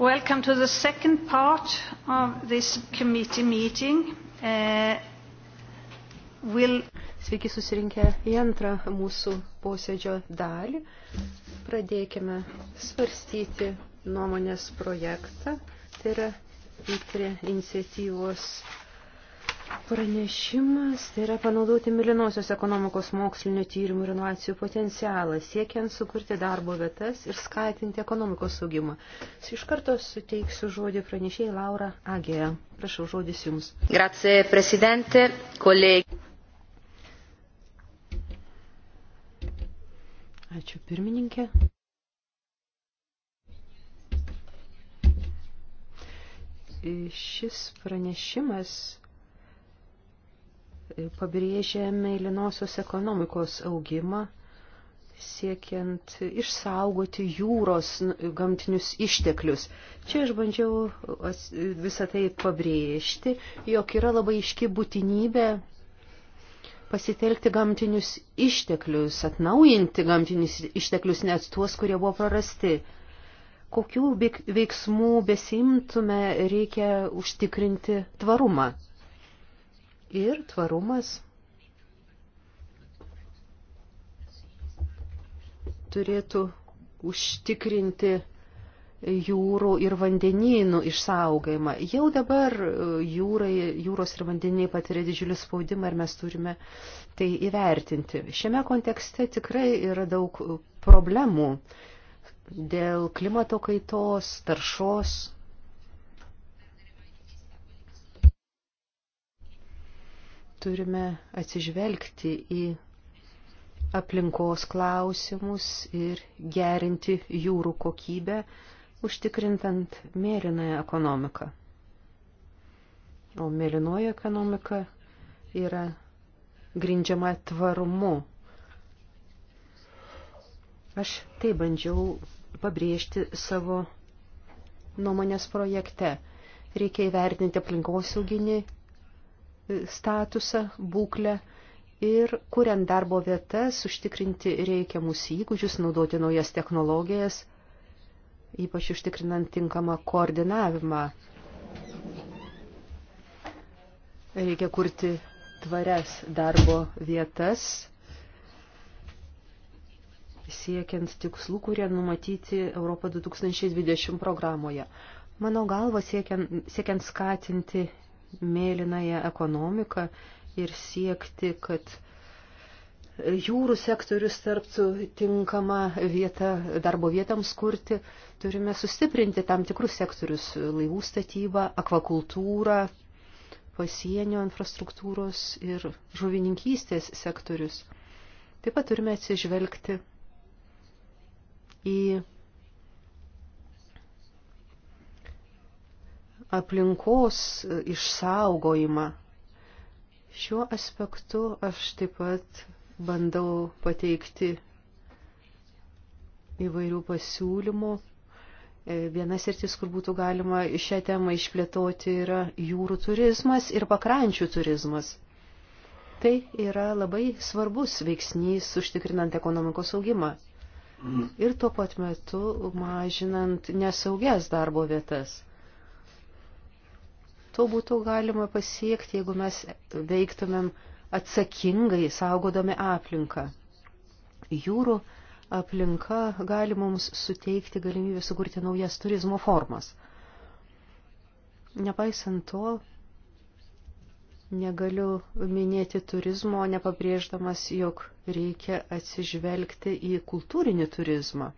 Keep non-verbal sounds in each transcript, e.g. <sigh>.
Welcome to the second part of this committee meeting. Uh, will... Sveiki susirinkę į antrą mūsų posėdžio dalį. Pradėkime svarstyti nuomonės projektą. Tai yra iniciatyvos pranešimas tai yra panaudoti milinosios ekonomikos mokslinio tyrimų ir inovacijų potencialą, siekiant sukurti darbo vietas ir skatinti ekonomikos saugimą. Iš karto suteiksiu žodį pranešėjai Laura Agėja. Prašau, žodis Jums. Grazie, prezidente, kolegi. Ačiū, pirmininkė. Šis pranešimas pabrėžia mėlynosios ekonomikos augimą, siekiant išsaugoti jūros gamtinius išteklius. Čia aš bandžiau visą tai pabrėžti, jog yra labai iški būtinybė pasitelkti gamtinius išteklius, atnaujinti gamtinius išteklius, net tuos, kurie buvo prarasti. Kokių veiksmų besimtume reikia užtikrinti tvarumą? ir tvarumas turėtų užtikrinti jūrų ir vandenynų išsaugojimą. Jau dabar e, jūrai, jūros ir vandeniai patiria didžiulį spaudimą ir mes turime tai įvertinti. Šiame kontekste tikrai yra daug problemų dėl klimato kaitos, taršos, turime atsižvelgti į aplinkos klausimus ir gerinti jūrų kokybę, užtikrintant mėlynąją ekonomiką. O mėlynoji ekonomika yra grindžiama tvarumu. Aš tai bandžiau pabrėžti savo nuomonės projekte. Reikia įvertinti aplinkosauginį statusą, būklę ir kuriant darbo vietas, užtikrinti reikiamus įgūdžius, naudoti naujas technologijas, ypač užtikrinant tinkamą koordinavimą. Reikia kurti tvarias darbo vietas, siekiant tikslų, kurie numatyti Europą 2020 programoje. Mano galva, siekiant, siekiant skatinti mėlynąją ekonomiką ir siekti, kad jūrų sektorius tarptų tinkama vieta darbo vietams kurti, turime sustiprinti tam tikrus sektorius - laivų statybą, akvakultūrą, pasienio infrastruktūros ir žuvininkystės sektorius. Taip pat turime atsižvelgti į aplinkos išsaugojimą. Šiuo aspektu aš taip pat bandau pateikti įvairių pasiūlymų. E, Vienas sritis, kur būtų galima šią temą išplėtoti, yra jūrų turizmas ir pakrančių turizmas. Tai yra labai svarbus veiksnys užtikrinant ekonomikos augimą ir tuo pat metu mažinant nesaugias darbo vietas to būtų galima pasiekti, jeigu mes veiktumėm atsakingai, saugodami aplinką. Jūrų aplinka gali mums suteikti galimybę sukurti naujas turizmo formas. Nepaisant to, negaliu minėti turizmo, nepabrėždamas, jog reikia atsižvelgti į kultūrinį turizmą.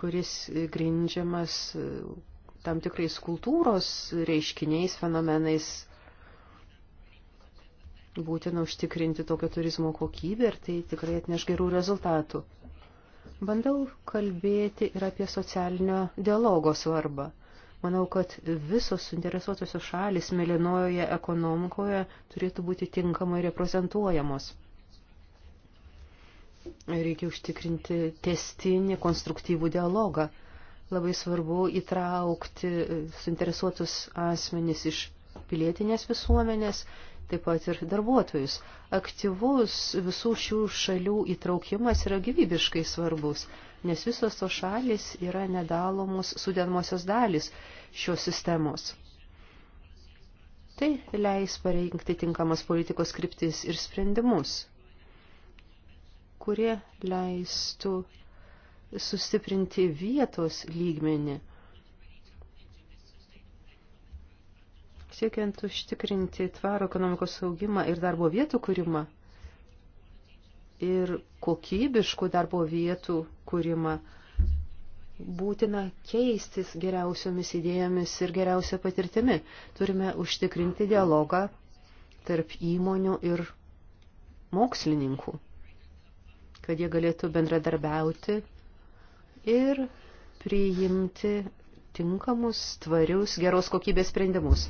kuris grindžiamas e, tam tikrais kultūros reiškiniais, fenomenais. Būtina užtikrinti tokio turizmo kokybę ir tai tikrai atneš gerų rezultatų. Bandau kalbėti ir apie socialinio dialogo svarbą. Manau, kad visos suinteresuotosios šalis mėlynojoje ekonomikoje turėtų būti tinkamai reprezentuojamos. Reikia užtikrinti testinį, konstruktyvų dialogą. Labai svarbu įtraukti suinteresuotus asmenys iš pilietinės visuomenės, taip pat ir darbuotojus. Aktyvus visų šių šalių įtraukimas yra gyvybiškai svarbus, nes visos to šalis yra nedalomos sudėdamosios dalis šios sistemos. Tai leis parengti tinkamas politikos kryptis ir sprendimus kurie leistų sustiprinti vietos lygmenį, siekiant užtikrinti tvaro ekonomikos saugimą ir darbo vietų kūrimą ir kokybiškų darbo vietų kūrimą būtina keistis geriausiomis idėjomis ir geriausia patirtimi. Turime užtikrinti dialogą tarp įmonių ir mokslininkų kad jie galėtų bendradarbiauti ir priimti tinkamus, tvarius, geros kokybės sprendimus.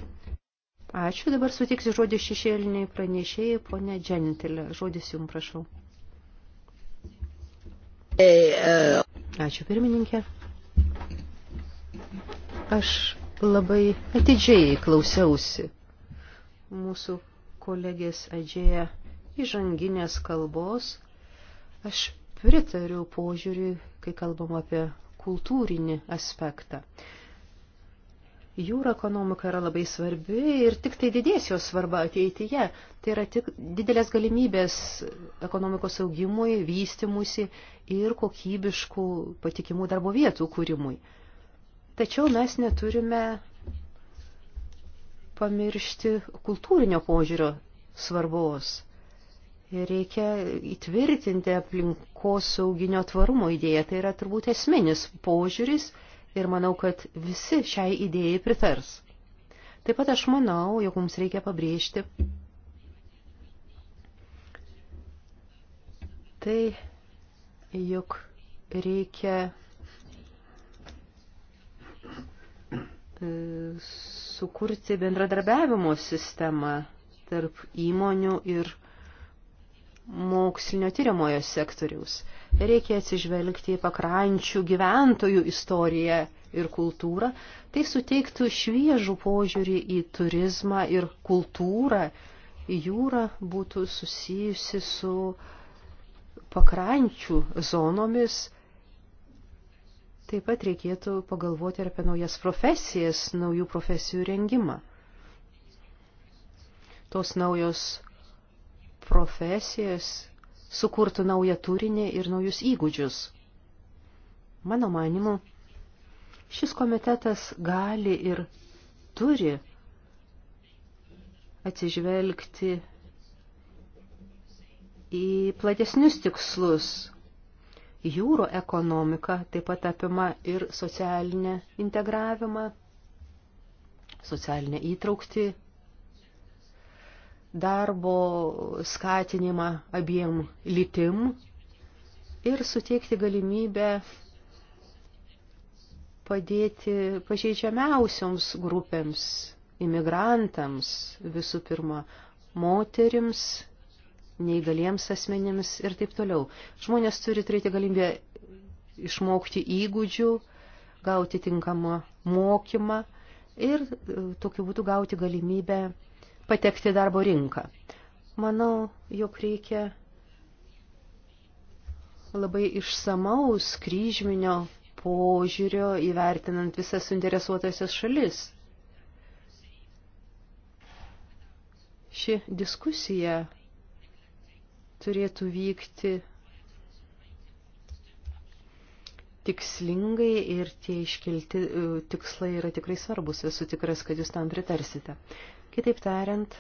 Ačiū, dabar sutiksiu žodį šešėliniai pranešėjai, ponė Džentelė. Žodis jums prašau. E, e. Ačiū pirmininkė. Aš labai atidžiai klausiausi mūsų kolegės Adžėja įžanginės kalbos Aš pritariu požiūriui, kai kalbam apie kultūrinį aspektą. Jūra ekonomika yra labai svarbi ir tik tai didės jos svarba ateityje. Tai yra tik didelės galimybės ekonomikos augimui, vystimusi ir kokybiškų patikimų darbo vietų kūrimui. Tačiau mes neturime pamiršti kultūrinio požiūrio svarbos reikia įtvirtinti aplinkos sauginio tvarumo idėją. Tai yra turbūt esminis požiūris ir manau, kad visi šiai idėjai pritars. Taip pat aš manau, jog mums reikia pabrėžti tai, jog reikia e, sukurti bendradarbiavimo sistemą tarp įmonių ir įmonių mokslinio tyrimojo sektoriaus. Reikia atsižvelgti į pakrančių gyventojų istoriją ir kultūrą. Tai suteiktų šviežų požiūrį į turizmą ir kultūrą. Jūra būtų susijusi su pakrančių zonomis. Taip pat reikėtų pagalvoti ir apie naujas profesijas, naujų profesijų rengimą. Tos naujos profesijas, sukurtų naują turinį ir naujus įgūdžius. Mano manimu, šis komitetas gali ir turi atsižvelgti į platesnius tikslus. Jūro ekonomika taip pat apima ir socialinę integravimą, socialinę įtraukti darbo skatinimą abiem lytim ir suteikti galimybę padėti pažeidžiamiausioms grupėms, imigrantams, visų pirma, moterims, neįgaliems asmenėms ir taip toliau. Žmonės turi turėti galimybę išmokti įgūdžių, gauti tinkamą mokymą ir e, tokiu būdu gauti galimybę patekti į darbo rinką. Manau, jog reikia labai išsamaus kryžminio požiūrio įvertinant visas suinteresuotasias šalis. Ši diskusija turėtų vykti tikslingai ir tie iškelti e, tikslai yra tikrai svarbus. Esu tikras, kad jūs tam pritarsite. Kitaip tariant,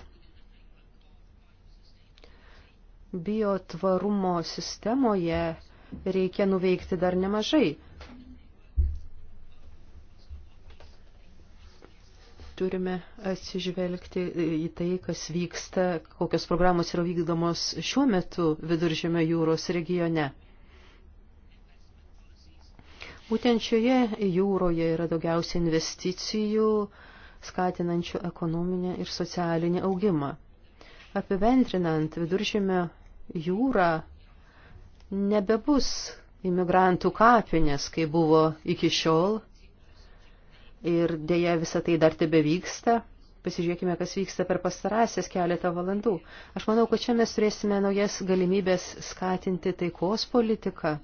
biotvarumo sistemoje reikia nuveikti dar nemažai. Turime atsižvelgti į tai, kas vyksta, kokios programos yra vykdomos šiuo metu viduržėme jūros regione. Būtent šioje jūroje yra daugiausia investicijų, skatinančių ekonominę ir socialinį augimą. Apibendrinant, viduržėmio jūra nebebus imigrantų kapinės, kai buvo iki šiol. Ir dėja visa tai dar tebe vyksta. Pasižiūrėkime, kas vyksta per pastarąsias keletą valandų. Aš manau, kad čia mes turėsime naujas galimybės skatinti taikos politiką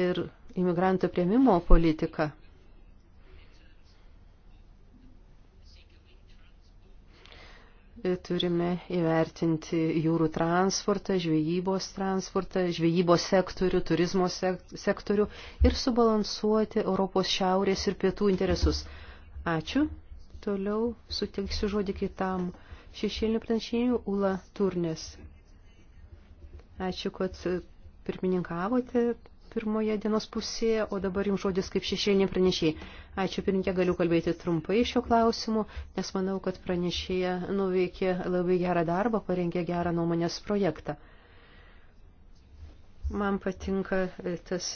ir imigrantų prieimimo politiką. E, turime įvertinti jūrų transportą, žvejybos transportą, žvejybos sektorių, turizmo sektorių ir subalansuoti Europos šiaurės ir pietų interesus. Ačiū. Toliau suteiksiu žodį kitam šešėlinių pranešėjų Ula Turnės. Ačiū, kad pirmininkavote pirmoje dienos pusėje, o dabar jums žodis kaip šešėlinė pranešėja. Ačiū pirmininkė, galiu kalbėti trumpai šio klausimu, nes manau, kad pranešėja nuveikė labai gerą darbą, parengė gerą nuomonės projektą. Man patinka e, tas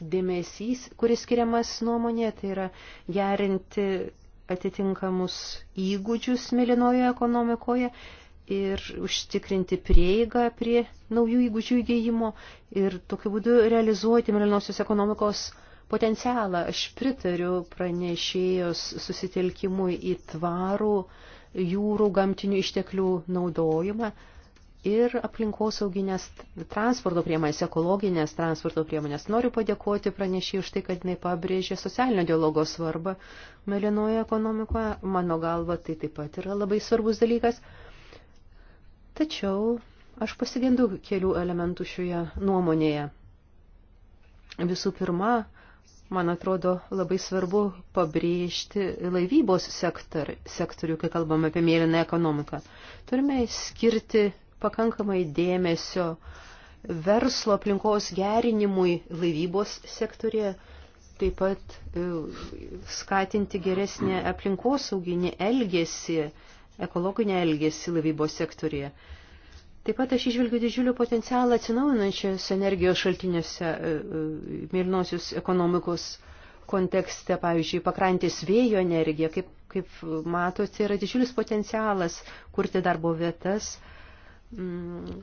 dėmesys, kuris skiriamas nuomonė, tai yra gerinti atitinkamus įgūdžius mėlynojo ekonomikoje ir užtikrinti prieigą prie naujų įgūdžių įgėjimo ir tokiu būdu realizuoti mėlynosios ekonomikos potencialą. Aš pritariu pranešėjos susitelkimui į tvarų jūrų gamtinių išteklių naudojimą ir aplinkosauginės transporto priemonės, ekologinės transporto priemonės. Noriu padėkoti pranešėjai už tai, kad jinai pabrėžė socialinio dialogo svarbą melinoje ekonomikoje. Mano galva, tai taip pat yra labai svarbus dalykas. Tačiau aš pasigendu kelių elementų šioje nuomonėje. Visų pirma, man atrodo, labai svarbu pabrėžti laivybos sektor, sektorių, kai kalbame apie mėlyną ekonomiką. Turime skirti pakankamai dėmesio verslo aplinkos gerinimui laivybos sektorėje, taip pat e, skatinti geresnį aplinkosauginį elgesį ekologinę elgesį laivybos sektorija. Taip pat aš išvelgiu didžiulį potencialą atsinaujinančios energijos šaltiniuose e, e, mėlynosios ekonomikos kontekste, pavyzdžiui, pakrantės vėjo energija, kaip, kaip matote, yra didžiulis potencialas kurti darbo vietas, mm,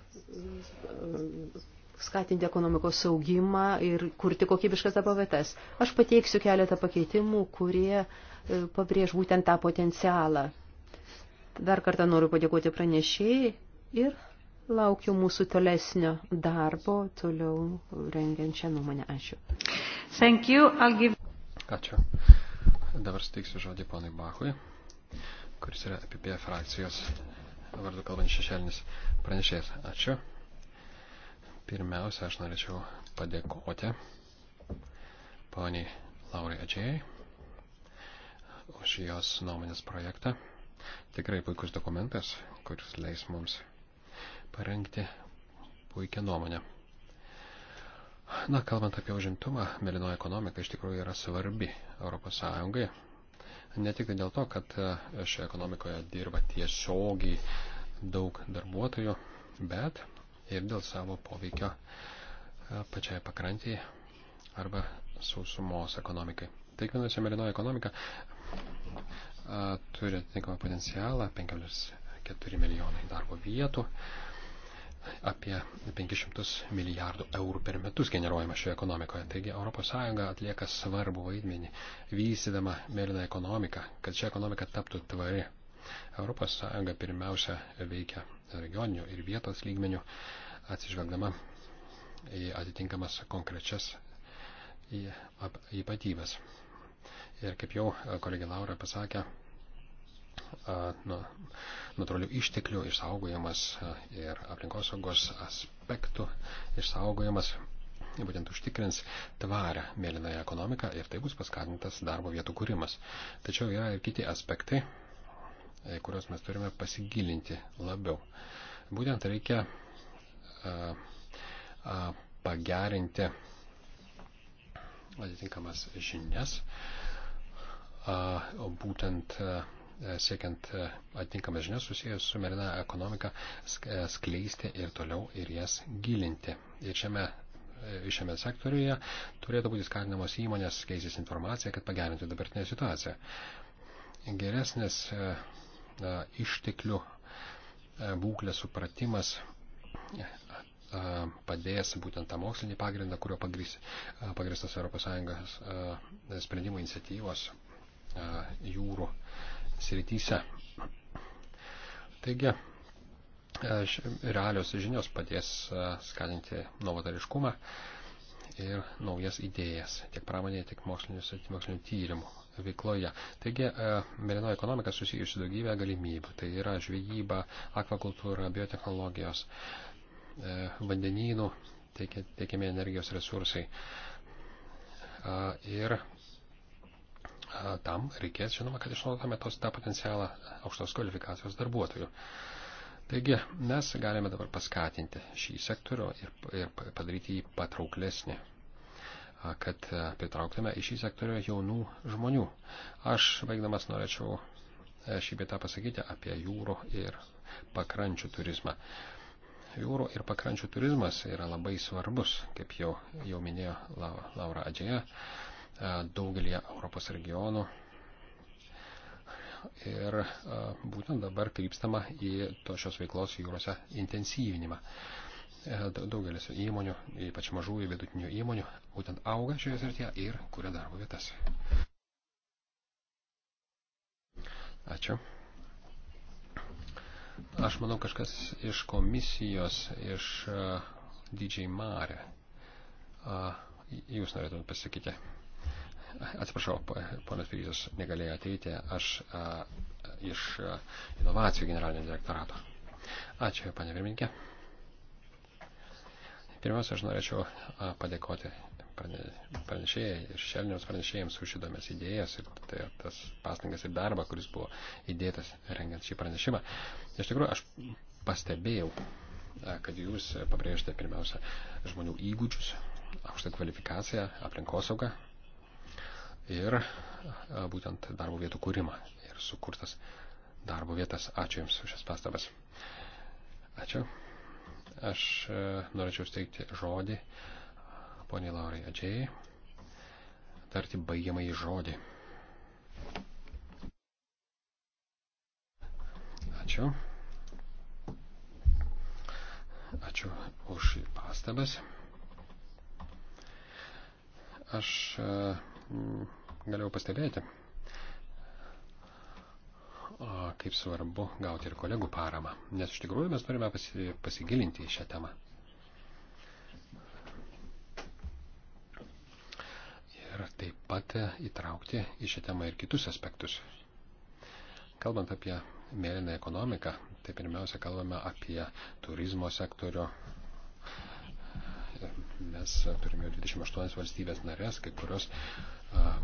skatinti ekonomikos saugimą ir kurti kokybiškas darbo vietas. Aš pateiksiu keletą pakeitimų, kurie e, pabrėž būtent tą potencialą. Dar kartą noriu padėkoti pranešėjai ir laukiu mūsų tolesnio darbo, toliau rengiančią nuomonę. Ačiū. Thank you. I'll give... Ačiū. Dabar steiksiu žodį ponui Bachui, kuris yra APP e frakcijos vardu kalbant šešėlinis pranešėjas. Ačiū. Pirmiausia, aš norėčiau padėkoti poniai Laurai Adžėjai už jos nuomonės projektą. Tikrai puikus dokumentas, kuris leis mums parengti puikią nuomonę. Na, kalbant apie užimtumą, melinoji ekonomika iš tikrųjų yra svarbi ES. Ne tik tai dėl to, kad e, šioje ekonomikoje dirba tiesiogiai daug darbuotojų, bet ir dėl savo poveikio e, pačiai pakrantėje arba sausumos ekonomikai. Taigi, vadinasi, melinoji ekonomika turi atitinkamą potencialą, 54 milijonai darbo vietų, apie 500 milijardų eurų per metus generuojama šioje ekonomikoje. Taigi ES atlieka svarbų vaidmenį, vystydama mėlyną ekonomiką, kad ši ekonomika taptų tvari. ES pirmiausia veikia regioninių ir vietos lygmenių, atsižvelgdama į atitinkamas konkrečias ypatybės. Ap, Ir kaip jau e, kolegė Laura pasakė, e, nu, natūralių išteklių išsaugojimas e, ir aplinkosaugos aspektų išsaugojimas būtent užtikrins tvarę mėlynąją ekonomiką ir tai bus paskatintas darbo vietų kūrimas. Tačiau yra ir kiti aspektai, kuriuos mes turime pasigilinti labiau. Būtent reikia a, a, pagerinti atitinkamas žinias, a, būtent siekiant atitinkamas žinias susijęs su merina ekonomika skleisti ir toliau ir jas gilinti. Ir šiame, e, šiame sektoriuje turėtų būti skatinamos įmonės keistis informaciją, kad pagerintų dabartinę situaciją. Geresnis e, e, išteklių būklės supratimas padės būtent tą mokslinį pagrindą, kurio pagristas ES sprendimų iniciatyvos E, jūrų srityse. Taigi, e, realios žinios padės e, skatinti novatariškumą ir naujas idėjas tiek pramonėje, tiek mokslinio tyrimų veikloje. Taigi, merino ekonomika susijusi daugybę galimybių. Tai yra žvejyba, akvakultūra, biotechnologijos, vandenynų, teikiami energijos resursai. Ir tam reikės, žinoma, kad išnaudotume tos tą potencialą aukštos kvalifikacijos darbuotojų. Taigi mes galime dabar paskatinti šį sektorių ir, ir padaryti jį patrauklesnį, kad pritrauktume į šį sektorių jaunų žmonių. Aš baigdamas norėčiau šį bitą pasakyti apie jūrų ir pakrančių turizmą. Jūrų ir pakrančių turizmas yra labai svarbus, kaip jau, jau minėjo Laura Adžėja. E, daugelį Europos regionų. Ir e, būtent dabar krypstama į to šios veiklos jūrose intensyvinimą. E, daugelis įmonių, ypač mažųjų vidutinių įmonių, būtent auga šioje srityje ir kuria darbo vietas. Ačiū. Aš manau, kažkas iš komisijos, iš uh, DJ Mare. Uh, jūs norėtumėte pasakyti. Atsiprašau, ponas Pigis negalėjo ateiti, aš a, iš a, inovacijų generalinio direktorato. Ačiū, panė pirmininkė. Pirmiausia, aš norėčiau a, padėkoti pranešėjai ir šelniams pranešėjams už įdomias idėjas ir tai, tas pastangas ir darbą, kuris buvo įdėtas rengiant šį pranešimą. Iš tikrųjų, aš pastebėjau, a, kad jūs pabrėžite pirmiausia žmonių įgūdžius, aukštą kvalifikaciją, aplinkosaugą ir būtent darbo vietų kūrimą ir sukurtas darbo vietas. Ačiū Jums už šias pastabas. Ačiū. Aš norėčiau steigti žodį poniai Laurai Adžėjai, tarti baigiamą į žodį. Ačiū. Ačiū už pastabas. Aš uh, galėjau pastebėti, kaip svarbu gauti ir kolegų paramą, nes iš tikrųjų mes turime pasi, pasigilinti į šią temą. Ir taip pat įtraukti į šią temą ir kitus aspektus. Kalbant apie mėlyną ekonomiką, tai pirmiausia kalbame apie turizmo sektorių. Mes turime 28 valstybės narės, kai kurios uh,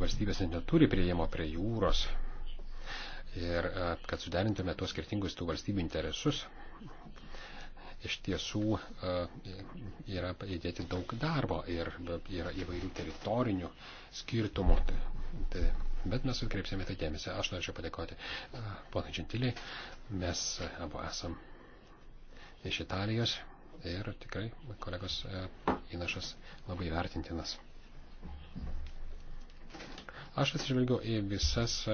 valstybės net neturi prieimo prie jūros ir kad suderintume tuos skirtingus tų valstybių interesus, iš tiesų yra įdėti daug darbo ir yra įvairių teritorinių skirtumų. Tai, bet mes atkreipsime tai dėmesį. Aš norėčiau padėkoti ponai Džentiliai. Mes abu esam iš Italijos ir tikrai kolegos įnašas labai vertintinas. Aš atsižvelgiau į visas e,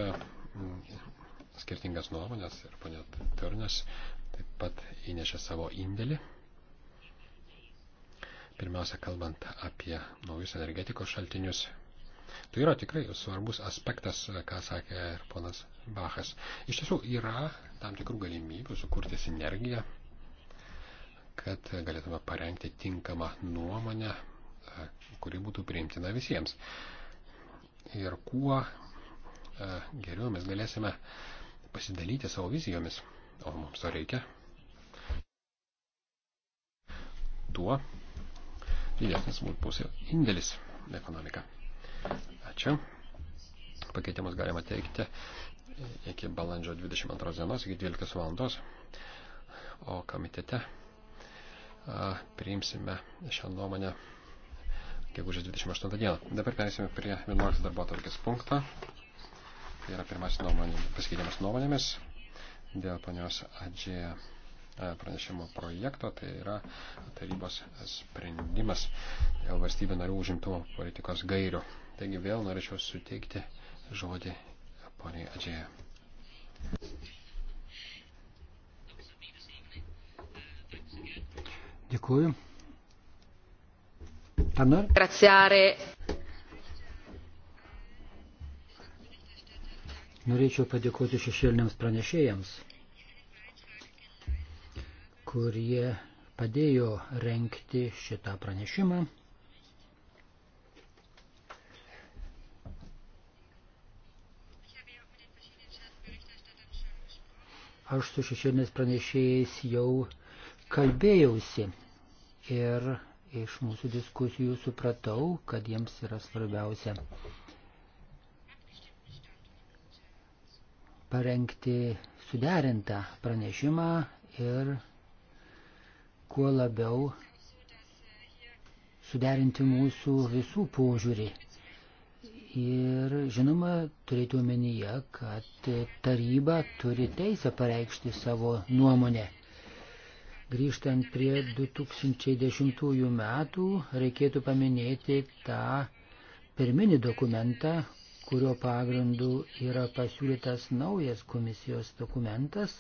skirtingas nuomonės ir ponė Turnas taip pat įnešė savo indėlį. Pirmiausia, kalbant apie naujus energetikos šaltinius. Tai yra tikrai svarbus aspektas, e, ką sakė ir ponas Bachas. Iš tiesų yra tam tikrų galimybių sukurti sinergiją, kad galėtume parengti tinkamą nuomonę, e, kuri būtų priimtina visiems ir kuo e, geriau mes galėsime pasidalyti savo vizijomis, o mums to reikia, tuo didesnis mūsų indėlis ekonomika. Ačiū. Pakeitimus galima teikti iki balandžio 22 dienos, iki 12 valandos. O komitete a, priimsime šią nuomonę gegužės 28 dieną. Dabar perėsime prie 11 darbo atvarkės punkto. Tai yra pirmasis nuomonė, pasikeitimas nuomonėmis dėl panios Adžėje pranešimo projekto, tai yra tarybos sprendimas dėl valstybių narių užimtumo politikos gairių. Taigi vėl norėčiau suteikti žodį poniai Adžėje. Dėkuoju. Anna? Graciare. Norėčiau padėkoti šešėliniams pranešėjams, kurie padėjo renkti šitą pranešimą. Aš su šešėlinės pranešėjais jau kalbėjausi ir iš mūsų diskusijų supratau, kad jiems yra svarbiausia parengti suderintą pranešimą ir kuo labiau suderinti mūsų visų požiūrį. Ir žinoma, turėti omenyje, kad taryba turi teisę pareikšti savo nuomonę. Grįžtant prie 2010 metų, reikėtų paminėti tą pirminį dokumentą, kurio pagrindu yra pasiūlytas naujas komisijos dokumentas.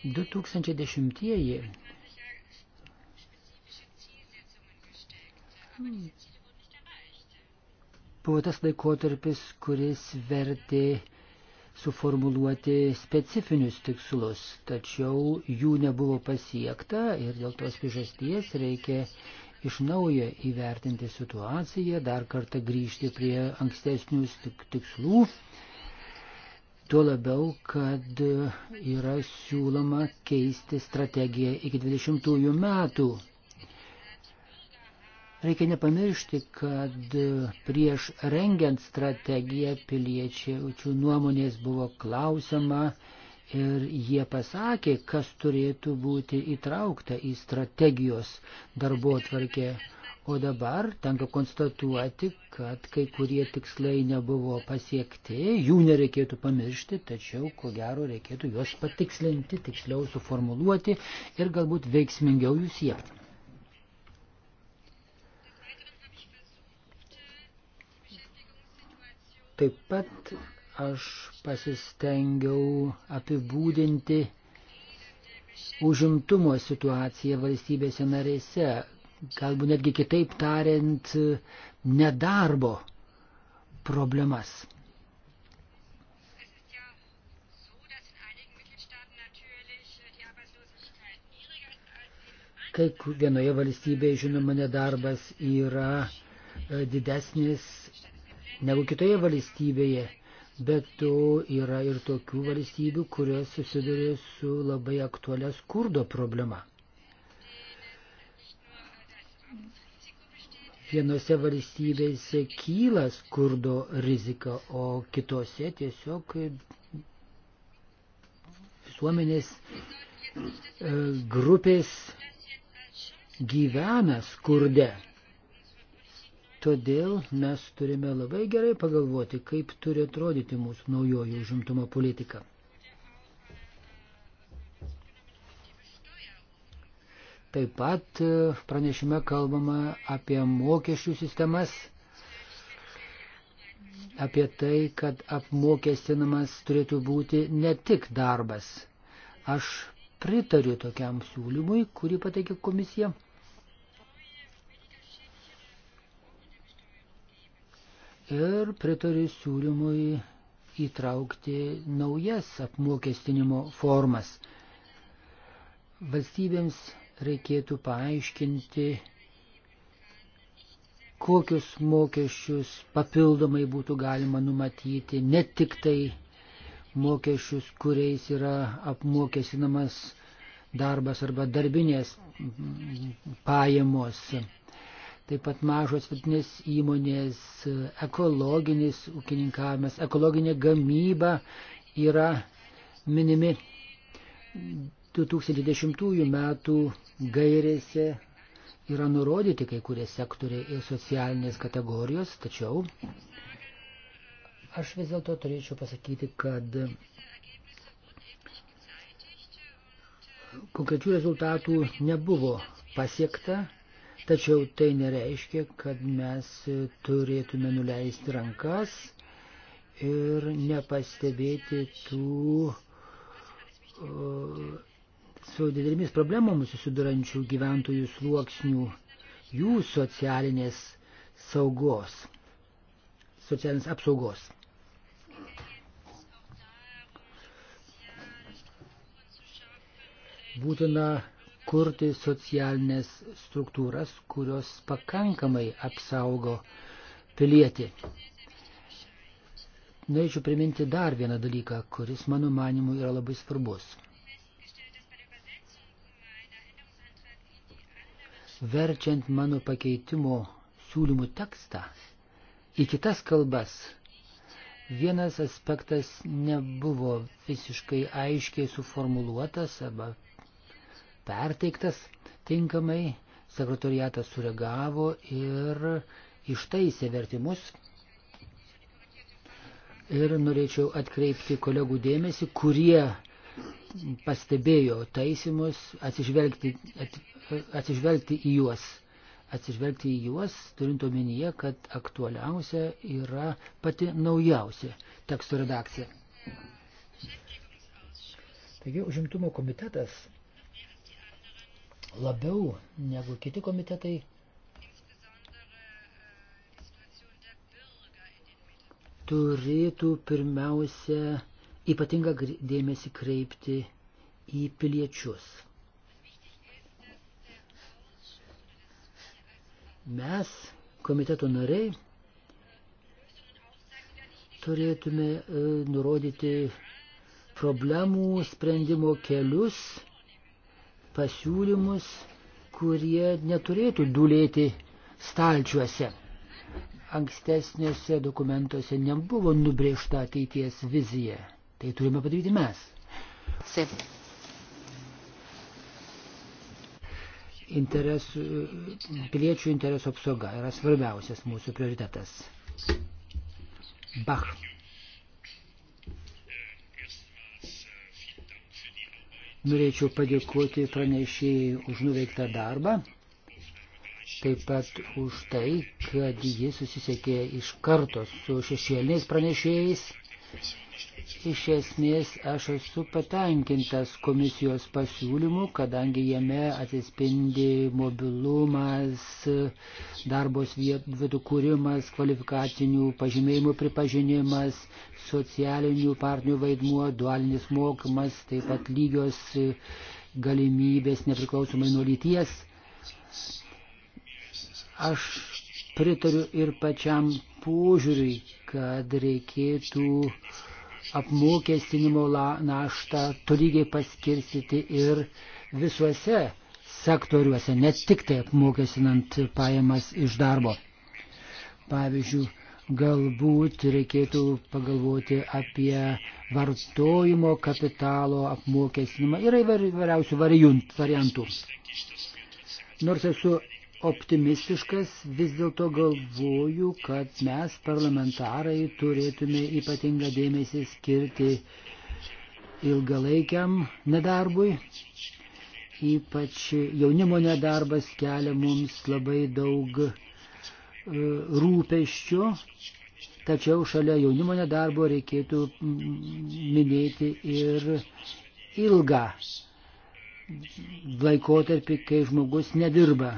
2010-ieji buvo tas laikotarpis, kuris vertė suformuluoti specifinius tikslus, tačiau jų nebuvo pasiekta ir dėl tos priežasties reikia iš naujo įvertinti situaciją, dar kartą grįžti prie ankstesnių tikslų. Tuo labiau, kad yra siūloma keisti strategiją iki 20 metų Reikia nepamiršti, kad prieš rengiant strategiją piliečių nuomonės buvo klausima ir jie pasakė, kas turėtų būti įtraukta į strategijos darbo tvarkę. O dabar tenka konstatuoti, kad kai kurie tikslai nebuvo pasiekti, jų nereikėtų pamiršti, tačiau ko gero reikėtų juos patikslinti, tiksliau suformuluoti ir galbūt veiksmingiau jų siekti. Taip pat aš pasistengiau apibūdinti užimtumo situaciją valstybėse narėse, galbūt netgi kitaip tariant, nedarbo problemas. Kai vienoje valstybėje, žinoma, nedarbas yra e, didesnis negu kitoje valstybėje. Bet to yra ir tokių valstybių, kurios susiduria su labai aktualia skurdo problema. Vienose valstybėse kyla skurdo rizika, o kitose tiesiog visuomenės e, grupės gyvena skurde. Todėl mes turime labai gerai pagalvoti, kaip turi atrodyti mūsų naujoji užimtumo politika. Taip pat e, pranešime kalbama apie mokesčių sistemas, apie tai, kad apmokestinamas turėtų būti ne tik darbas. Aš pritariu tokiam siūlymui, kurį pateikė komisija. ir pritariu siūlymui įtraukti naujas apmokestinimo formas. Valstybėms reikėtų paaiškinti, kokius mokesčius papildomai būtų galima numatyti, ne tik tai mokesčius, kuriais yra apmokestinamas darbas arba darbinės pajamos taip pat mažos vidinės įmonės, ekologinis ūkininkavimas, ekologinė gamyba yra minimi 2010 metų gairėse yra nurodyti kai kurie sektoriai ir socialinės kategorijos, tačiau aš vis dėlto turėčiau pasakyti, kad konkrečių rezultatų nebuvo pasiekta Tačiau tai nereiškia, kad mes turėtume nuleisti rankas ir nepastebėti tų uh, su didelėmis problemomis susidurančių gyventojų sluoksnių, jų socialinės saugos, socialinės apsaugos. Būtina kurti socialinės struktūras, kurios pakankamai apsaugo pilietį. Norėčiau priminti dar vieną dalyką, kuris mano manimu yra labai svarbus. Verčiant mano pakeitimo siūlymų tekstą į kitas kalbas, vienas aspektas nebuvo visiškai aiškiai suformuluotas arba perteiktas tinkamai, sekretoriatas sureagavo ir ištaisė vertimus. Ir norėčiau atkreipti kolegų dėmesį, kurie pastebėjo taisimus, atsižvelgti, at, atsižvelgti į juos. Atsižvelgti į juos, turint omenyje, kad aktualiausia yra pati naujausia teksto redakcija. Taigi, užimtumo komitetas labiau negu kiti komitetai. Turėtų pirmiausia ypatingą dėmesį kreipti į piliečius. Mes, komiteto nariai, turėtume e, nurodyti problemų sprendimo kelius pasiūlymus, kurie neturėtų dulėti stalčiuose. Ankstesniuose dokumentuose nebuvo nubriežta ateities vizija. Tai turime padaryti mes. Taip. Interesų, piliečių interesų apsauga yra svarbiausias mūsų prioritetas. Bach. Norėčiau padėkoti pranešėjai už nuveiktą darbą, taip pat už tai, kad jis susisiekė iš karto su šešėliniais pranešėjais Iš esmės aš esu patenkintas komisijos pasiūlymu, kadangi jame atsispindi mobilumas, darbos vietų kūrimas, kvalifikacinių pažymėjimų pripažinimas, socialinių partnerių vaidmuo, dualinis mokymas, taip pat lygios galimybės nepriklausomai nuo lyties. Aš pritariu ir pačiam požiūriui, kad reikėtų uh, apmokestinimo naštą tolygiai paskirstyti ir visuose sektoriuose, ne tik tai apmokestinant pajamas iš darbo. Pavyzdžiui, galbūt reikėtų pagalvoti apie vartojimo kapitalo apmokestinimą. Yra įvairiausių variantų. Nors esu optimistiškas, vis dėlto galvoju, kad mes parlamentarai turėtume ypatingą dėmesį skirti ilgalaikiam nedarbui. Ypač jaunimo nedarbas kelia mums labai daug e, rūpeščių, tačiau šalia jaunimo nedarbo reikėtų minėti ir ilgą laikotarpį, kai žmogus nedirba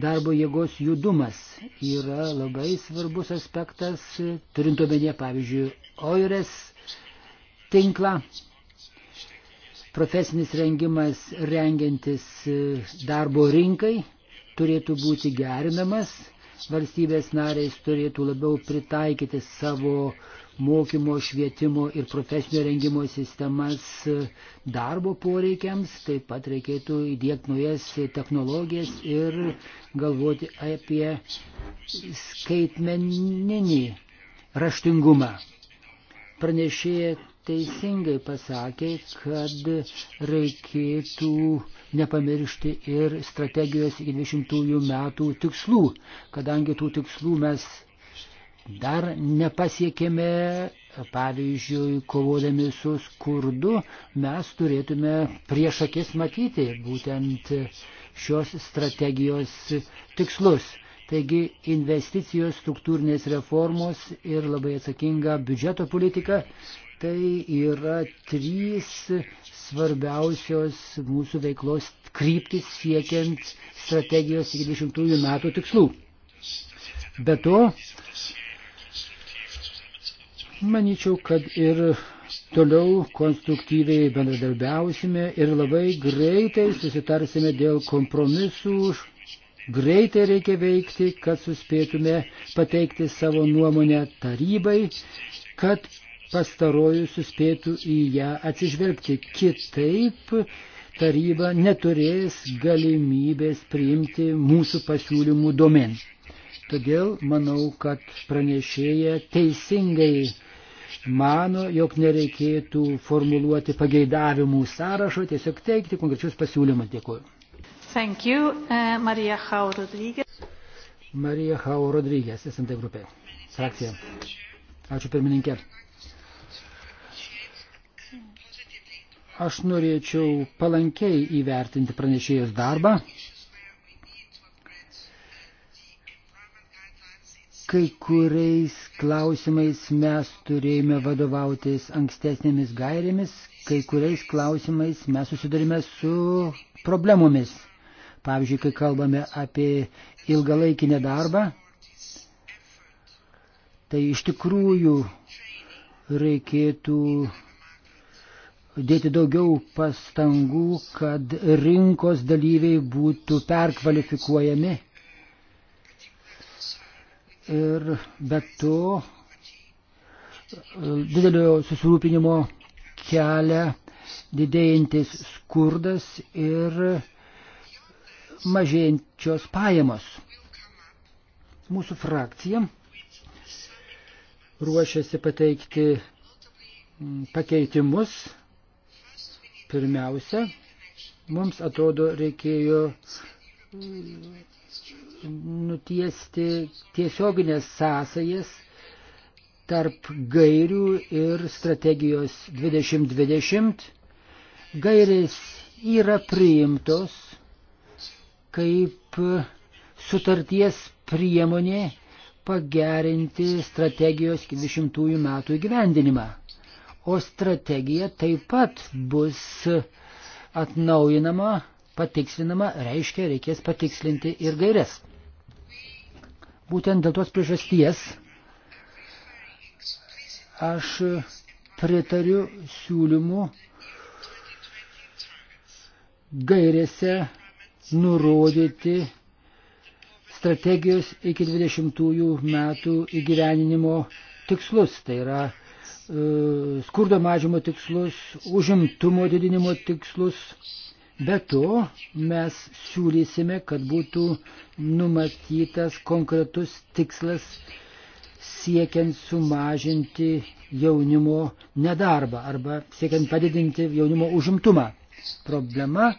darbo jėgos judumas yra labai svarbus aspektas, turint omenyje, pavyzdžiui, OIRES tinklą, profesinis rengimas rengiantis e, darbo rinkai turėtų būti gerinamas, valstybės narės turėtų labiau pritaikyti savo uh, mokymo, švietimo ir profesinio rengimo sistemas e, darbo poreikiams. Taip pat reikėtų įdėkti naujas technologijas ir galvoti apie skaitmeninį raštingumą. Pranešėja teisingai pasakė, kad reikėtų nepamiršti ir strategijos iki 20 metų tikslų, kadangi tų tikslų mes dar nepasiekėme, pavyzdžiui, kovodami su skurdu, mes turėtume prieš akis matyti būtent šios strategijos tikslus. Taigi investicijos, struktūrinės reformos ir labai atsakinga biudžeto politika tai yra trys svarbiausios mūsų veiklos kryptis siekiant strategijos iki 20 metų tikslų. Be to, Maničiau, kad ir toliau konstruktyviai bendradarbiausime ir labai greitai susitarsime dėl kompromisų. Greitai reikia veikti, kad suspėtume pateikti savo nuomonę tarybai, kad pastarojų suspėtų į ją atsižvelgti. Kitaip taryba neturės galimybės priimti mūsų pasiūlymų domen. Todėl manau, kad pranešėja teisingai mano, jog nereikėtų formuluoti pageidavimų sąrašo, tiesiog teikti konkrečius pasiūlymus. Dėkuoju. Thank you, uh, Marija Hau Rodrygės. Marija Hau Rodrygės, SMT grupė. Frakcija. Ačiū pirmininkė. Aš norėčiau palankiai įvertinti pranešėjos darbą. kai kuriais klausimais mes turėjome vadovautis ankstesnėmis gairėmis, kai kuriais klausimais mes susidurime su problemomis. Pavyzdžiui, kai kalbame apie ilgalaikį nedarbą, tai iš tikrųjų reikėtų dėti daugiau pastangų, kad rinkos dalyviai būtų perkvalifikuojami ir be to didelio susirūpinimo kelia didėjantis skurdas ir mažėjančios pajamos. Mūsų frakcija ruošiasi pateikti pakeitimus. Pirmiausia, mums atrodo reikėjo nutiesti tiesioginės sąsajas tarp gairių ir strategijos 2020. Gairės yra priimtos kaip sutarties priemonė pagerinti strategijos 20 metų įgyvendinimą. O strategija taip pat bus atnaujinama, patikslinama, reiškia reikės patikslinti ir gairias. Būtent dėl tos priežasties aš pritariu siūlymu gairėse nurodyti strategijos iki 20 metų įgyveninimo tikslus. Tai yra e, skurdo mažimo tikslus, užimtumo didinimo tikslus Be to, mes siūlysime, kad būtų numatytas konkretus tikslas siekiant sumažinti jaunimo nedarbą arba siekiant padidinti jaunimo užimtumą. Problema,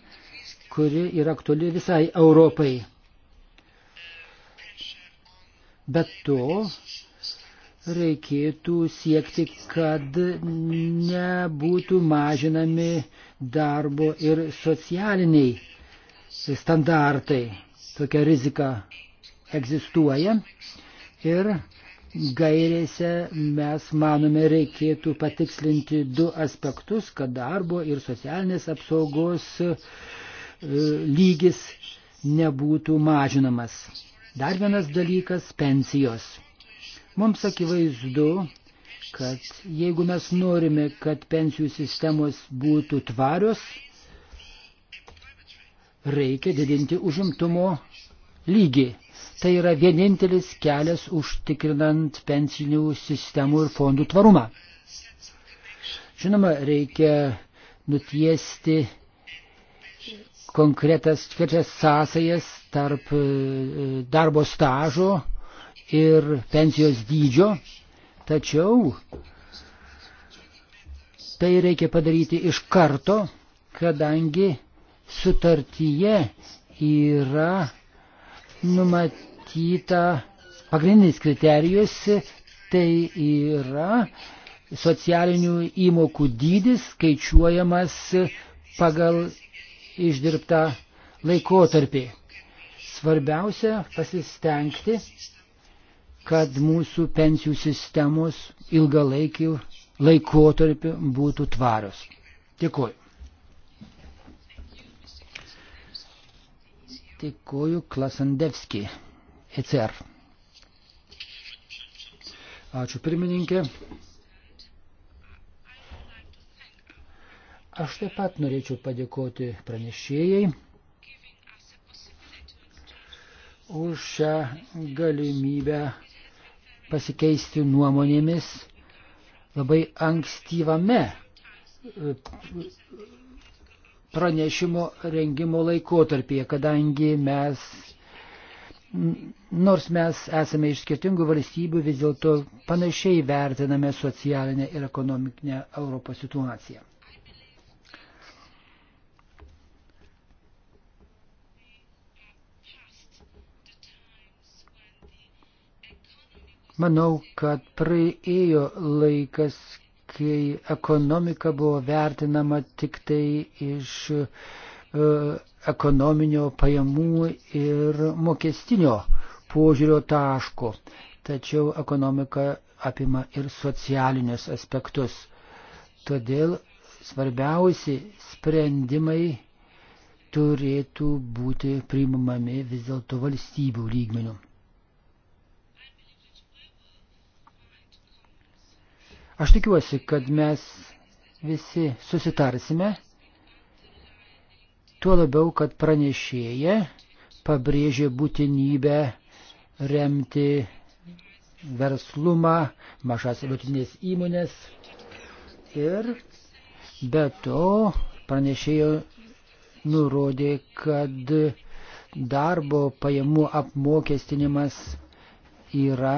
kuri yra aktuali visai Europai. Bet to reikėtų siekti, kad nebūtų mažinami darbo ir socialiniai standartai. Tokia rizika egzistuoja ir gairėse mes manome reikėtų patikslinti du aspektus, kad darbo ir socialinės apsaugos e, lygis nebūtų mažinamas. Dar vienas dalykas - pensijos. Mums akivaizdu, kad jeigu mes norime, kad pensijų sistemos būtų tvarios, reikia didinti užimtumo lygį. Tai yra vienintelis kelias užtikrinant pensinių sistemų ir fondų tvarumą. Žinoma, reikia nutiesti konkretas tvirtas sąsajas tarp e, darbo stažo ir pensijos dydžio, tačiau tai reikia padaryti iš karto, kadangi sutartyje yra numatyta pagrindinis kriterijus, tai yra socialinių įmokų dydis skaičiuojamas pagal išdirbtą laikotarpį. Svarbiausia pasistengti, kad mūsų pensijų sistemos ilgalaikiu laikotarpiu būtų tvarios. Dėkuoju. Dėkuoju Klasandevski, ECR. Ačiū pirmininkė. Aš taip pat norėčiau padėkoti pranešėjai už šią galimybę pasikeisti nuomonėmis labai ankstyvame e, pranešimo rengimo laikotarpyje, kadangi mes, nors mes esame iš skirtingų valstybių, vis dėlto panašiai vertiname socialinę ir ekonominę Europos situaciją. Manau, kad praėjo laikas, kai ekonomika buvo vertinama tik tai iš e, ekonominio pajamų ir mokestinio požiūrio taško. Tačiau ekonomika apima ir socialinius aspektus. Todėl svarbiausi sprendimai turėtų būti priimami vis dėlto valstybių lygmenių. Aš tikiuosi, kad mes visi susitarsime, tuo labiau, kad pranešėja pabrėžė būtinybę remti verslumą, mažas ir vidutinės įmonės ir be to pranešėjo nurodė, kad darbo pajamų apmokestinimas yra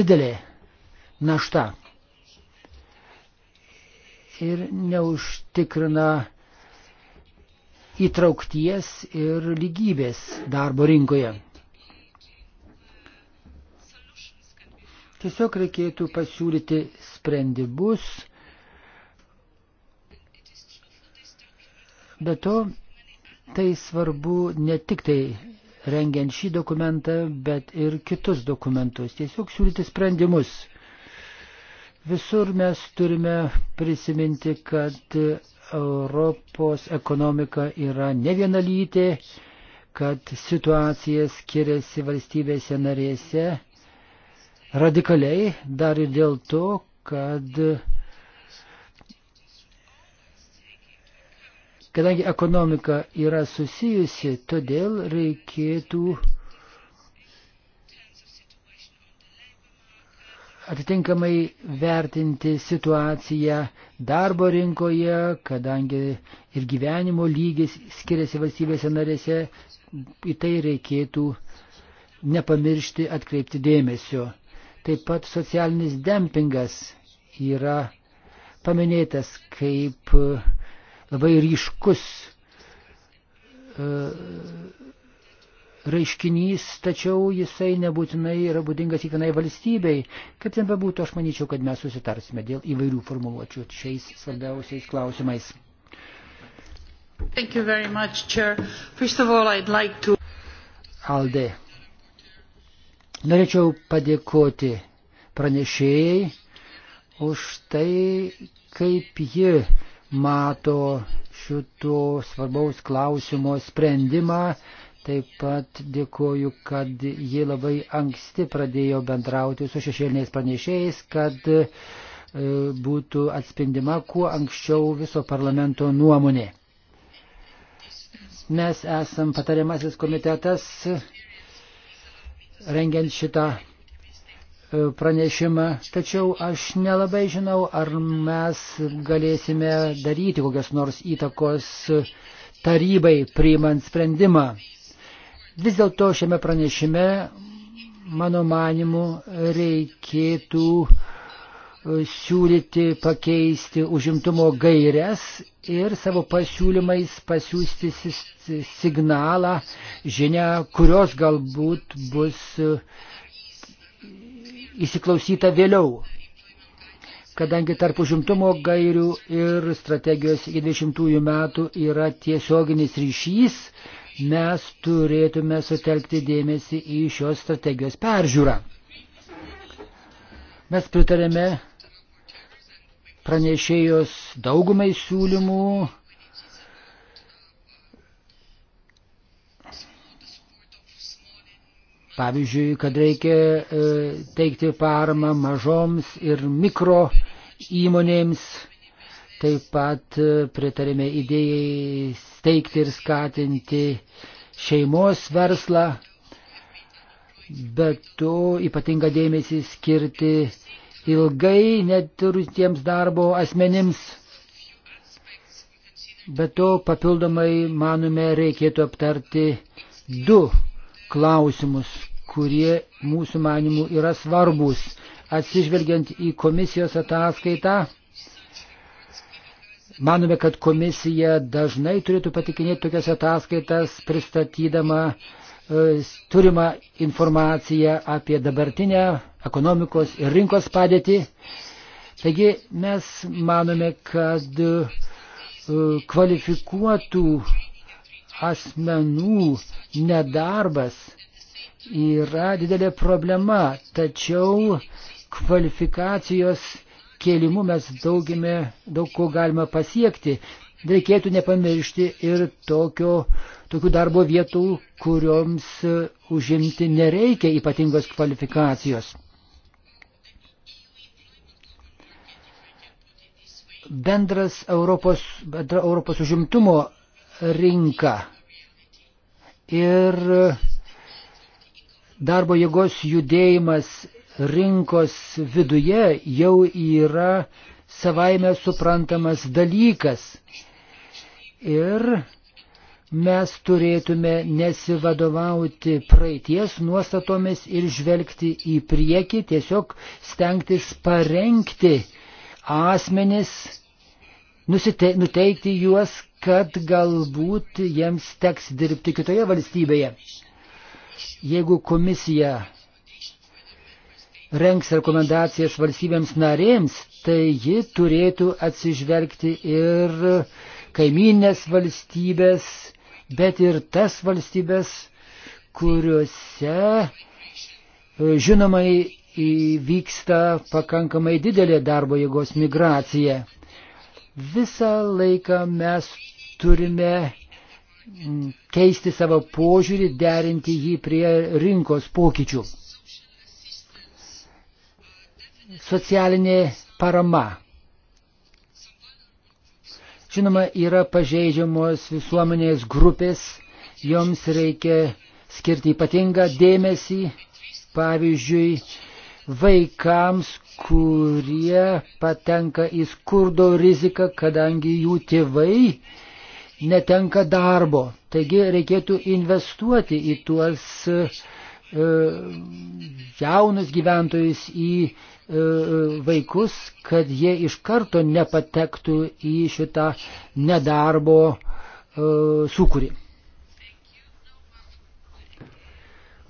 didelė našta ir neužtikrina įtraukties ir lygybės darbo rinkoje. Tiesiog reikėtų pasiūlyti sprendimus. Be to, tai svarbu ne tik tai rengiant šį dokumentą, bet ir kitus dokumentus. Tiesiog siūlyti sprendimus. Visur mes turime prisiminti, kad Europos ekonomika yra ne vienalytė, kad situacija skiriasi valstybėse narėse radikaliai, dar ir dėl to, kad kadangi ekonomika yra susijusi, todėl reikėtų atitinkamai vertinti situaciją darbo rinkoje, kadangi ir gyvenimo lygis skiriasi valstybėse narėse, į tai reikėtų nepamiršti atkreipti dėmesio. Taip pat socialinis dempingas yra paminėtas kaip labai ryškus e, reiškinys, tačiau jisai nebūtinai yra būdingas kiekvienai valstybei. Kaip ten bebūtų, aš manyčiau, kad mes susitarsime dėl įvairių formuluočių šiais svarbiausiais klausimais. Thank you very much, Chair. First of all, I'd like to... Alde. Norėčiau padėkoti pranešėjai už tai, kaip ji mato šito svarbaus klausimo sprendimą Taip pat dėkoju, kad ji labai anksti pradėjo bendrauti su šešėliniais pranešėjais, kad e, būtų atspindima kuo anksčiau viso parlamento nuomonė. Mes esam patariamasis komitetas, rengiant šitą e, pranešimą, tačiau aš nelabai žinau, ar mes galėsime daryti kokios nors įtakos e, tarybai priimant sprendimą. Vis dėlto šiame pranešime, mano manimu, reikėtų e, siūlyti pakeisti užimtumo gairias ir savo pasiūlymais pasiūsti signalą, žinia, kurios galbūt bus e, įsiklausyta vėliau. Kadangi tarp užimtumo gairių ir strategijos iki 20 metų yra tiesioginis ryšys, mes turėtume sutelkti dėmesį į šios strategijos peržiūrą. Mes pritarėme pranešėjos daugumai siūlymų. Pavyzdžiui, kad reikia e, teikti paramą mažoms ir mikro įmonėms Taip pat e, pritarėme idėjai steigti ir skatinti šeimos verslą, bet to ypatinga dėmesį skirti ilgai neturintiems darbo asmenims. Bet to papildomai, manome, reikėtų aptarti du klausimus, kurie mūsų manimų yra svarbus. Atsižvelgiant į komisijos ataskaitą, Manome, kad komisija dažnai turėtų patikinėti tokias ataskaitas, pristatydama e, turimą informaciją apie dabartinę ekonomikos ir rinkos padėtį. Taigi mes manome, kad e, kvalifikuotų asmenų nedarbas yra didelė problema, tačiau kvalifikacijos kėlimu mes daugime, daug ko galime pasiekti. Reikėtų nepamiršti ir tokio, tokių darbo vietų, kurioms e, užimti nereikia ypatingos kvalifikacijos. Bendras Europos, bendra Europos užimtumo rinka ir darbo jėgos judėjimas rinkos viduje jau yra savaime suprantamas dalykas. Ir mes turėtume nesivadovauti praeities nuostatomis ir žvelgti į priekį, tiesiog stengtis parengti asmenis, nusite, nuteikti juos, kad galbūt jiems teks dirbti kitoje valstybėje. Jeigu komisija renks rekomendacijas valstybėms narėms, tai ji turėtų atsižvelgti ir kaiminės valstybės, bet ir tas valstybės, kuriuose e, žinomai įvyksta pakankamai didelė darbo jėgos migracija. Visą laiką mes turime keisti savo požiūrį, derinti jį prie rinkos pokyčių socialinė parama. Žinoma, yra pažeidžiamos visuomenės grupės, joms reikia skirti ypatingą dėmesį, pavyzdžiui, vaikams, kurie patenka į skurdo riziką, kadangi jų tėvai netenka darbo. Taigi reikėtų investuoti į tuos uh, E, jaunus gyventojus, į e, vaikus, kad jie iš karto nepatektų į šitą nedarbo e, sukūrį.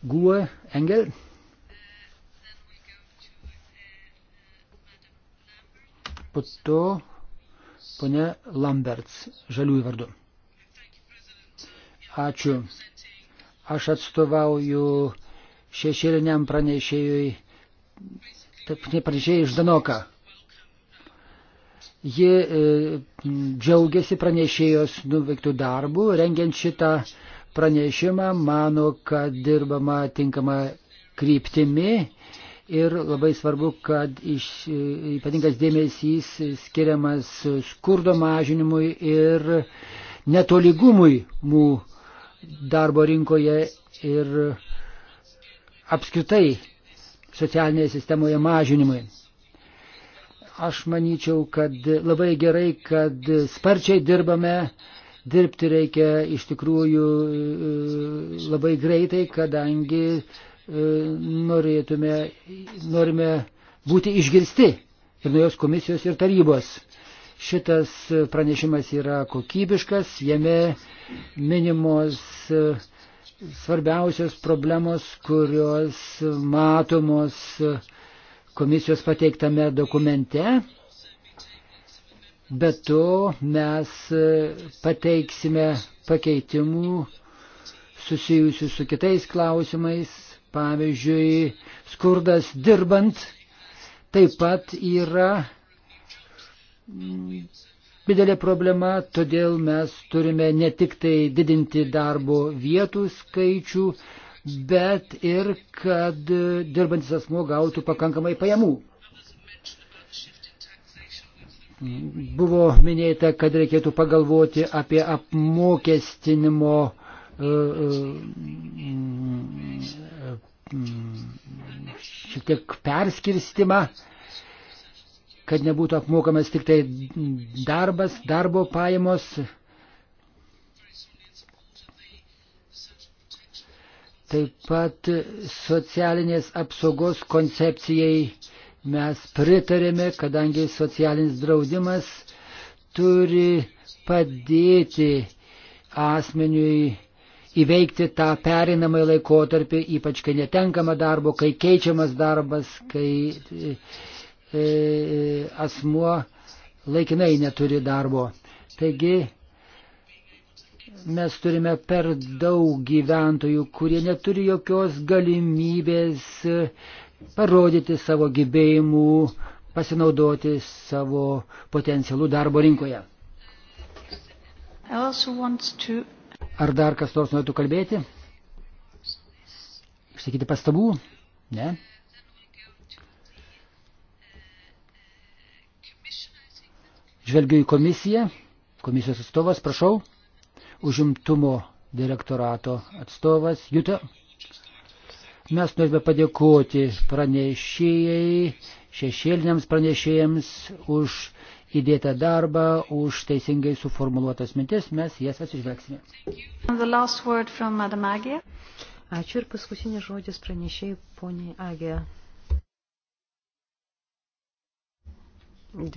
Gue Engel. Po to ponė Lamberts, žaliųjų vardu. Ačiū. Aš atstovauju uh, šešėliniam pranešėjui, taip nepranešėjai iš Danoka. Ji e, džiaugiasi pranešėjos nuveiktų darbų, rengiant šitą pranešimą, mano, kad dirbama tinkama kryptimi ir labai svarbu, kad iš, e, ypatingas dėmesys skiriamas skurdo mažinimui ir netolygumui mūsų darbo rinkoje ir apskritai socialinėje sistemoje mažinimui. Aš manyčiau, kad labai gerai, kad sparčiai dirbame, dirbti reikia iš tikrųjų e, labai greitai, kadangi e, norėtume, norime būti išgirsti ir nuo jos komisijos ir tarybos. Šitas pranešimas yra kokybiškas, jame minimos uh, svarbiausios problemos, kurios matomos komisijos pateiktame dokumente. Be to mes pateiksime pakeitimų susijusių su kitais klausimais, pavyzdžiui, skurdas dirbant taip pat yra didelė problema, todėl mes turime ne tik tai didinti darbo vietų skaičių, bet ir kad dirbantis asmo gautų pakankamai pajamų. Buvo minėta, kad reikėtų pagalvoti apie apmokestinimo e, e, šiek tiek perskirstimą. Uh, uh, uh, uh, uh, uh, uh, uh, kad nebūtų apmokamas tik tai darbas, darbo pajamos. Taip pat socialinės apsaugos koncepcijai mes pritarėme, kadangi socialinis draudimas turi padėti asmeniui įveikti tą perinamąjį laikotarpį, ypač kai netenkama darbo, kai keičiamas darbas, kai E, asmuo laikinai neturi darbo. Taigi mes turime per daug gyventojų, kurie neturi jokios galimybės parodyti savo gebėjimų, pasinaudoti savo potencialų darbo rinkoje. To... Ar dar kas nors norėtų kalbėti? Išsakyti pastabų? Ne? Žvelgiu į komisiją, komisijos atstovas, prašau, užimtumo direktorato atstovas Juta. Mes norime padėkoti pranešėjai, šešėliniams pranešėjams už įdėtą darbą, už teisingai suformuluotas mintis, mes jas atsižvelgsime. Ačiū ir paskutinis žodis pranešėjai poniai Agė.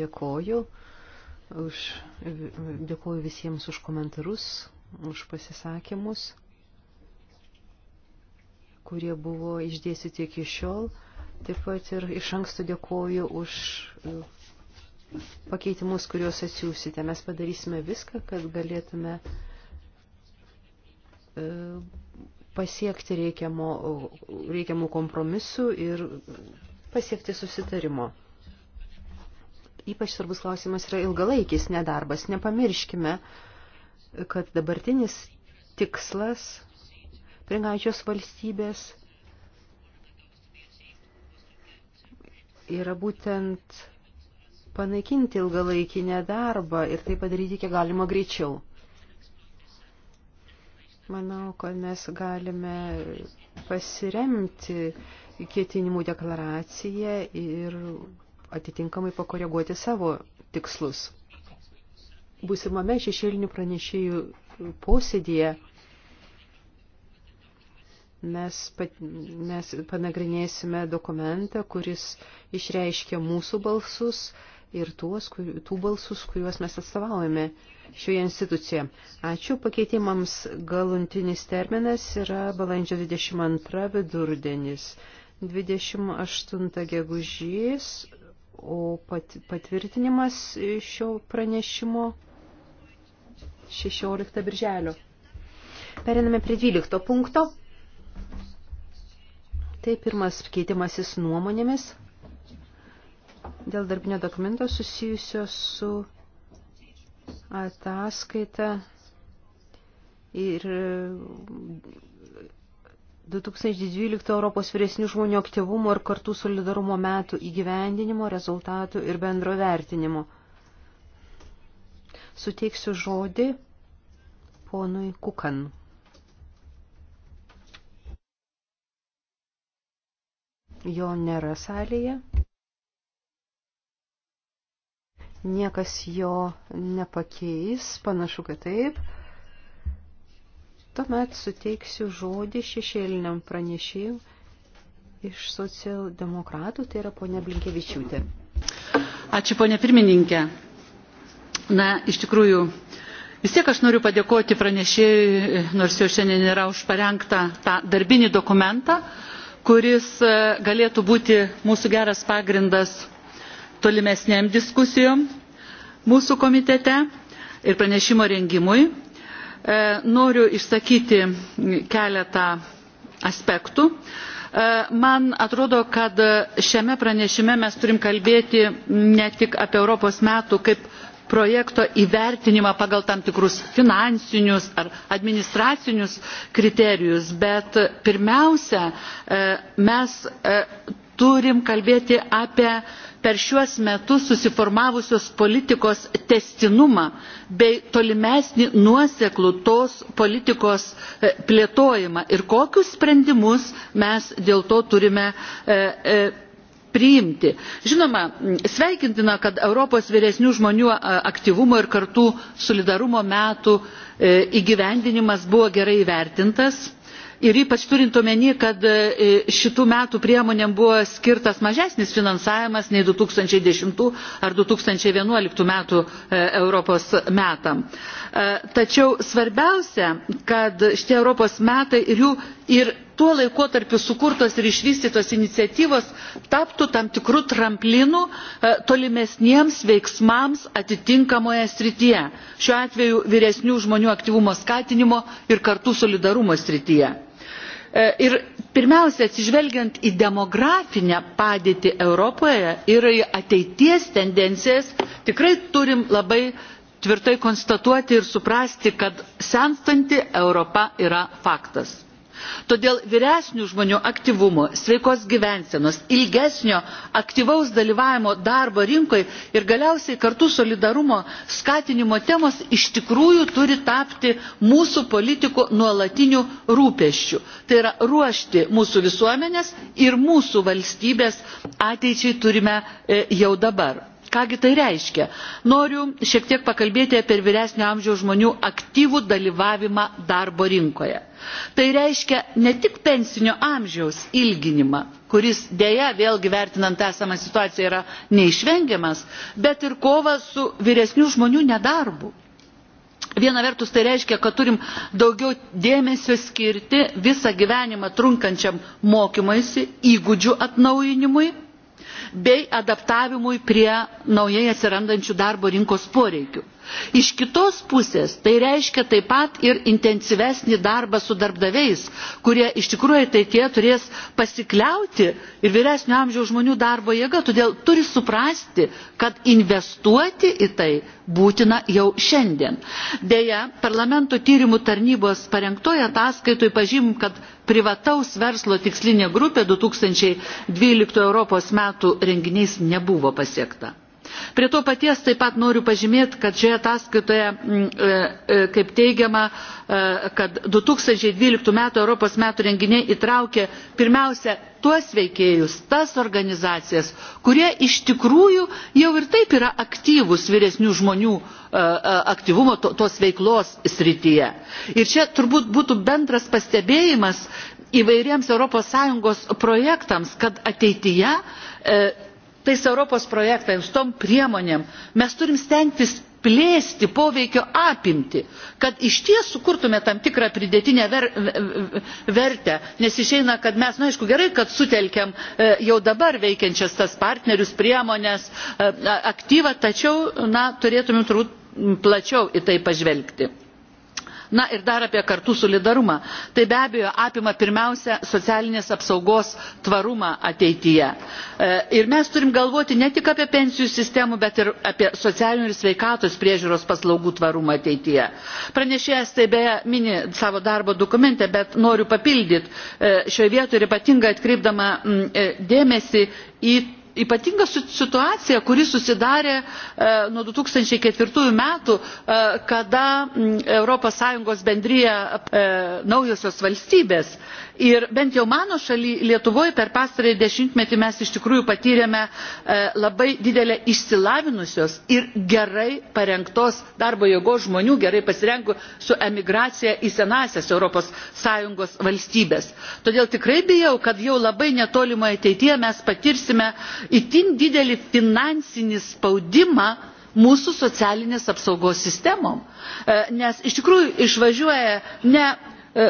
Dėkoju. Už, dėkuoju visiems už komentarus, už pasisakymus, kurie buvo išdėstyti iki šiol. Taip pat ir iš anksto dėkuoju už e, pakeitimus, kuriuos atsiūsite. Mes padarysime viską, kad galėtume e, pasiekti reikiamo, reikiamų kompromisų ir pasiekti susitarimo. Ypač svarbus klausimas yra ilgalaikis nedarbas. Nepamirškime, kad dabartinis tikslas pringančios valstybės yra būtent panaikinti ilgalaikį nedarbą ir tai padaryti kiek galima greičiau. Manau, kad mes galime pasiremti ketinimų deklaraciją ir atitinkamai pakoreguoti savo tikslus. Būsimame šešėlinių pranešėjų posėdėje mes, pat, mes panagrinėsime dokumentą, kuris išreiškia mūsų balsus ir tuos, kur, tų balsus, kuriuos mes atstovaujame šioje institucijoje. Ačiū. Pakeitimams galuntinis terminas yra balandžio 22 vidurdienis. 28 gegužys O pat, patvirtinimas šio pranešimo 16 birželio. Periname prie 12 punkto. Tai pirmas keitimasis nuomonėmis dėl darbinio dokumento susijusio su ataskaita ir 2012 Europos vyresnių žmonių aktyvumo ir kartų solidarumo metų įgyvendinimo rezultatų ir bendro vertinimo. Suteiksiu žodį ponui Kukan. Jo nėra salėje. Niekas jo nepakeis, panašu, kad taip. Tuomet suteiksiu žodį šešėliniam pranešėjui iš socialdemokratų, tai yra ponia Blinkevičiūtė. Ačiū ponia pirmininkė. Na, iš tikrųjų, vis tiek aš noriu padėkoti pranešėjui, nors jau šiandien yra už parengtą tą darbinį dokumentą, kuris e, galėtų būti mūsų geras pagrindas tolimesnėm diskusijom mūsų komitete ir pranešimo rengimui E, noriu išsakyti keletą aspektų. E, man atrodo, kad šiame pranešime mes turim kalbėti ne tik apie Europos metų kaip projekto įvertinimą pagal tam tikrus finansinius ar administracinius kriterijus, bet pirmiausia, e, mes turim kalbėti apie per šiuos metus susiformavusios politikos testinumą bei tolimesnį nuoseklų tos politikos e, plėtojimą ir kokius sprendimus mes dėl to turime e, e, priimti. Žinoma, sveikintina, kad Europos vyresnių žmonių aktyvumo ir kartų solidarumo metų įgyvendinimas buvo gerai įvertintas Ir ypač turint omeny, kad e, e, šitų metų priemonėm buvo skirtas mažesnis finansavimas nei 2010 ar 2011 metų e, Europos metam. Tačiau svarbiausia, kad šitie Europos metai ir jų ir tuo laikotarpiu sukurtos ir išvystytos iniciatyvos taptų tam tikrų tramplinų tolimesniems veiksmams atitinkamoje srityje šiuo atveju vyresnių žmonių aktyvumo skatinimo ir kartų solidarumo srityje. E, ir pirmiausia atsižvelgiant į demografinę padėtį europoje ir į ateities tendencijas tikrai turim labai tvirtai konstatuoti ir suprasti kad senstanti europa yra faktas. Todėl vyresnių žmonių aktyvumo, sveikos gyvensenos, ilgesnio aktyvaus dalyvavimo darbo rinkoje ir galiausiai kartu solidarumo skatinimo temos iš tikrųjų turi tapti mūsų politikų nuolatinių rūpeščių. Tai yra ruošti mūsų visuomenės ir mūsų valstybės ateičiai turime e, jau dabar Kągi tai reiškia? Noriu šiek tiek pakalbėti apie vyresnio amžiaus žmonių aktyvų dalyvavimą darbo rinkoje. Tai reiškia ne tik pensinio amžiaus ilginimą, kuris dėja, vėlgi vertinant esamą situaciją, yra neišvengiamas, bet ir kova su vyresnių žmonių nedarbu. Viena vertus tai reiškia, kad turim daugiau dėmesio skirti visą gyvenimą trunkančiam mokymaisi, įgūdžių atnaujinimui bei adaptavimui prie naujai atsirandančių darbo rinkos poreikių. Iš kitos pusės tai reiškia taip pat ir intensyvesnį darbą su darbdaviais, kurie iš tikrųjų ateitie turės pasikliauti ir vyresnio amžiaus žmonių darbo jėga, todėl turi suprasti, kad investuoti į tai būtina jau šiandien. Deja, parlamento tyrimų tarnybos parengtoje ataskaitoje pažymim, kad privataus verslo tikslinė grupė 2012 Europos metų renginiais nebuvo pasiekta. Prie to paties taip pat noriu pažymėti, kad šioje ataskaitoje, mm, e, e, kaip teigiama, e, kad 2012 m. Europos metų renginiai įtraukė pirmiausia tuos veikėjus, tas organizacijas, kurie iš tikrųjų jau ir taip yra aktyvus vyresnių žmonių aktyvumo tos veiklos srityje. Ir čia turbūt būtų bendras pastebėjimas įvairiems ES projektams, kad ateityje tais Europos projektais, tom priemonėm mes turim stengtis plėsti poveikio apimti, kad iš ties sukurtume tam tikrą pridėtinę ver, vertę, nes išeina, kad mes, na nu, aišku, gerai, kad sutelkiam e, jau dabar veikiančias tas partnerius, priemonės, e, aktyvą, tačiau, na, turėtumėm turbūt plačiau į tai pažvelgti. Na ir dar apie kartų solidarumą. Tai be abejo apima pirmiausia socialinės apsaugos tvarumą ateityje. E, ir mes turim galvoti ne tik apie pensijų sistemų, bet ir apie socialinių ir sveikatos priežiūros paslaugų tvarumą ateityje. Pranešėjas tai beje mini savo darbo dokumente, bet noriu papildyti e, šioje vietoje ir ypatingai atkreipdama e, dėmesį į ypatinga situacija, kuri susidarė e, nuo 2004 metų, e, kada ES bendryje naujosios valstybės ir bent jau mano šalyje lietuvoje per pastarąjį dešimtmetį mes iš tikrųjų patyrėme e, labai didelę išsilavinusios ir gerai parengtos darbo jėgos žmonių gerai pasirengusių emigraciją į senąsias europos sąjungos valstybes. todėl tikrai bijau kad jau labai netolimoje ateityje mes patirsime itin didelį finansinį spaudimą mūsų socialinės apsaugos sistemoms e, nes iš tikrųjų išvažiuoja ne E,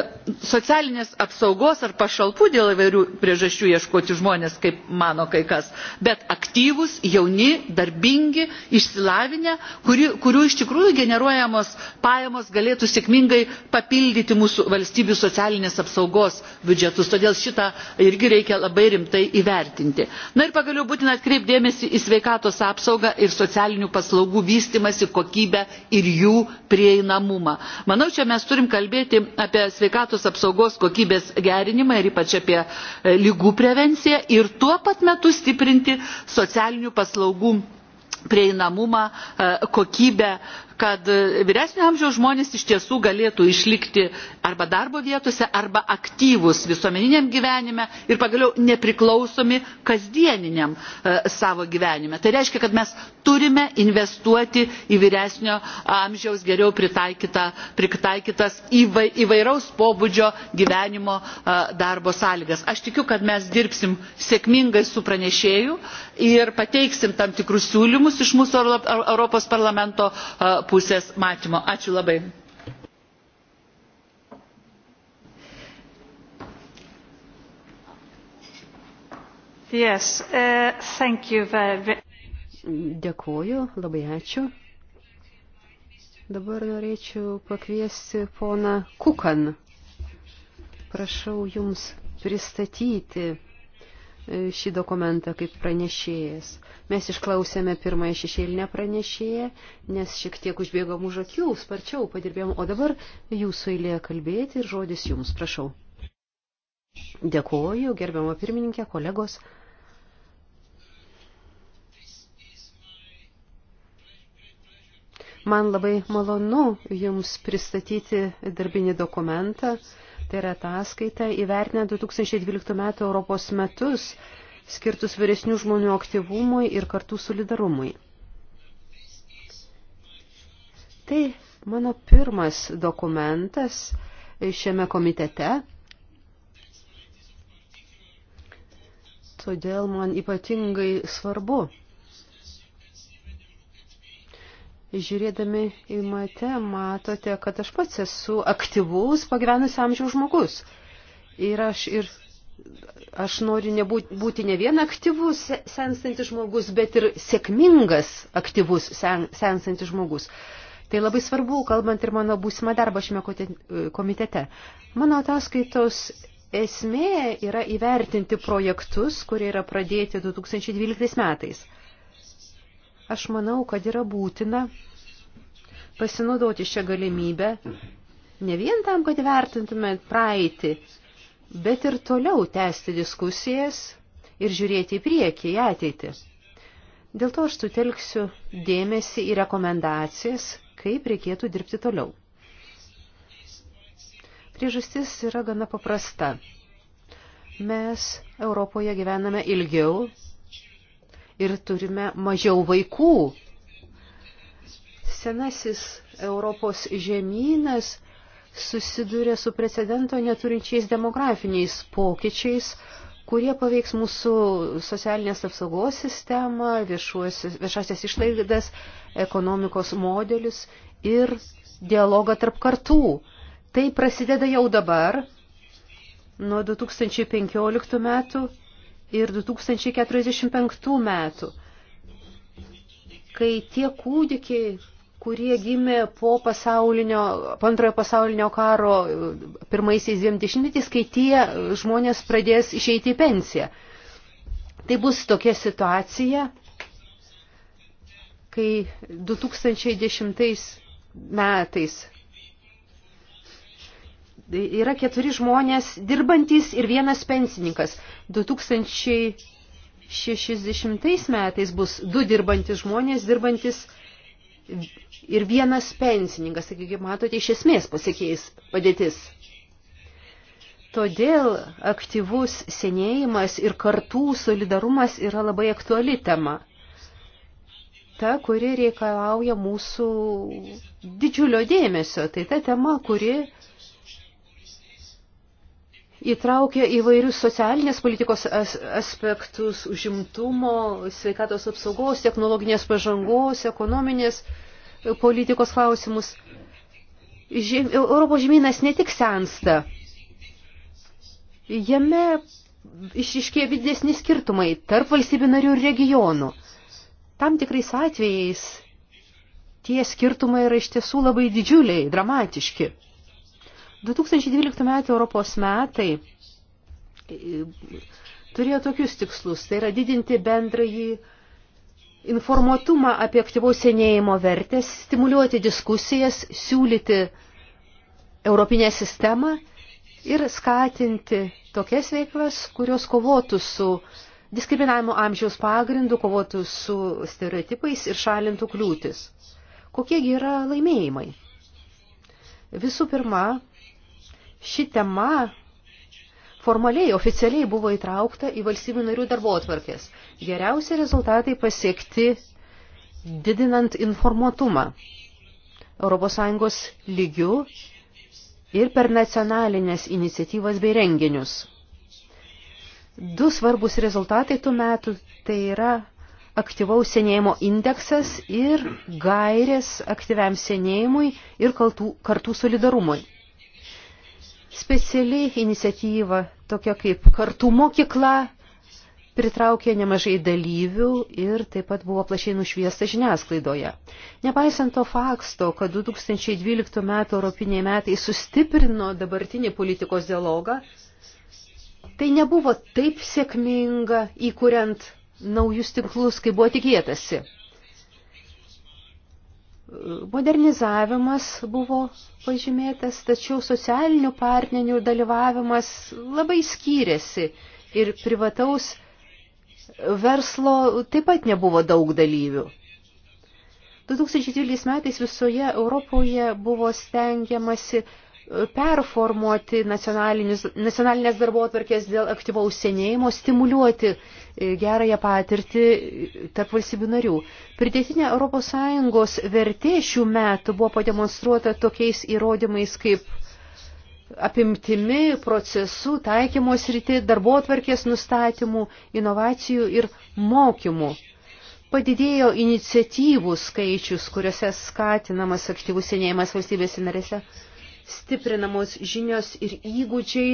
socialinės apsaugos ar pašalpų dėl įvairių priežasčių ieškoti žmonės, kaip mano kai kas, bet aktyvus, jauni, darbingi, išsilavinę, kurių, kurių iš tikrųjų generuojamos pajamos galėtų sėkmingai papildyti mūsų valstybių socialinės apsaugos biudžetus. Todėl šitą irgi reikia labai rimtai įvertinti. Na ir pagaliau būtina atkreipdėmėsi į sveikatos apsaugą ir socialinių paslaugų vystimasi kokybę ir jų prieinamumą. Manau, čia mes turim kalbėti apie sveikatos apsaugos kokybės gerinimą ir ypač apie e, lygų prevenciją ir tuo pat metu stiprinti socialinių paslaugų prieinamumą e, kokybę kad e, vyresnio amžiaus žmonės iš tiesų galėtų išlikti arba darbo vietose, arba aktyvus visuomeniniam gyvenime ir pagaliau nepriklausomi kasdieniniam e, savo gyvenime. Tai reiškia, kad mes turime investuoti į vyresnio amžiaus geriau pritaikytą, pritaikytas įvairaus pobūdžio gyvenimo e, darbo sąlygas. Aš tikiu, kad mes dirbsim sėkmingai su pranešėju ir pateiksim tam tikrus siūlymus iš mūsų Europos parlamento pusės matymo. Ačiū labai. Yes, uh, thank you very... Dėkuoju, labai ačiū. Dabar norėčiau pakviesti poną Kukan. Prašau jums pristatyti E, šį dokumentą kaip pranešėjas. Mes išklausėme pirmąją šešėlinę pranešėją, nes šiek tiek užbėgom už akių, sparčiau padirbėjom, o dabar jūsų eilėje kalbėti ir žodis jums, prašau. Dėkuoju, gerbiamo pirmininkė, kolegos. Man labai malonu jums pristatyti darbinį dokumentą, Tai yra ataskaita įvertinę 2012 m. Europos metus skirtus vyresnių žmonių aktyvumui ir kartų solidarumui. Tai mano pirmas dokumentas šiame komitete. Todėl man ypatingai svarbu Žiūrėdami į mate, matote, kad aš pats esu aktyvus pagyvenus amžiaus žmogus. Ir aš ir aš noriu nebūti, būti ne vien aktyvus senstantis žmogus, bet ir sėkmingas aktyvus sen, senstantis žmogus. Tai labai svarbu, kalbant ir mano būsimą darbą šiame komitete. Mano ataskaitos esmė yra įvertinti projektus, kurie yra pradėti 2012 metais. Aš manau, kad yra būtina pasinaudoti šią galimybę ne vien tam, kad vertintume praeitį, bet ir toliau tęsti diskusijas ir žiūrėti į priekį, į ateitį. Dėl to aš sutelksiu dėmesį į rekomendacijas, kaip reikėtų dirbti toliau. Priežastis yra gana paprasta. Mes Europoje gyvename ilgiau ir turime mažiau vaikų. Senasis Europos žemynas susiduria su precedento neturinčiais demografiniais pokyčiais, kurie paveiks mūsų socialinės apsaugos sistemą, viešuosias, viešasias išlaidas, ekonomikos modelius ir dialogą tarp kartų. Tai prasideda jau dabar, nuo 2015 metų ir 2045 metų, kai tie kūdikiai, kurie gimė po, pasaulinio, po antrojo pasaulinio karo pirmaisiais dviem dešimtmetis, kai tie žmonės pradės išeiti į pensiją. Tai bus tokia situacija, kai 2010 metais yra keturi žmonės dirbantys ir vienas pensininkas. 2060 metais bus du dirbantis žmonės dirbantis ir vienas pensininkas. Taigi, kaip matote, iš esmės pasikeis padėtis. Todėl aktyvus senėjimas ir kartų solidarumas yra labai aktuali tema. Ta, kuri reikalauja mūsų didžiulio dėmesio. Tai ta tema, kuri įtraukia įvairius socialinės politikos as aspektus, užimtumo, sveikatos apsaugos, technologinės pažangos, ekonominės e, politikos klausimus. Žem, e, Europos žemynas ne tik sensta, jame išiškė didesni skirtumai tarp valstybių narių ir regionų. Tam tikrais atvejais tie skirtumai yra iš tiesų labai didžiuliai, dramatiški. 2012 metai Europos metai e, turėjo tokius tikslus, tai yra didinti bendrąjį informuotumą apie aktyvaus senėjimo vertės, stimuliuoti diskusijas, siūlyti europinę sistemą ir skatinti tokias veiklas, kurios kovotų su diskriminavimo amžiaus pagrindu, kovotų su stereotipais ir šalintų kliūtis. Kokiegi yra laimėjimai? Visų pirma, ši tema formaliai, oficialiai buvo įtraukta į valstybių narių darbo atvarkės. Geriausi rezultatai pasiekti didinant informuotumą ES lygių ir per nacionalinės iniciatyvas bei renginius. Du svarbus rezultatai tų metų tai yra aktyvaus senėjimo indeksas ir gairės aktyviam senėjimui ir kaltų, kartų solidarumui. Speciali iniciatyva, tokia kaip kartų mokykla, pritraukė nemažai dalyvių ir taip pat buvo plačiai nušviesta žiniasklaidoje. Nepaisant to fakto, kad 2012 metų Europiniai metai sustiprino dabartinį politikos dialogą, tai nebuvo taip sėkminga įkuriant naujus tinklus, kaip buvo tikėtasi. Modernizavimas buvo pažymėtas, tačiau socialinių partnerių dalyvavimas labai skyrėsi ir privataus verslo taip pat nebuvo daug dalyvių. 2012 metais visoje Europoje buvo stengiamasi e, performuoti nacionalinės darbo atvarkės dėl aktyvaus senėjimo, stimuliuoti uh, gerąją patirtį tarp valstybių narių. Pridėtinė ES vertė šių metų buvo pademonstruota tokiais įrodymais kaip apimtimi, procesų, taikymos ryti, darbotvarkės nustatymų, inovacijų ir mokymų. Padidėjo iniciatyvų skaičius, kuriuose skatinamas aktyvus senėjimas valstybės narėse, stiprinamos žinios ir įgūdžiai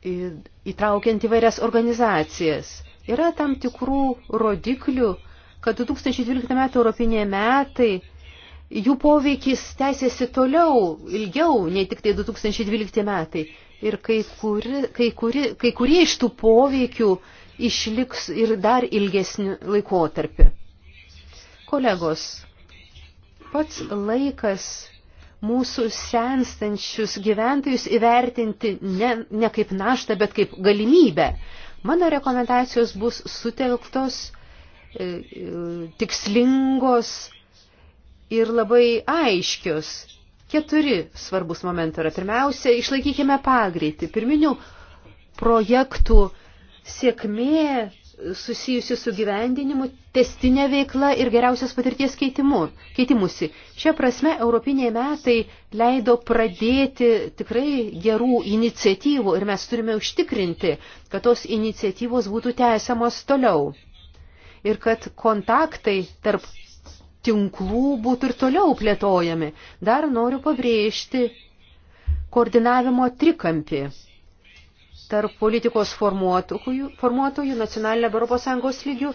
įtraukiant įvairias organizacijas. Yra tam tikrų rodiklių, kad 2012 metų Europinėje metai jų poveikis tęsiasi toliau, ilgiau, nei tik tai 2012 metai. Ir kai, kuri, kai, kuri, kai kurie iš tų poveikių išliks ir dar ilgesnį laikotarpį. Kolegos, pats laikas mūsų senstančius gyventojus įvertinti ne, ne kaip naštą, bet kaip galimybę. Mano rekomendacijos bus sutelktos, e, e, tikslingos ir labai aiškios. Keturi svarbus momentai yra. Pirmiausia, išlaikykime pagreitį. Pirminių projektų sėkmė susijusi su gyvendinimu, testinė veikla ir geriausios patirties keitimu, keitimusi. Šia prasme, europiniai metai leido pradėti tikrai gerų iniciatyvų ir mes turime užtikrinti, kad tos iniciatyvos būtų tęsiamos toliau. Ir kad kontaktai tarp tinklų būtų ir toliau plėtojami. Dar noriu pabrėžti koordinavimo trikampį tarp politikos formuotojų, formuotojų nacionalinė Europos Sąjungos lygių,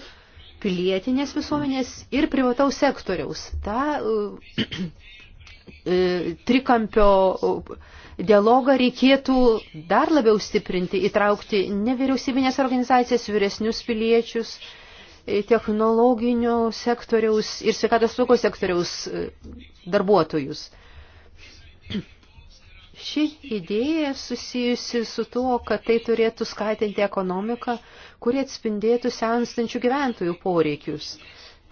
pilietinės visuomenės ir privataus sektoriaus. Ta uh, <clears throat> uh, trikampio uh, dialogą reikėtų dar labiau stiprinti, įtraukti nevyriausybinės organizacijas, vyresnius piliečius, technologinio sektoriaus ir sveikatos saugos sektoriaus darbuotojus. <clears throat> Ši idėja susijusi su tuo, kad tai turėtų skatinti ekonomiką, kuri atspindėtų senstančių gyventojų poreikius.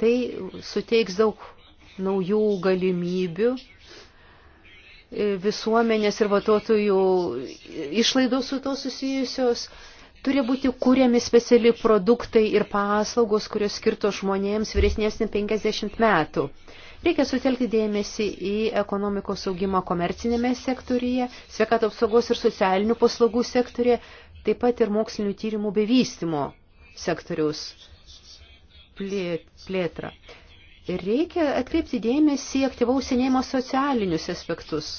Tai suteiks daug naujų galimybių e, visuomenės ir vartotojų išlaidos su to susijusios. Turi būti kūriami speciali produktai ir paslaugos, kurios skirtos žmonėms vyresnės nei 50 metų. Reikia sutelkti dėmesį į ekonomikos augimą komercinėme sektorije, sveikato apsaugos ir socialinių paslaugų sektorije, taip pat ir mokslinių tyrimų bei vystymo sektoriaus plėtrą. Ir reikia atkreipti dėmesį į aktyvaus senėjimo socialinius aspektus.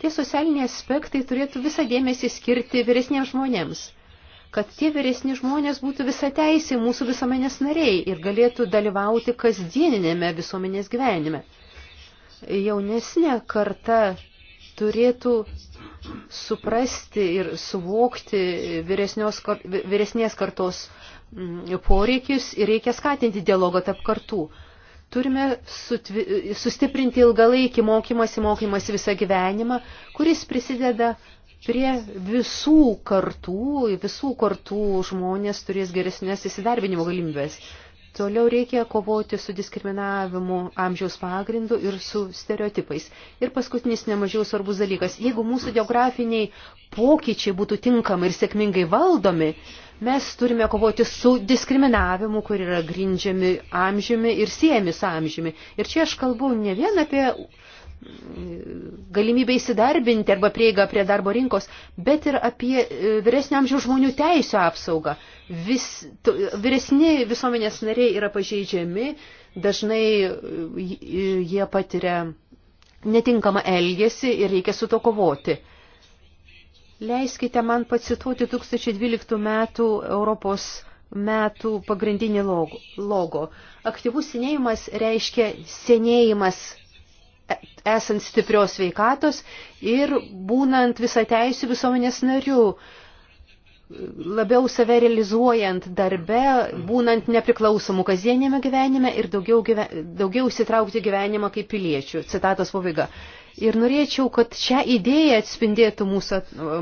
Tie socialiniai aspektai turėtų visą dėmesį skirti vyresniems žmonėms – kad tie vyresni žmonės būtų visą teisė mūsų visuomenės nariai ir galėtų dalyvauti kasdieninėme visuomenės gyvenime. Jaunesnė karta turėtų suprasti ir suvokti vyresnės kartos mm, poreikius ir reikia skatinti dialogą tarp kartų. Turime sustiprinti ilgalaikį mokymasi, mokymasi visą gyvenimą, kuris prisideda prie visų kartų, visų kartų žmonės turės geresnės įsidarbinimo galimybės. Toliau reikia kovoti su diskriminavimu amžiaus pagrindu ir su stereotipais. Ir paskutinis nemažiau svarbus dalykas. Jeigu mūsų geografiniai pokyčiai būtų tinkami ir sėkmingai valdomi, mes turime kovoti su diskriminavimu, kur yra grindžiami amžiumi ir siejami su amžiumi. Ir čia aš kalbu ne vien apie galimybę įsidarbinti arba prieigą prie darbo rinkos, bet ir apie e, vyresnio amžiaus žmonių teisų apsaugą. Vis, to, vyresni visuomenės nariai yra pažeidžiami, dažnai e, jie patiria netinkamą elgesį ir reikia su to kovoti. Leiskite man pacituoti 2012 metų Europos metų pagrindinį logo. Aktyvus senėjimas reiškia senėjimas esant stiprios veikatos ir būnant visą teisų visuomenės narių, labiau save realizuojant darbe, būnant nepriklausomų kasdienėme gyvenime ir daugiau, gyven, daugiau įsitraukti gyvenimą kaip piliečių. Citatos pabaiga. Ir norėčiau, kad šią idėją atspindėtų mūsų,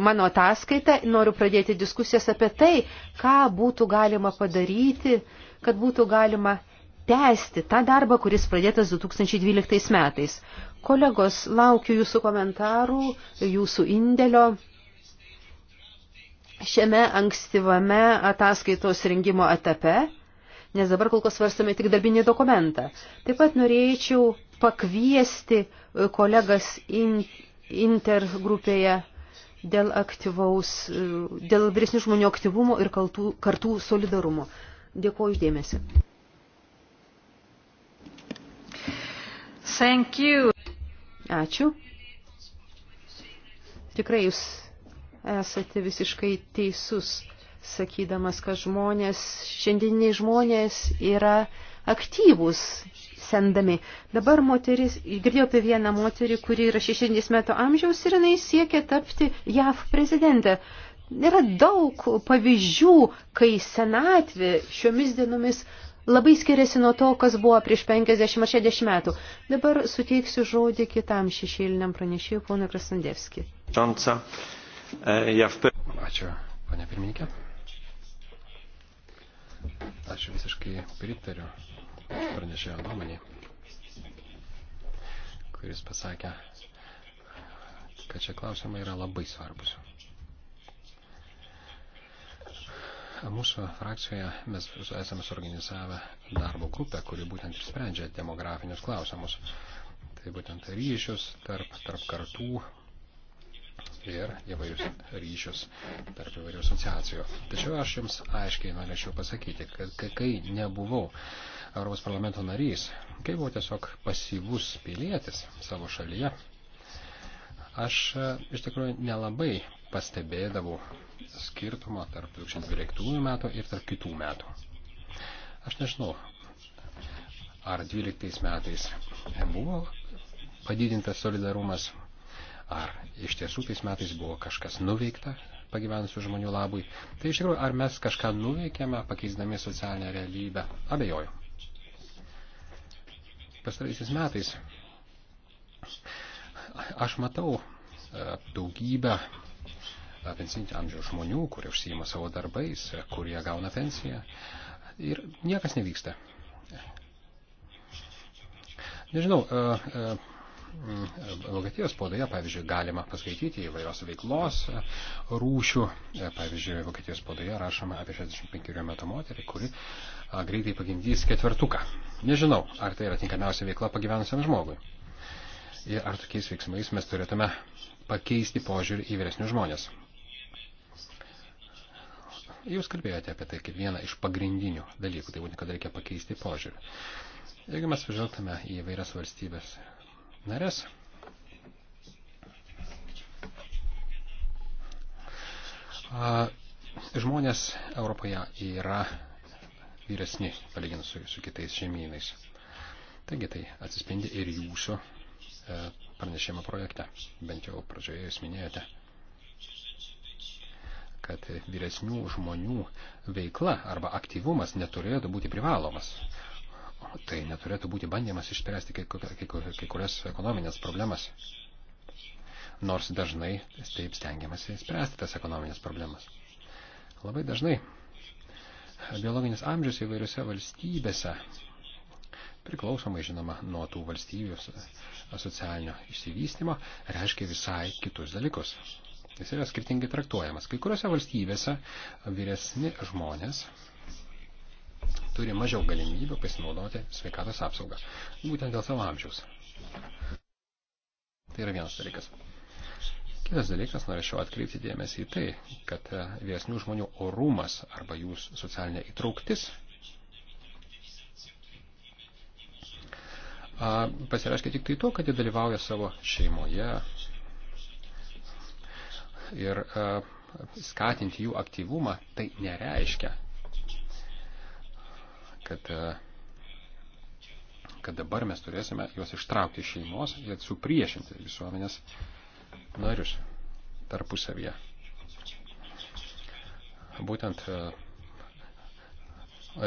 mano ataskaita. Noriu pradėti diskusijas apie tai, ką būtų galima padaryti, kad būtų galima tęsti tą darbą, kuris pradėtas 2012 metais. Kolegos, laukiu jūsų komentarų, jūsų indėlio šiame ankstyvame ataskaitos rengimo etape, nes dabar kol kas svarstame tik darbinį dokumentą. Taip pat norėčiau pakviesti e, kolegas in, intergrupėje dėl aktyvaus, e, dėl vyresnių žmonių aktyvumo ir kaltų, kartų solidarumo. Dėkuoju uždėmesi. Thank you. Ačiū. Tikrai jūs esate visiškai teisus, sakydamas, kad žmonės, šiandieniniai žmonės yra aktyvūs sendami. Dabar moteris, girdėjau apie vieną moterį, kuri yra 60 metų amžiaus ir jinai siekia tapti JAV prezidentę. Yra daug pavyzdžių, kai senatvė šiomis dienomis labai skiriasi nuo to, kas buvo prieš 50 ar 60 metų. Dabar suteiksiu žodį kitam šešėliniam pranešėjui, ponui Krasandevski. Eh, Ačiū, pane pirmininkė. Aš visiškai pritariu pranešėjo nuomonį, kuris pasakė, kad čia klausimai yra labai svarbus. Mūsų frakcijoje mes esame suorganizavę darbo grupę, kuri būtent ir sprendžia demografinius klausimus. Tai būtent ryšius tarp, tarp kartų ir įvairius ryšius tarp įvairių asociacijų. Tačiau aš jums aiškiai norėčiau pasakyti, kad kai nebuvau Europos parlamento narys, kai buvau tiesiog pasyvus pilietis savo šalyje, aš e, iš tikrųjų nelabai pastebėdavau skirtumo tarp 2012 metų ir tarp kitų metų. Aš nežinau, ar 12 metais buvo padidintas solidarumas, ar iš tiesų tais metais buvo kažkas nuveikta pagyvenusių žmonių labui. Tai iš tikrųjų, ar mes kažką nuveikėme, pakeisdami socialinę realybę? Abejoju. Pastaraisiais metais aš matau e, daugybę pensinį amžių žmonių, kurie užsijima savo darbais, kurie gauna pensiją. Ir niekas nevyksta. Nežinau, e, e, Vokietijos spaudoje, pavyzdžiui, galima paskaityti įvairios veiklos rūšių. E, pavyzdžiui, Vokietijos spaudoje rašoma apie 65 metų moterį, kuri greitai pagimdys ketvertuką. Nežinau, ar tai yra tinkamiausia veikla pagyvenusiam žmogui. Ir ar tokiais veiksmais mes turėtume pakeisti požiūrį į vyresnius žmonės. Jūs kalbėjote apie tai kaip vieną iš pagrindinių dalykų, tai būtent, kad reikia pakeisti požiūrį. Jeigu mes pažvelgtume į vairias valstybės narės, žmonės Europoje yra vyresni, palyginus su, su kitais žemynais. Taigi tai atsispindi ir jūsų e, pranešimo projekte, bent jau pradžioje jūs minėjote kad vyresnių žmonių veikla arba aktyvumas neturėtų būti privalomas. O tai neturėtų būti bandymas išspręsti kai, kai, kai kurias ekonominės problemas. Nors dažnai taip stengiamasi spręsti tas ekonominės problemas. Labai dažnai biologinis amžius įvairiose valstybėse priklausomai žinoma nuo tų valstybių socialinio išsivystymo, reiškia visai kitus dalykus jis yra skirtingai traktuojamas. Kai kuriuose valstybėse vyresni žmonės turi mažiau galimybių pasinaudoti sveikatos apsaugą, būtent dėl savo amžiaus. Tai yra vienas dalykas. Kitas dalykas, norėčiau atkreipti dėmesį į tai, kad e, vyresnių žmonių orumas arba jų socialinė įtrauktis pasireiškia tik tai tuo, kad jie dalyvauja savo šeimoje, ir e, skatinti jų aktyvumą, tai nereiškia, kad, e, kad dabar mes turėsime juos ištraukti iš šeimos ir supriešinti visuomenės narius tarpusavyje. Būtent e,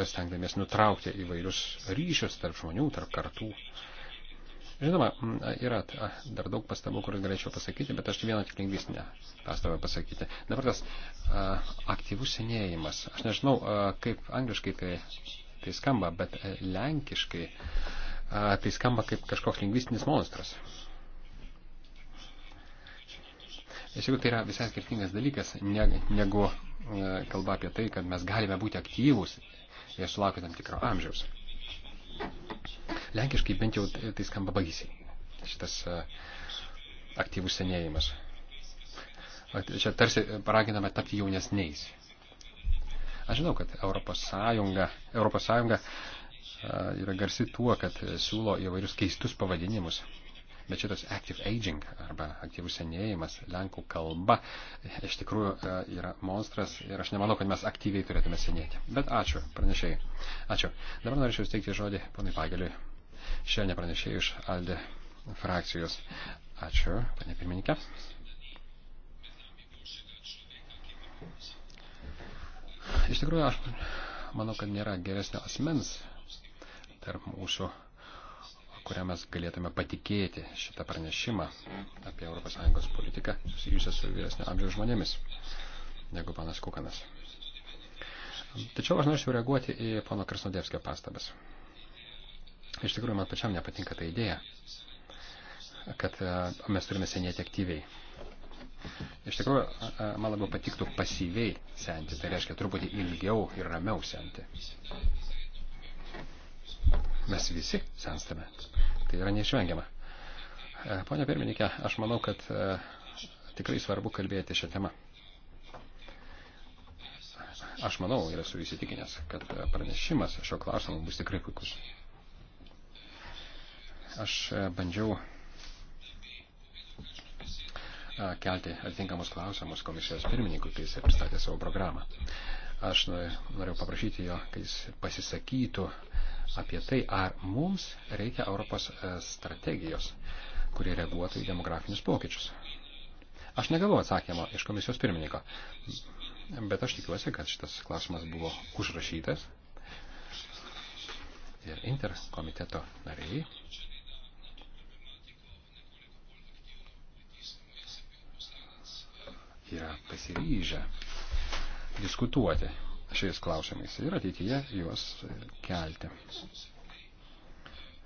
stengdamės nutraukti įvairius ryšius tarp žmonių, tarp kartų, Žinoma, yra dar daug pastabų, kurias galėčiau pasakyti, bet aš vieną tik lingvistinę pastabą pasakyti. Dabar tas a, aktyvus senėjimas. Aš nežinau, a, kaip angliškai tai, tai skamba, bet a, e, lenkiškai a, tai skamba kaip kažkoks lingvistinis monstras. Iš tikrųjų, tai yra visai skirtingas dalykas, negu e, kalba apie tai, kad mes galime būti aktyvūs ir sulaukti tam tikro amžiaus. Lenkiškai bent jau tai, tai skamba baisiai. Šitas e, aktyvus senėjimas. Čia tarsi paraginame tapti jaunesniais. Aš žinau, kad Europos Sąjunga, Europos Sąjunga e, yra garsi tuo, kad siūlo įvairius keistus pavadinimus. Bet šitas active aging arba aktyvus senėjimas, lenkų kalba, iš tikrųjų e, yra monstras ir aš nemanau, kad mes aktyviai turėtume senėti. Bet ačiū, pranešėjai. Ačiū. Dabar norėčiau steigti žodį ponai Pageliui šiandien pranešėjai iš Alde frakcijos. Ačiū, panė pirmininkė. Iš tikrųjų, aš manau, kad nėra geresnio asmens tarp mūsų, kurią mes galėtume patikėti šitą pranešimą apie ES politiką susijusią su vyresnio amžiaus žmonėmis, negu panas Kukanas. Tačiau aš norėčiau reaguoti į pono Krasnodėvskio pastabas. Iš tikrųjų, man pačiam nepatinka ta idėja, kad e, mes turime senėti aktyviai. Iš tikrųjų, e, man labiau patiktų pasyviai senti, tai reiškia truputį ilgiau ir ramiau senti. Mes visi senstame. Tai yra neišvengiama. E, Pone pirmininkė, aš manau, kad tikrai svarbu kalbėti šią temą. Aš manau ir esu įsitikinęs, kad pranešimas šio klausimu bus tikrai puikus. Aš e, bandžiau e, kelti atitinkamus klausimus komisijos pirmininkui, kai jis pristatė savo programą. Aš norėjau paprašyti jo, kai jis pasisakytų apie tai, ar mums reikia Europos e, strategijos, kuri reaguotų į demografinius pokyčius. Aš negavau atsakymo iš komisijos pirmininko, bet aš tikiuosi, kad šitas klausimas buvo užrašytas ir interkomiteto nariai yra pasiryžę diskutuoti šiais klausimais ir ateityje juos kelti.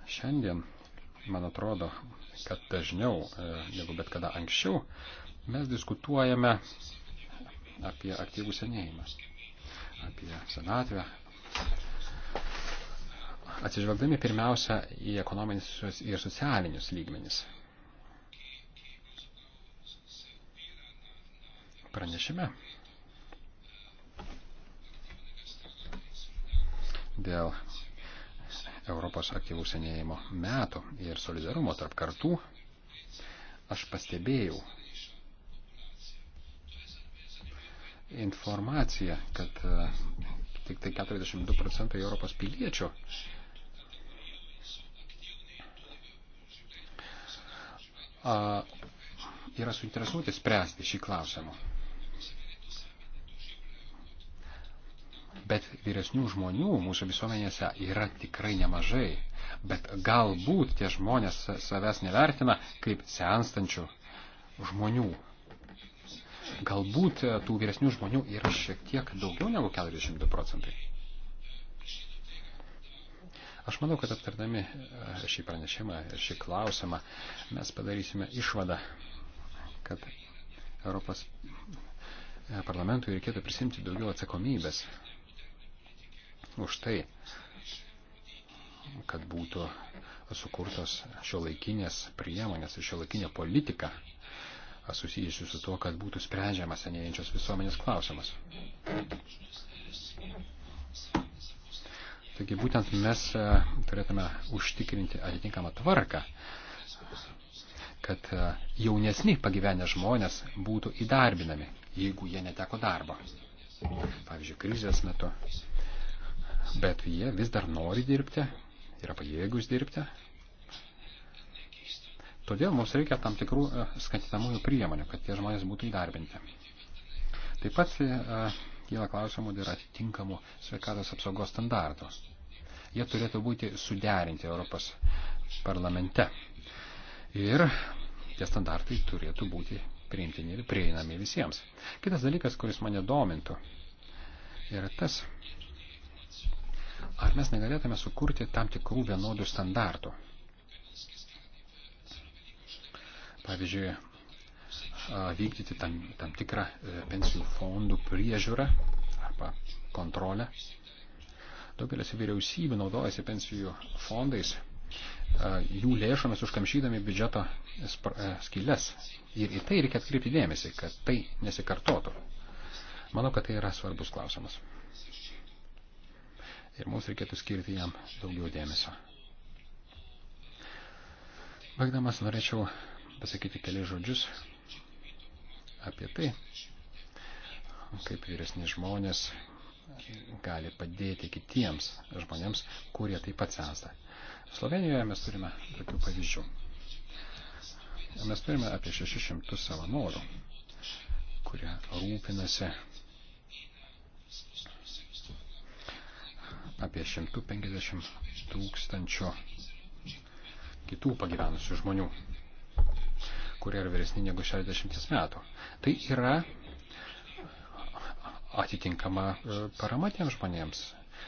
Šiandien, man atrodo, kad dažniau e, negu bet kada anksčiau mes diskutuojame apie aktyvų senėjimą, apie senatvę, atsižvelgdami pirmiausia į ekonominius ir socialinius lygmenis. pranešime dėl Europos aktyvų senėjimo metų ir solidarumo tarp kartų, aš pastebėjau informaciją, kad e, tik tai 42 procentai Europos piliečių yra suinteresuoti spręsti šį klausimą. Bet vyresnių žmonių mūsų visuomenėse yra tikrai nemažai. Bet galbūt tie žmonės savęs nevertina kaip senstančių žmonių. Galbūt e, tų vyresnių žmonių yra šiek tiek daugiau negu 42 procentai. Aš manau, kad aptardami e, šį pranešimą ir šį klausimą mes padarysime išvadą, kad Europos e, parlamentui reikėtų prisimti daugiau atsakomybės už tai, kad būtų sukurtos šio laikinės priemonės ir šio laikinė politika susijusiu su tuo, kad būtų sprendžiamas senėjančios visuomenės klausimas. Taigi būtent mes e, turėtume užtikrinti atitinkamą tvarką, kad e, jaunesni pagyvenę žmonės būtų įdarbinami, jeigu jie neteko darbo. Pavyzdžiui, krizės metu bet jie vis dar nori dirbti, yra pajėgus dirbti. Todėl mums reikia tam tikrų e, skatinamųjų priemonių, kad tie žmonės būtų įdarbinti. Taip pat e, kyla klausimų dėl atitinkamų sveikatos apsaugos standartų. Jie turėtų būti suderinti Europos parlamente. Ir tie standartai turėtų būti priimtini ir prieinami visiems. Kitas dalykas, kuris mane domintų, yra tas, Ar mes negalėtume sukurti tam tikrų vienodų standartų? Pavyzdžiui, vykdyti tam, tam tikrą e, pensijų fondų priežiūrą arba kontrolę. Daugelis vyriausybių naudojasi pensijų fondais, jų lėšomis užkamšydami biudžeto e, skylės. Ir į tai reikia atkreipti dėmesį, kad tai nesikartotų. Manau, kad tai yra svarbus klausimas ir mums reikėtų skirti jam daugiau dėmesio. Baigdamas norėčiau pasakyti keli žodžius apie tai, kaip vyresni žmonės gali padėti kitiems žmonėms, kurie taip pat sensta. Slovenijoje mes turime tokių pavyzdžių. Mes turime apie 600 savanorių, kurie rūpinasi apie 150 tūkstančių kitų pagyvenusių žmonių, kurie yra vyresni negu 60 metų. Tai yra atitinkama e, parama tiems žmonėms,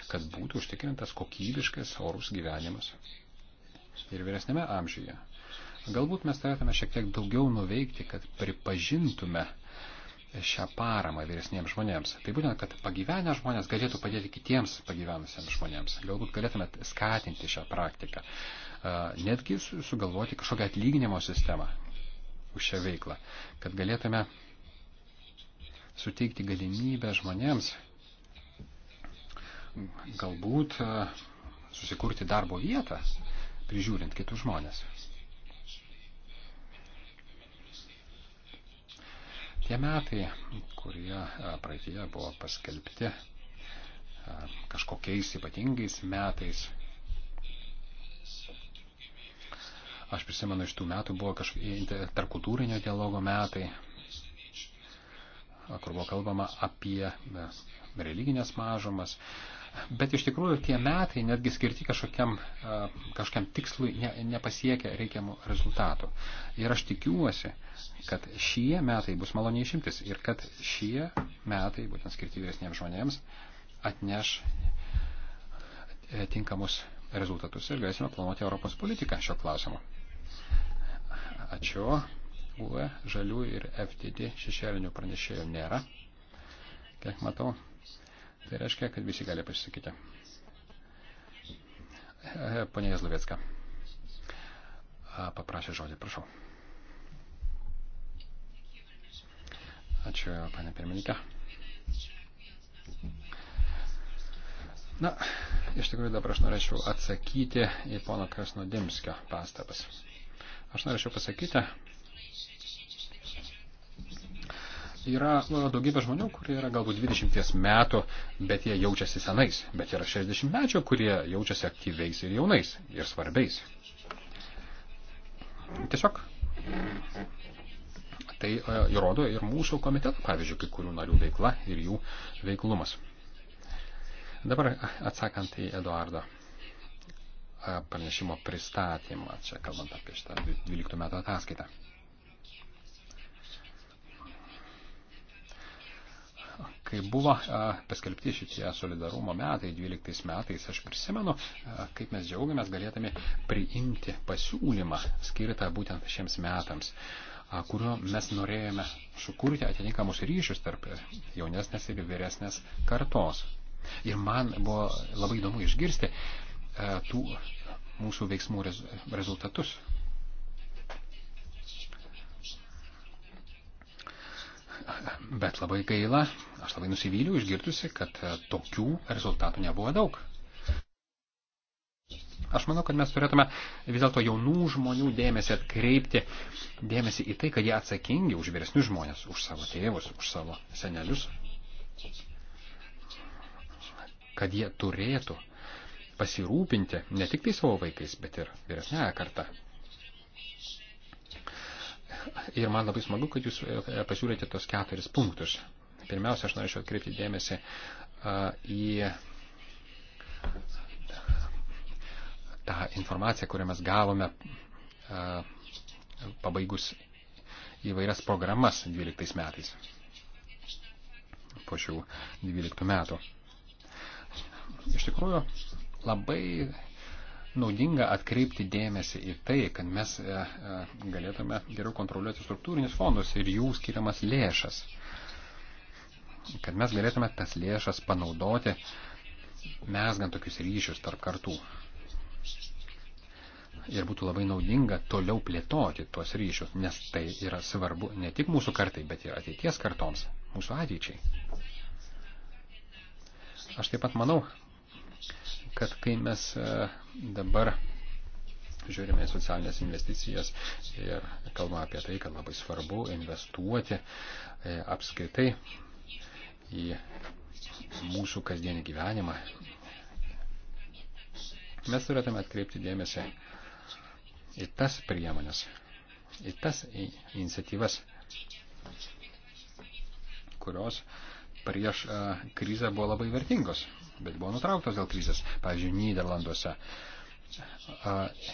kad būtų užtikrintas kokybiškas orus gyvenimas ir vyresnėme amžiuje. Galbūt mes turėtume šiek tiek daugiau nuveikti, kad pripažintume šią paramą vyresniems žmonėms. Tai būtent, kad pagyvenę žmonės galėtų padėti kitiems pagyvenusiems žmonėms. Galbūt galėtumėt skatinti šią praktiką. Netgi sugalvoti kažkokią atlyginimo sistemą už šią veiklą, kad galėtume suteikti galimybę žmonėms galbūt susikurti darbo vietą, prižiūrint kitus žmonės. tie metai, kurie e, praeitie buvo paskelbti e, kažkokiais ypatingais metais. Aš prisimenu, iš tų metų buvo kažkokie tarkultūrinio dialogo metai, kur buvo kalbama apie e, religinės mažumas, Bet iš tikrųjų tie metai, netgi skirti kažkokiam, kažkam tikslui, ne, nepasiekia reikiamų rezultatų. Ir aš tikiuosi, kad šie metai bus maloniai išimtis ir kad šie metai, būtent skirti vyresniems žmonėms, atneš e, tinkamus rezultatus ir galėsime planuoti Europos politiką šio klausimu. Ačiū. UE, žalių ir FTD šešėlinių pranešėjų nėra. Kiek matau, Tai reiškia, kad visi gali pasisakyti. Pone Jazlovėcka, paprašė žodį, prašau. Ačiū, pane pirmininkė. Na, iš tikrųjų dabar aš norėčiau atsakyti į pono Krasnodimskio pastabas. Aš norėčiau pasakyti, Yra daugybė žmonių, kurie yra galbūt 20 metų, bet jie jaučiasi senais. Bet yra 60 mečių, kurie jaučiasi aktyviais ir jaunais ir svarbiais. Tiesiog tai e, įrodo ir mūsų komiteto, pavyzdžiui, kai kurių narių veikla ir jų veiklumas. Dabar atsakant į Eduardo pranešimo pristatymą, čia kalbant apie šitą 12 metų ataskaitą. kai buvo paskelbti šitie solidarumo metai, 12 metais, aš prisimenu, kaip mes džiaugiamės galėdami priimti pasiūlymą skirtą būtent šiems metams kuriuo mes norėjome sukurti atitinkamus ryšius tarp jaunesnės ir vyresnės kartos. Ir man buvo labai įdomu išgirsti tų mūsų veiksmų rezultatus, Bet labai gaila, aš labai nusivyliau išgirdusi, kad e, tokių rezultatų nebuvo daug. Aš manau, kad mes turėtume vis dėlto jaunų žmonių dėmesį atkreipti, dėmesį į tai, kad jie atsakingi už vyresnius žmonės, už savo tėvus, už savo senelius. Kad jie turėtų pasirūpinti ne tik tai savo vaikais, bet ir vyresnėje kartą. Ir man labai smagu, kad jūs e, e, pasiūlėte tos keturis punktus. Pirmiausia, aš norėčiau atkreipti dėmesį į tą informaciją, kurią mes gavome pabaigus įvairias programas 12 metais. Po šių 12 metų. Iš tikrųjų, labai naudinga atkreipti dėmesį į tai, kad mes e, e, galėtume geriau kontroliuoti struktūrinius fondus ir jų skiriamas lėšas. Kad mes galėtume tas lėšas panaudoti, mesgant tokius ryšius tarp kartų. Ir būtų labai naudinga toliau plėtoti tuos ryšius, nes tai yra svarbu ne tik mūsų kartai, bet ir ateities kartoms, mūsų ateičiai. Aš taip pat manau, kad kai mes e, dabar žiūrime į socialinės investicijas ir kalbame apie tai, kad labai svarbu investuoti e, apskaitai į mūsų kasdienį gyvenimą, mes turėtume atkreipti dėmesį į tas priemonės, į tas iniciatyvas, kurios prieš e, krizę buvo labai vertingos bet buvo nutrauktos dėl krizės, pavyzdžiui, Niderlanduose.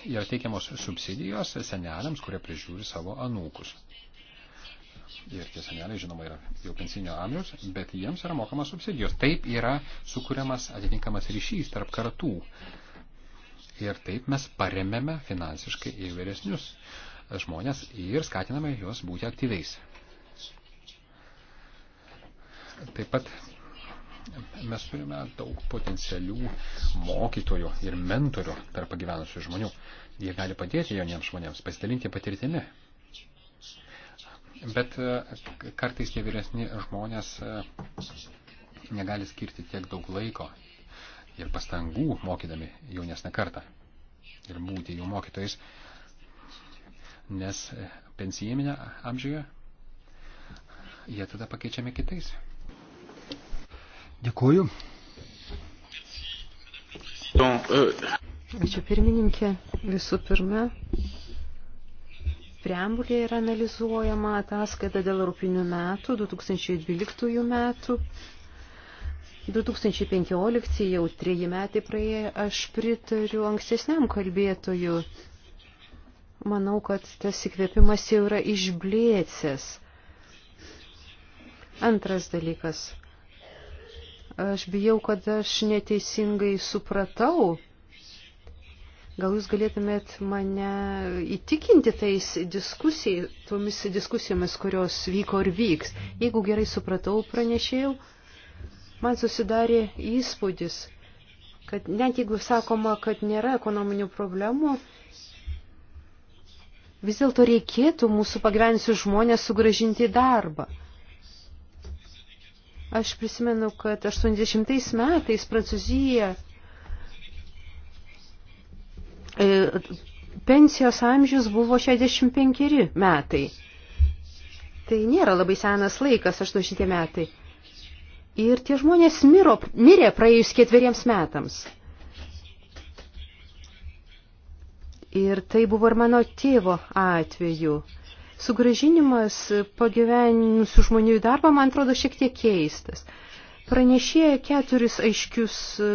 Yra teikiamos subsidijos seneliams, kurie prižiūri savo anūkus. Ir tie seneliai, žinoma, yra jau pensinio amžiaus, bet jiems yra mokamas subsidijos. Taip yra sukūriamas atitinkamas ryšys tarp kartų. Ir taip mes paremėme finansiškai įvairesnius žmonės ir skatiname juos būti aktyviais. Taip pat Mes turime daug potencialių mokytojų ir mentorių tarp pagyvenusių žmonių. Jie gali padėti jauniems žmonėms, pasidalinti patirtimi. Bet e, kartais tie vyresni žmonės e, negali skirti tiek daug laiko ir pastangų mokydami jaunesnę kartą ir būti jų mokytojais, nes e, pensijiminė amžiuje jie tada pakeičiami kitais Dėkuoju. E, Ačiū pirmininkė. Visų pirma, preambulė yra analizuojama ataskaita dėl rūpinių metų, 2012 metų. 2015 jau treji metai praėjo, aš pritariu ankstesniam kalbėtoju. Manau, kad tas įkvėpimas jau yra išblėcęs. Antras dalykas Aš bijau, kad aš neteisingai supratau. Gal jūs galėtumėt mane įtikinti tais diskusijai, tomis diskusijomis, kurios vyko ir vyks. Jeigu gerai supratau, pranešėjau, man susidarė įspūdis, kad net jeigu sakoma, kad nėra ekonominių problemų, vis dėlto reikėtų mūsų pagyvensius žmonės sugražinti į darbą. Aš prisimenu, kad 80 metais Prancūzija e, pensijos amžius buvo 65 metai. Tai nėra labai senas laikas, 80 metai. Ir tie žmonės miro, mirė praėjus ketveriems metams. Ir tai buvo ir mano tėvo atveju sugražinimas pagyvenusių žmonių į darbą, man atrodo, šiek tiek keistas. Pranešėja keturis aiškius e,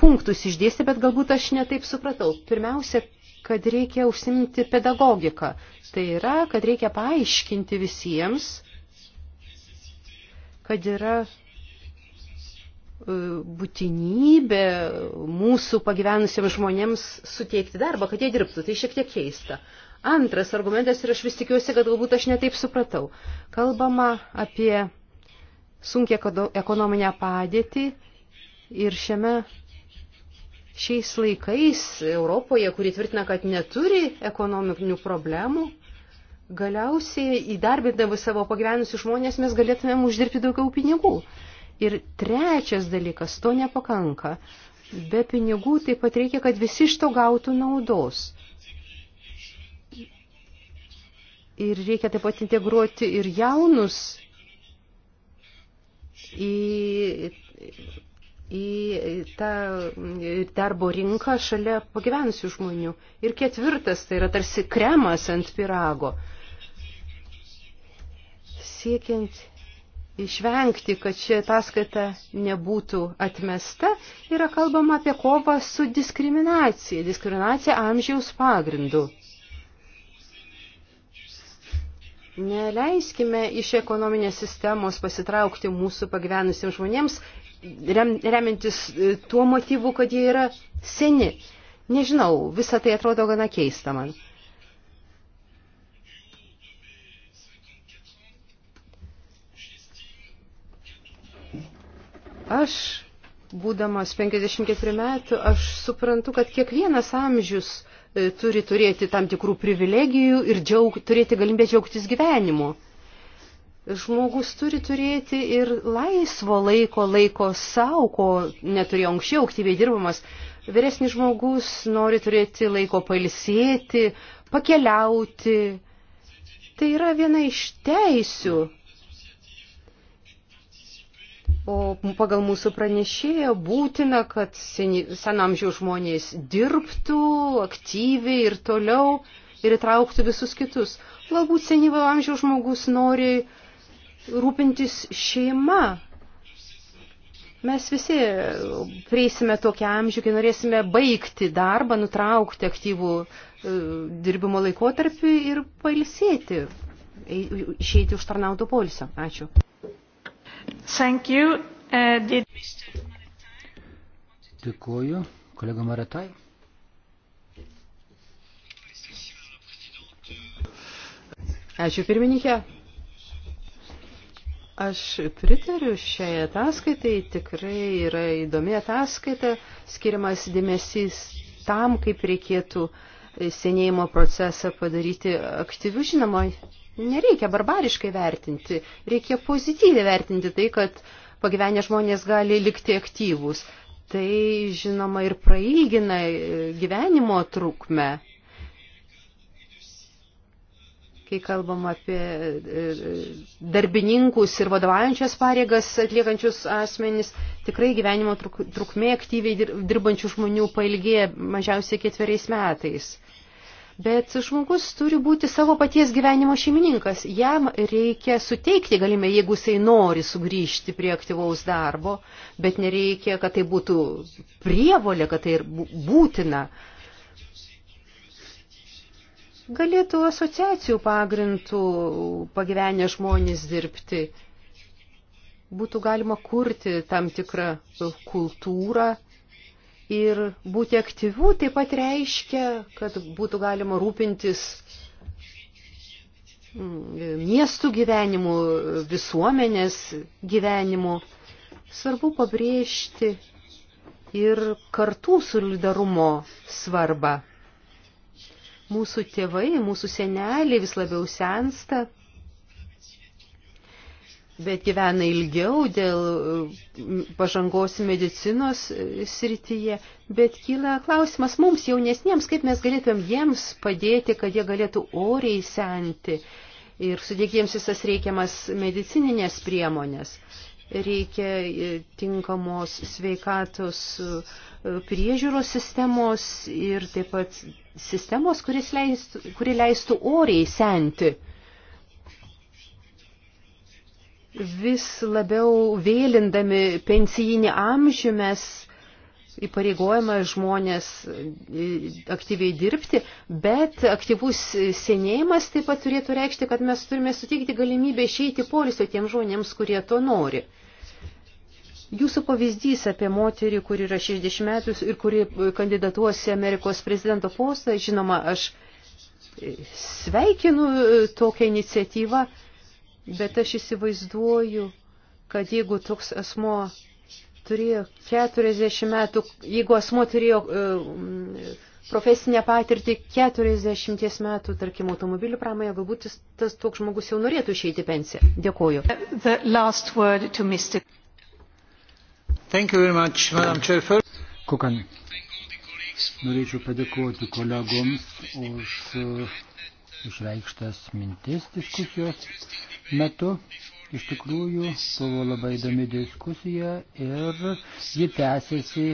punktus išdėstė, bet galbūt aš netaip supratau. Pirmiausia, kad reikia užsimti pedagogiką. Tai yra, kad reikia paaiškinti visiems, kad yra e, būtinybė mūsų pagyvenusiems žmonėms suteikti darbą, kad jie dirbtų. Tai šiek tiek keista. Antras argumentas, ir aš vis tikiuosi, kad galbūt aš netaip supratau. Kalbama apie sunkia ekonominę padėtį ir šiame šiais laikais Europoje, kuri tvirtina, kad neturi ekonominių problemų, galiausiai įdarbindami savo pagyvenusius žmonės mes galėtumėm uždirbti daugiau pinigų. Ir trečias dalykas, to nepakanka. Be pinigų taip pat reikia, kad visi iš to gautų naudos. Ir reikia taip pat integruoti ir jaunus į, į tą darbo rinką šalia pagyvenusių žmonių. Ir ketvirtas, tai yra tarsi kremas ant pirago. Siekiant išvengti, kad ši ataskaita nebūtų atmesta, yra kalbama apie kovą su diskriminacija, diskriminacija amžiaus pagrindu. Neleiskime iš ekonominės sistemos pasitraukti mūsų pagyvenusiems žmonėms, rem, remintis e, tuo motyvu, kad jie yra seni. Nežinau, visa tai atrodo gana keista man. Aš, būdamas 54 metų, aš suprantu, kad kiekvienas amžius E, turi turėti tam tikrų privilegijų ir džiaug, turėti galimybę džiaugtis gyvenimu. Žmogus turi turėti ir laisvo laiko, laiko savo, ko neturėjo anksčiau aktyviai dirbamas. Vyresnis žmogus nori turėti laiko pailsėti, pakeliauti. Tai yra viena iš teisių O pagal mūsų pranešėją būtina, kad senamžių žmonės dirbtų aktyviai ir toliau ir įtrauktų visus kitus. Galbūt senyvo amžiaus žmogus nori rūpintis šeima. Mes visi prieisime tokią amžių, kai norėsime baigti darbą, nutraukti aktyvų e, dirbimo laikotarpį ir pailsėti, išeiti užtarnauto polisio. Ačiū. Thank you. Uh, did... Dėkuoju. Kolega Maretai. Ačiū pirmininkė. Aš pritariu šiai ataskaitai, tikrai yra įdomi ataskaita, skiriamas dėmesys tam, kaip reikėtų senėjimo procesą padaryti aktyviu žinomoj nereikia barbariškai vertinti, reikia pozityviai vertinti tai, kad pagyvenę žmonės gali likti aktyvūs. Tai, žinoma, ir prailgina gyvenimo trukmę. Kai kalbam apie e, e, darbininkus ir vadovaujančias pareigas atliekančius asmenys, tikrai gyvenimo trukmė aktyviai dirbančių žmonių pailgėja mažiausiai ketveriais metais. Bet žmogus turi būti savo paties gyvenimo šeimininkas. Jam reikia suteikti galime, jeigu jisai nori sugrįžti prie aktyvaus darbo, bet nereikia, kad tai būtų prievolė, kad tai ir būtina. Galėtų asociacijų pagrindų pagyvenę žmonės dirbti. Būtų galima kurti tam tikrą kultūrą Ir būti aktyvių taip pat reiškia, kad būtų galima rūpintis mm, miestų gyvenimu, visuomenės gyvenimu. Svarbu pabrėžti ir kartų solidarumo svarbą. Mūsų tėvai, mūsų seneliai vis labiau sensta bet gyvena ilgiau dėl pažangos medicinos e, srityje. Bet kyla klausimas mums jaunesniems, kaip mes galėtumėm jiems padėti, kad jie galėtų oriai senti ir sudėk jiems visas reikiamas medicininės priemonės. Reikia e, tinkamos sveikatos e, priežiūros sistemos ir taip pat sistemos, leistų, kuri leistų oriai senti vis labiau vėlindami pensijinį amžių mes įpareigojame žmonės e, aktyviai dirbti, bet aktyvus senėjimas taip pat turėtų reikšti, kad mes turime suteikti galimybę išeiti polisio tiems žmonėms, kurie to nori. Jūsų pavyzdys apie moterį, kuri yra 60 metus ir kuri kandidatuos į Amerikos prezidento postą, žinoma, aš sveikinu tokią iniciatyvą, Bet aš įsivaizduoju, kad jeigu toks asmo turėjo 40 metų, jeigu asmo turėjo e, profesinę patirtį 40 metų, tarkim, automobilių pramoje, galbūt jis, tas toks žmogus jau norėtų išeiti pensiją. Dėkuoju. Much, Kukan, norėčiau padėkoti kolegoms už išreikštas mintis diskusijos metu. Iš tikrųjų, buvo labai įdomi diskusija ir ji tęsiasi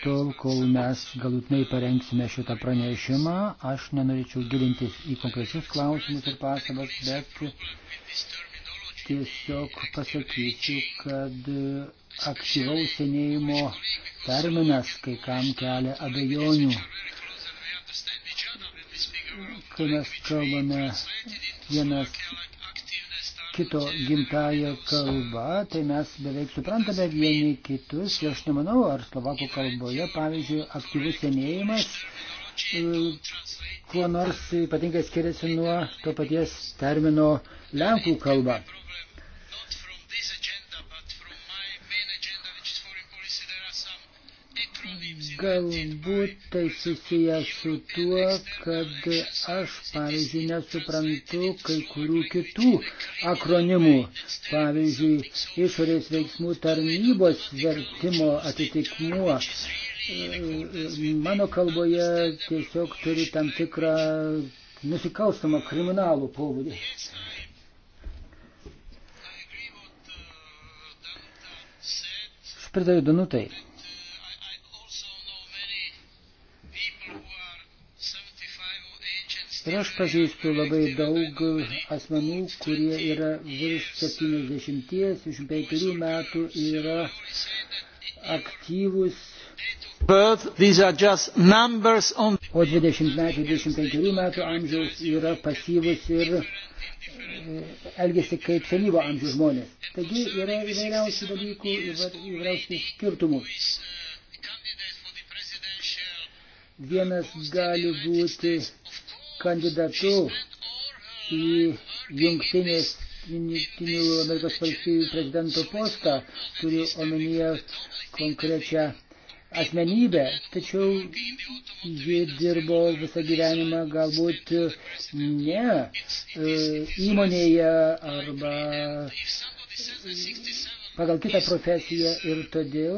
tol, kol mes galutinai parengsime šitą pranešimą. Aš nenorėčiau gilintis į konkrečius klausimus ir pasabas, bet tiesiog pasakysiu, kad aktyvaus senėjimo terminas kai kam kelia abejonių kai mes kalbame vienas kito gimtają kalbą, tai mes beveik suprantame vieni kitus. Ir aš nemanau, ar slovakų kalboje, pavyzdžiui, aktyvus senėjimas e, kuo nors ypatingai skiriasi nuo to paties termino lenkų kalba. Galbūt tai susiję su tuo, kad aš, pavyzdžiui, nesuprantu kai kurių kitų akronimų. Pavyzdžiui, išorės veiksmų tarnybos vertimo atitikmuo. E, e, mano kalboje tiesiog turi tam tikrą nusikalstamą kriminalų pobūdį. Aš pritariu Danutai. Ir aš pažįstu labai daug asmenų, kurie yra virš 70-75 metų yra aktyvus. But these are just numbers on... O 20 metų, 25 metų amžiaus yra pasyvus ir e, elgesi kaip senyvo amžiaus žmonės. Taigi yra įvairiausių dalykų, įvairiausių skirtumų. Vienas gali būti kandidatu į jungtinės Junktinių Amerikos valstybių prezidento postą, turiu omenyje konkrečią asmenybę, tačiau ji dirbo visą gyvenimą galbūt ne e, įmonėje arba pagal kitą profesiją ir todėl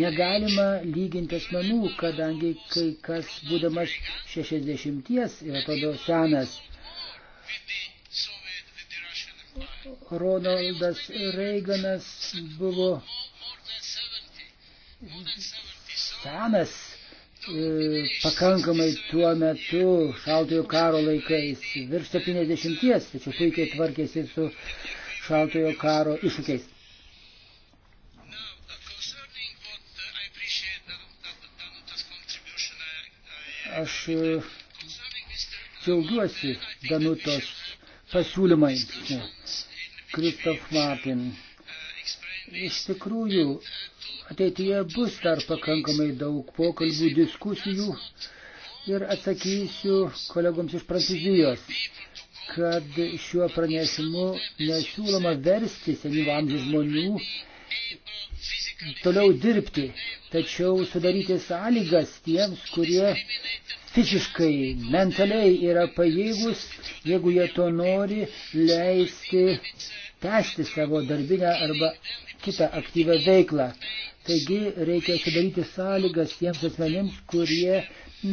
negalima lyginti asmenų, kadangi kai kas, būdamas 60 ir atrodo senas, Ronaldas Reiganas buvo senas e, pakankamai tuo metu šaltojo karo laikais, virš 70, tačiau puikiai tvarkėsi su šaltojo karo iššūkiais. Aš e, džiaugiuosi Danutos pasiūlymai. Kristof e, Martin. Iš tikrųjų, ateityje bus dar pakankamai daug pokalbių, diskusijų ir atsakysiu kolegoms iš Prancūzijos, kad šiuo pranešimu nesiūloma versti senyvamžių žmonių toliau dirbti, tačiau sudaryti sąlygas tiems, kurie fiziškai, mentaliai yra pajėgus, jeigu jie to nori, leisti tęsti savo darbinę arba kitą aktyvę veiklą. Taigi reikia sudaryti sąlygas tiems asmenims, kurie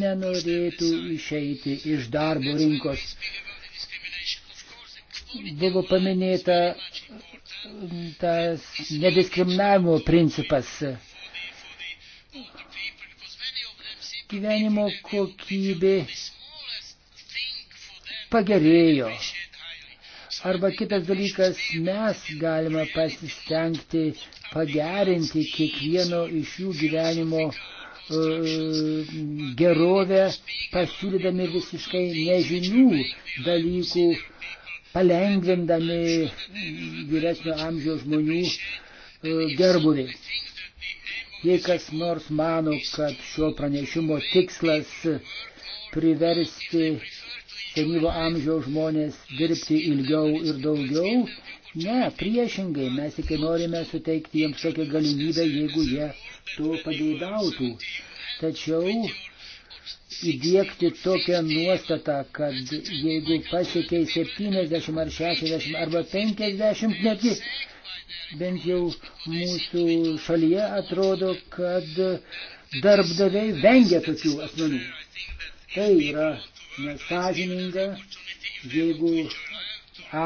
nenorėtų išeiti iš darbo rinkos. Buvo paminėta tas nediskriminavimo principas. Gyvenimo kokybė pagerėjo. Arba kitas dalykas, mes galime pasistengti pagerinti kiekvieno iš jų gyvenimo uh, gerovę, pasiūlydami visiškai nežinių dalykų, palengvindami vyresnio amžiaus žmonių e, gerbuvį. Jei kas nors mano, kad šio pranešimo tikslas priversti senyvo amžiaus žmonės dirbti ilgiau ir daugiau, ne, priešingai, mes tik norime suteikti jiems tokią galimybę, jeigu jie to pageidautų. Tačiau įdėkti tokią nuostatą, kad jeigu pasiekiai 70 ar 60 arba 50 netgi, bent jau mūsų šalyje atrodo, kad darbdaviai vengia tokių asmenų. Tai yra nesažininga, jeigu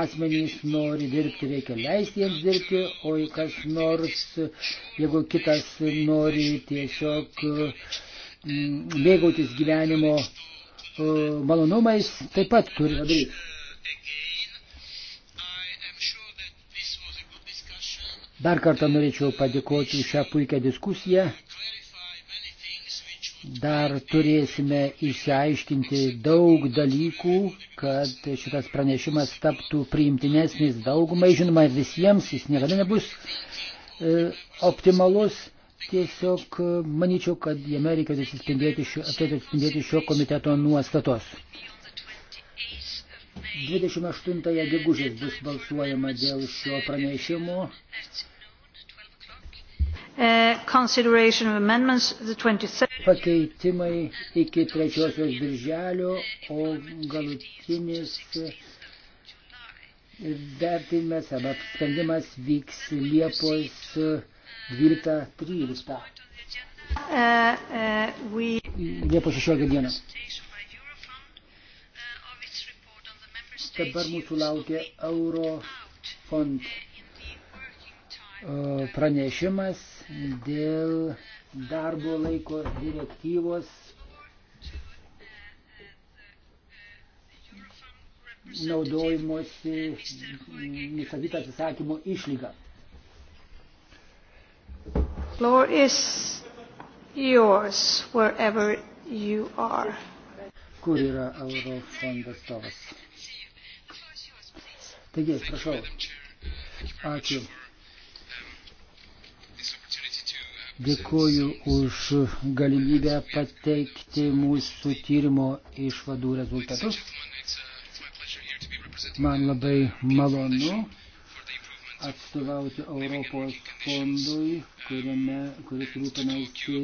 asmenys nori dirbti, reikia leisti jiems dirbti, o kas nors, jeigu kitas nori tiesiog Mm, mėgautis gyvenimo e, malonumais, taip pat turi padaryti. Dar kartą norėčiau padėkoti šią puikią diskusiją. Dar turėsime išsiaiškinti daug dalykų, kad šitas pranešimas taptų priimtinesnis daugumai. Žinoma, visiems jis niekada nebus e, optimalus tiesiog e, manyčiau, kad jame reikia atsispindėti šio, atsispindėti šio komiteto nuostatos. 28 gegužės bus balsuojama dėl šio pranešimo. Uh, Pakeitimai iki 3 birželio, o galutinis vertinimas arba sprendimas vyks Liepos 12 13. Uh, uh, Liepos 16 dieną. Dabar mūsų laukia Eurofond uh, pranešimas dėl darbo laiko direktyvos naudojimuosi nusavytą atsisakymo išlygą floor is yours, wherever you are. Kur yra Eurofondo atstovas? Taigi, prašau. Ačiū. Dėkuoju už galimybę pateikti mūsų tyrimo išvadų rezultatus. Man labai malonu atstovauti Europos fondui, kuriame, kuris rūpinasi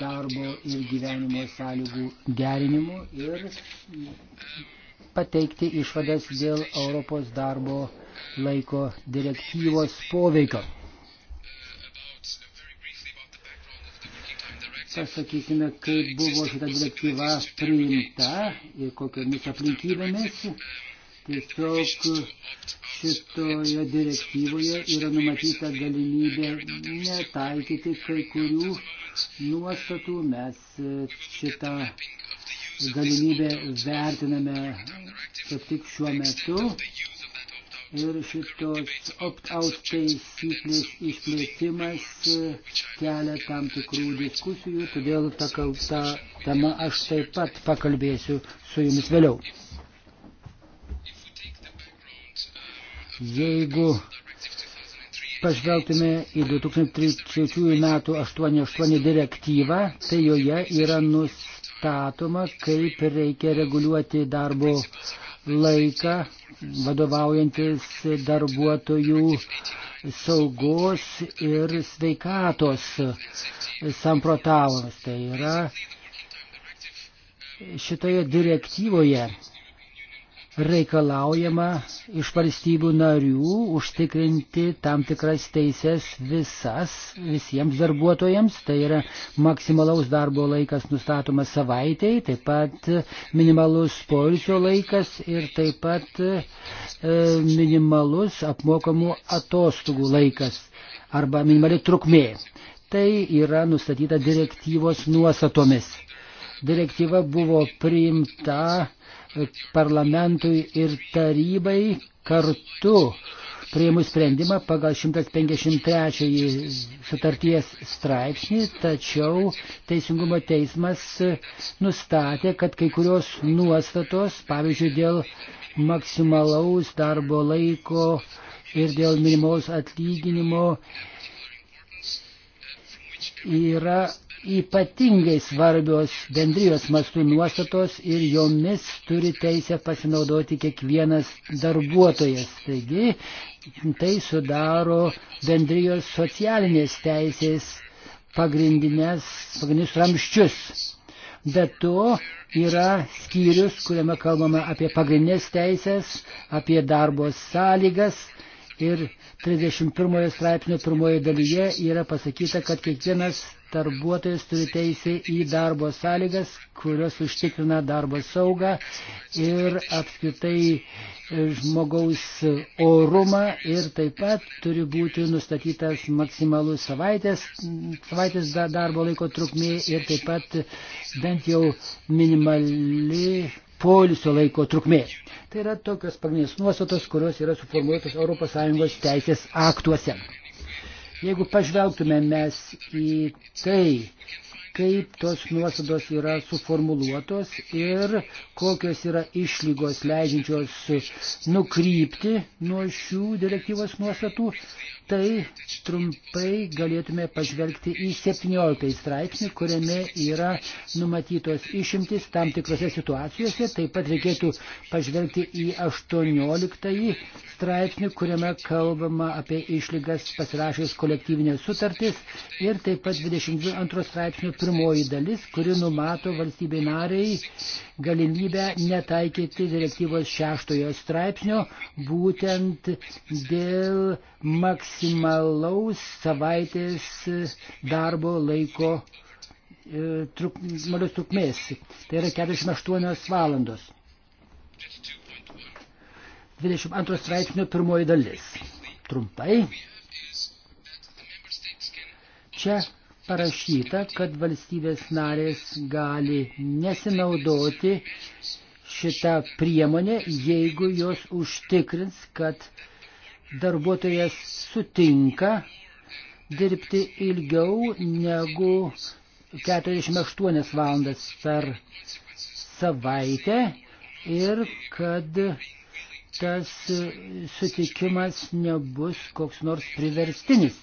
darbo ir gyvenimo sąlygų gerinimu ir pateikti išvadas dėl Europos darbo laiko direktyvos poveikio. Pasakysime, kaip buvo šita direktyva priimta ir kokiamis aplinkybėmis. Tiesiog šitoje direktyvoje yra numatyta galimybė netaikyti kai kurių nuostatų. Mes e, šitą galimybę vertiname kaip tik šiuo metu. Ir šitos opt-out taisyklės išplėtimas e, kelia tam tikrų diskusijų, todėl ta, ta tema aš taip pat pakalbėsiu su jumis vėliau. Jeigu pažvelgtume į 2003 metų 88 direktyvą, tai joje yra nustatoma, kaip reikia reguliuoti darbo laiką, vadovaujantis darbuotojų saugos ir sveikatos samprotavimas. Tai yra šitoje direktyvoje reikalaujama iš valstybių narių užtikrinti tam tikras teises visas, visiems darbuotojams, tai yra maksimalaus darbo laikas nustatomas savaitėj, taip pat minimalus poilsio laikas ir taip pat e, minimalus apmokamų atostogų laikas arba minimali trukmė. Tai yra nustatyta direktyvos nuostatomis. Direktyva buvo priimta parlamentui ir tarybai kartu prieimus sprendimą pagal 153 sutarties straipsnį, tačiau Teisingumo teismas nustatė, kad kai kurios nuostatos, pavyzdžiui, dėl maksimalaus darbo laiko ir dėl minimaus atlyginimo yra ypatingai svarbios bendrijos mastų nuostatos ir jomis turi teisę pasinaudoti kiekvienas darbuotojas. Taigi tai sudaro bendrijos socialinės teisės pagrindinės, pagrindinius ramščius. Be to yra skyrius, kuriame kalbama apie pagrindinės teisės, apie darbo sąlygas, ir 31 straipsnio pirmoje dalyje yra pasakyta, kad kiekvienas darbuotojas turi teisę į darbo sąlygas, kurios užtikrina darbo saugą ir apskritai e, žmogaus orumą ir taip pat turi būti nustatytas maksimalus savaitės, savaitės darbo laiko trukmė ir taip pat bent jau minimali polisio laiko trukmė. Tai yra tokios pagrindinės nuostatos, kurios yra suformuotos ES teisės aktuose. Jeigu pažvelgtume mes į tai, kaip tos nuostatos yra suformuluotos ir kokios yra išlygos leidžiančios nukrypti nuo šių direktyvos nuostatų, tai trumpai galėtume pažvelgti į 17 straipsnį, kuriame yra numatytos išimtis tam tikrose situacijose. Taip pat reikėtų pažvelgti į 18 straipsnį, kuriame kalbama apie išlygas pasirašęs kolektyvinės sutartys ir taip pat 22 straipsnių pirmoji dalis, kuri numato valstybei nariai galimybę netaikyti direktyvos šeštojo straipsnio būtent dėl maksimalaus savaitės darbo laiko e, truk, trukmės. Tai yra 48 valandos. 22 straipsnio pirmoji dalis. Trumpai. Čia parašyta, kad valstybės narės gali nesinaudoti šitą priemonę, jeigu jos užtikrins, kad darbuotojas sutinka dirbti ilgiau negu 48 valandas per savaitę ir kad tas sutikimas nebus koks nors priverstinis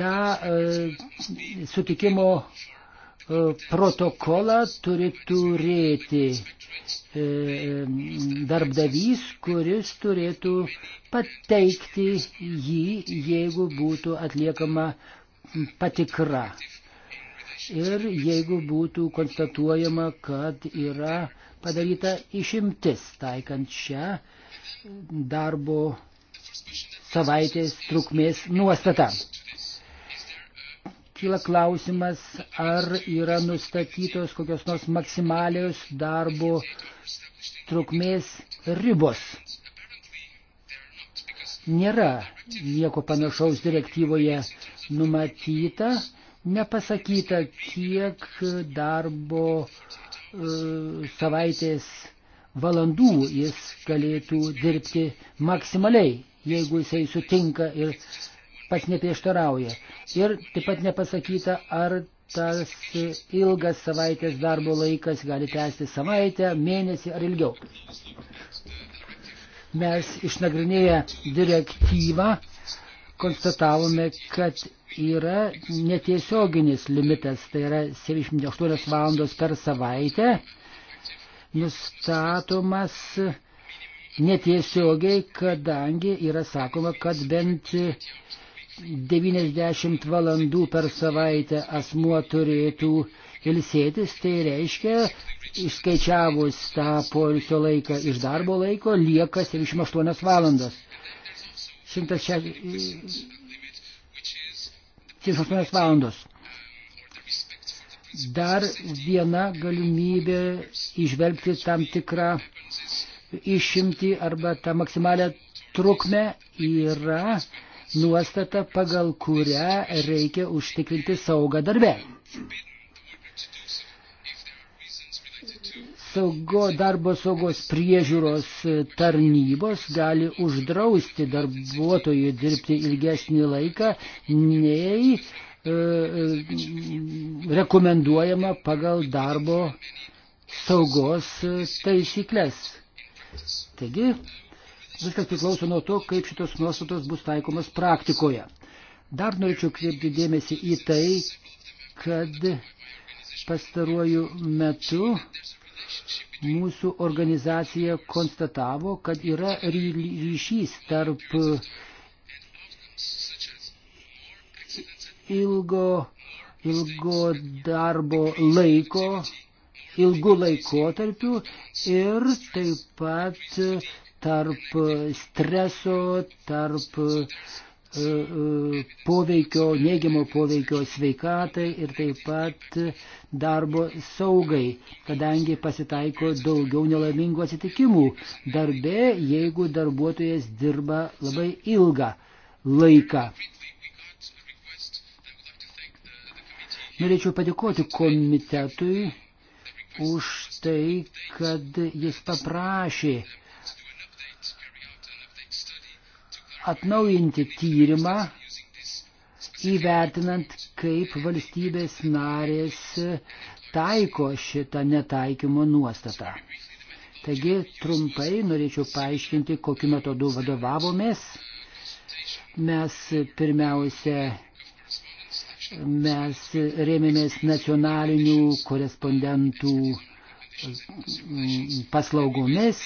tą e, sutikimo e, protokolą turi turėti e, darbdavys, kuris turėtų pateikti jį, jeigu būtų atliekama patikra. Ir jeigu būtų konstatuojama, kad yra padaryta išimtis taikant šią darbo savaitės trukmės nuostatą kyla klausimas, ar yra nustatytos kokios nors maksimalios darbo trukmės ribos. Nėra nieko panašaus direktyvoje numatyta, nepasakyta, kiek darbo e, savaitės valandų jis galėtų dirbti maksimaliai, jeigu jisai sutinka ir pats neprieštarauja. Ir taip pat nepasakyta, ar tas ilgas savaitės darbo laikas gali tęsti savaitę, mėnesį ar ilgiau. Mes išnagrinėję direktyvą konstatavome, kad yra netiesioginis limitas, tai yra 78 valandos per savaitę, nustatomas netiesiogiai, kadangi yra sakoma, kad bent 90 valandų per savaitę asmuo turėtų ilsėtis, tai reiškia, išskaičiavus tą poilsio laiką iš darbo laiko, lieka 78 valandas. 108 valandos. Dar viena galimybė išvelgti tam tikrą išimti arba tą maksimalę trukmę yra nuostata, pagal kurią reikia užtikrinti saugą darbę. Saugo, darbo saugos priežiūros tarnybos gali uždrausti darbuotojų dirbti ilgesnį laiką nei e, e rekomenduojama pagal darbo saugos taisyklės. Taigi, Viskas priklauso nuo to, kaip šitos nuostatos bus taikomas praktikoje. Dar norėčiau kreipti dėmesį į tai, kad pastaruoju metu mūsų organizacija konstatavo, kad yra ryšys tarp ilgo, ilgo darbo laiko, ilgų laikotarpių ir taip pat tarp streso, tarp e, e, poveikio, neigiamo poveikio sveikatai ir taip pat darbo saugai, kadangi pasitaiko daugiau nelaimingų atsitikimų darbė, jeigu darbuotojas dirba labai ilgą laiką. Norėčiau padėkoti komitetui už tai, kad jis paprašė uh, atnaujinti tyrimą, įvertinant, kaip valstybės narės taiko šitą netaikymo nuostatą. Taigi trumpai norėčiau paaiškinti, kokiu metodu vadovavomės. Mes pirmiausia, mes rėmėmės nacionalinių korespondentų mm, paslaugomis,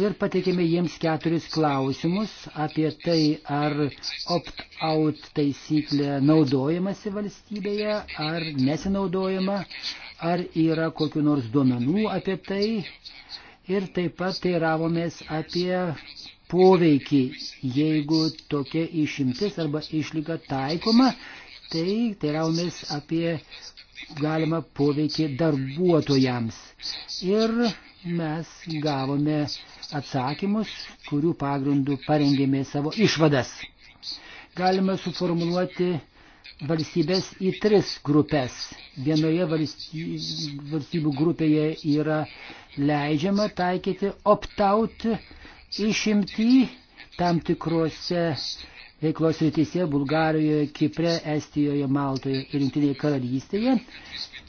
ir pateikėme jiems keturis klausimus apie tai, ar opt-out taisyklė naudojamasi valstybėje, ar nesinaudojama, ar yra kokiu nors duomenų apie tai. Ir taip pat teiravomės apie poveikį, jeigu tokia išimtis arba išlyga taikoma, tai teiraumės apie galima poveikį darbuotojams. Ir mes gavome atsakymus, kurių pagrindų parengėme savo išvadas. Galime suformuluoti valstybės į tris grupės. Vienoje valstybių grupėje yra leidžiama taikyti opt-out išimtį tam tikrose veiklos rytise Bulgarijoje, Kipre, Estijoje, Maltoje ir Junktinėje karalystėje.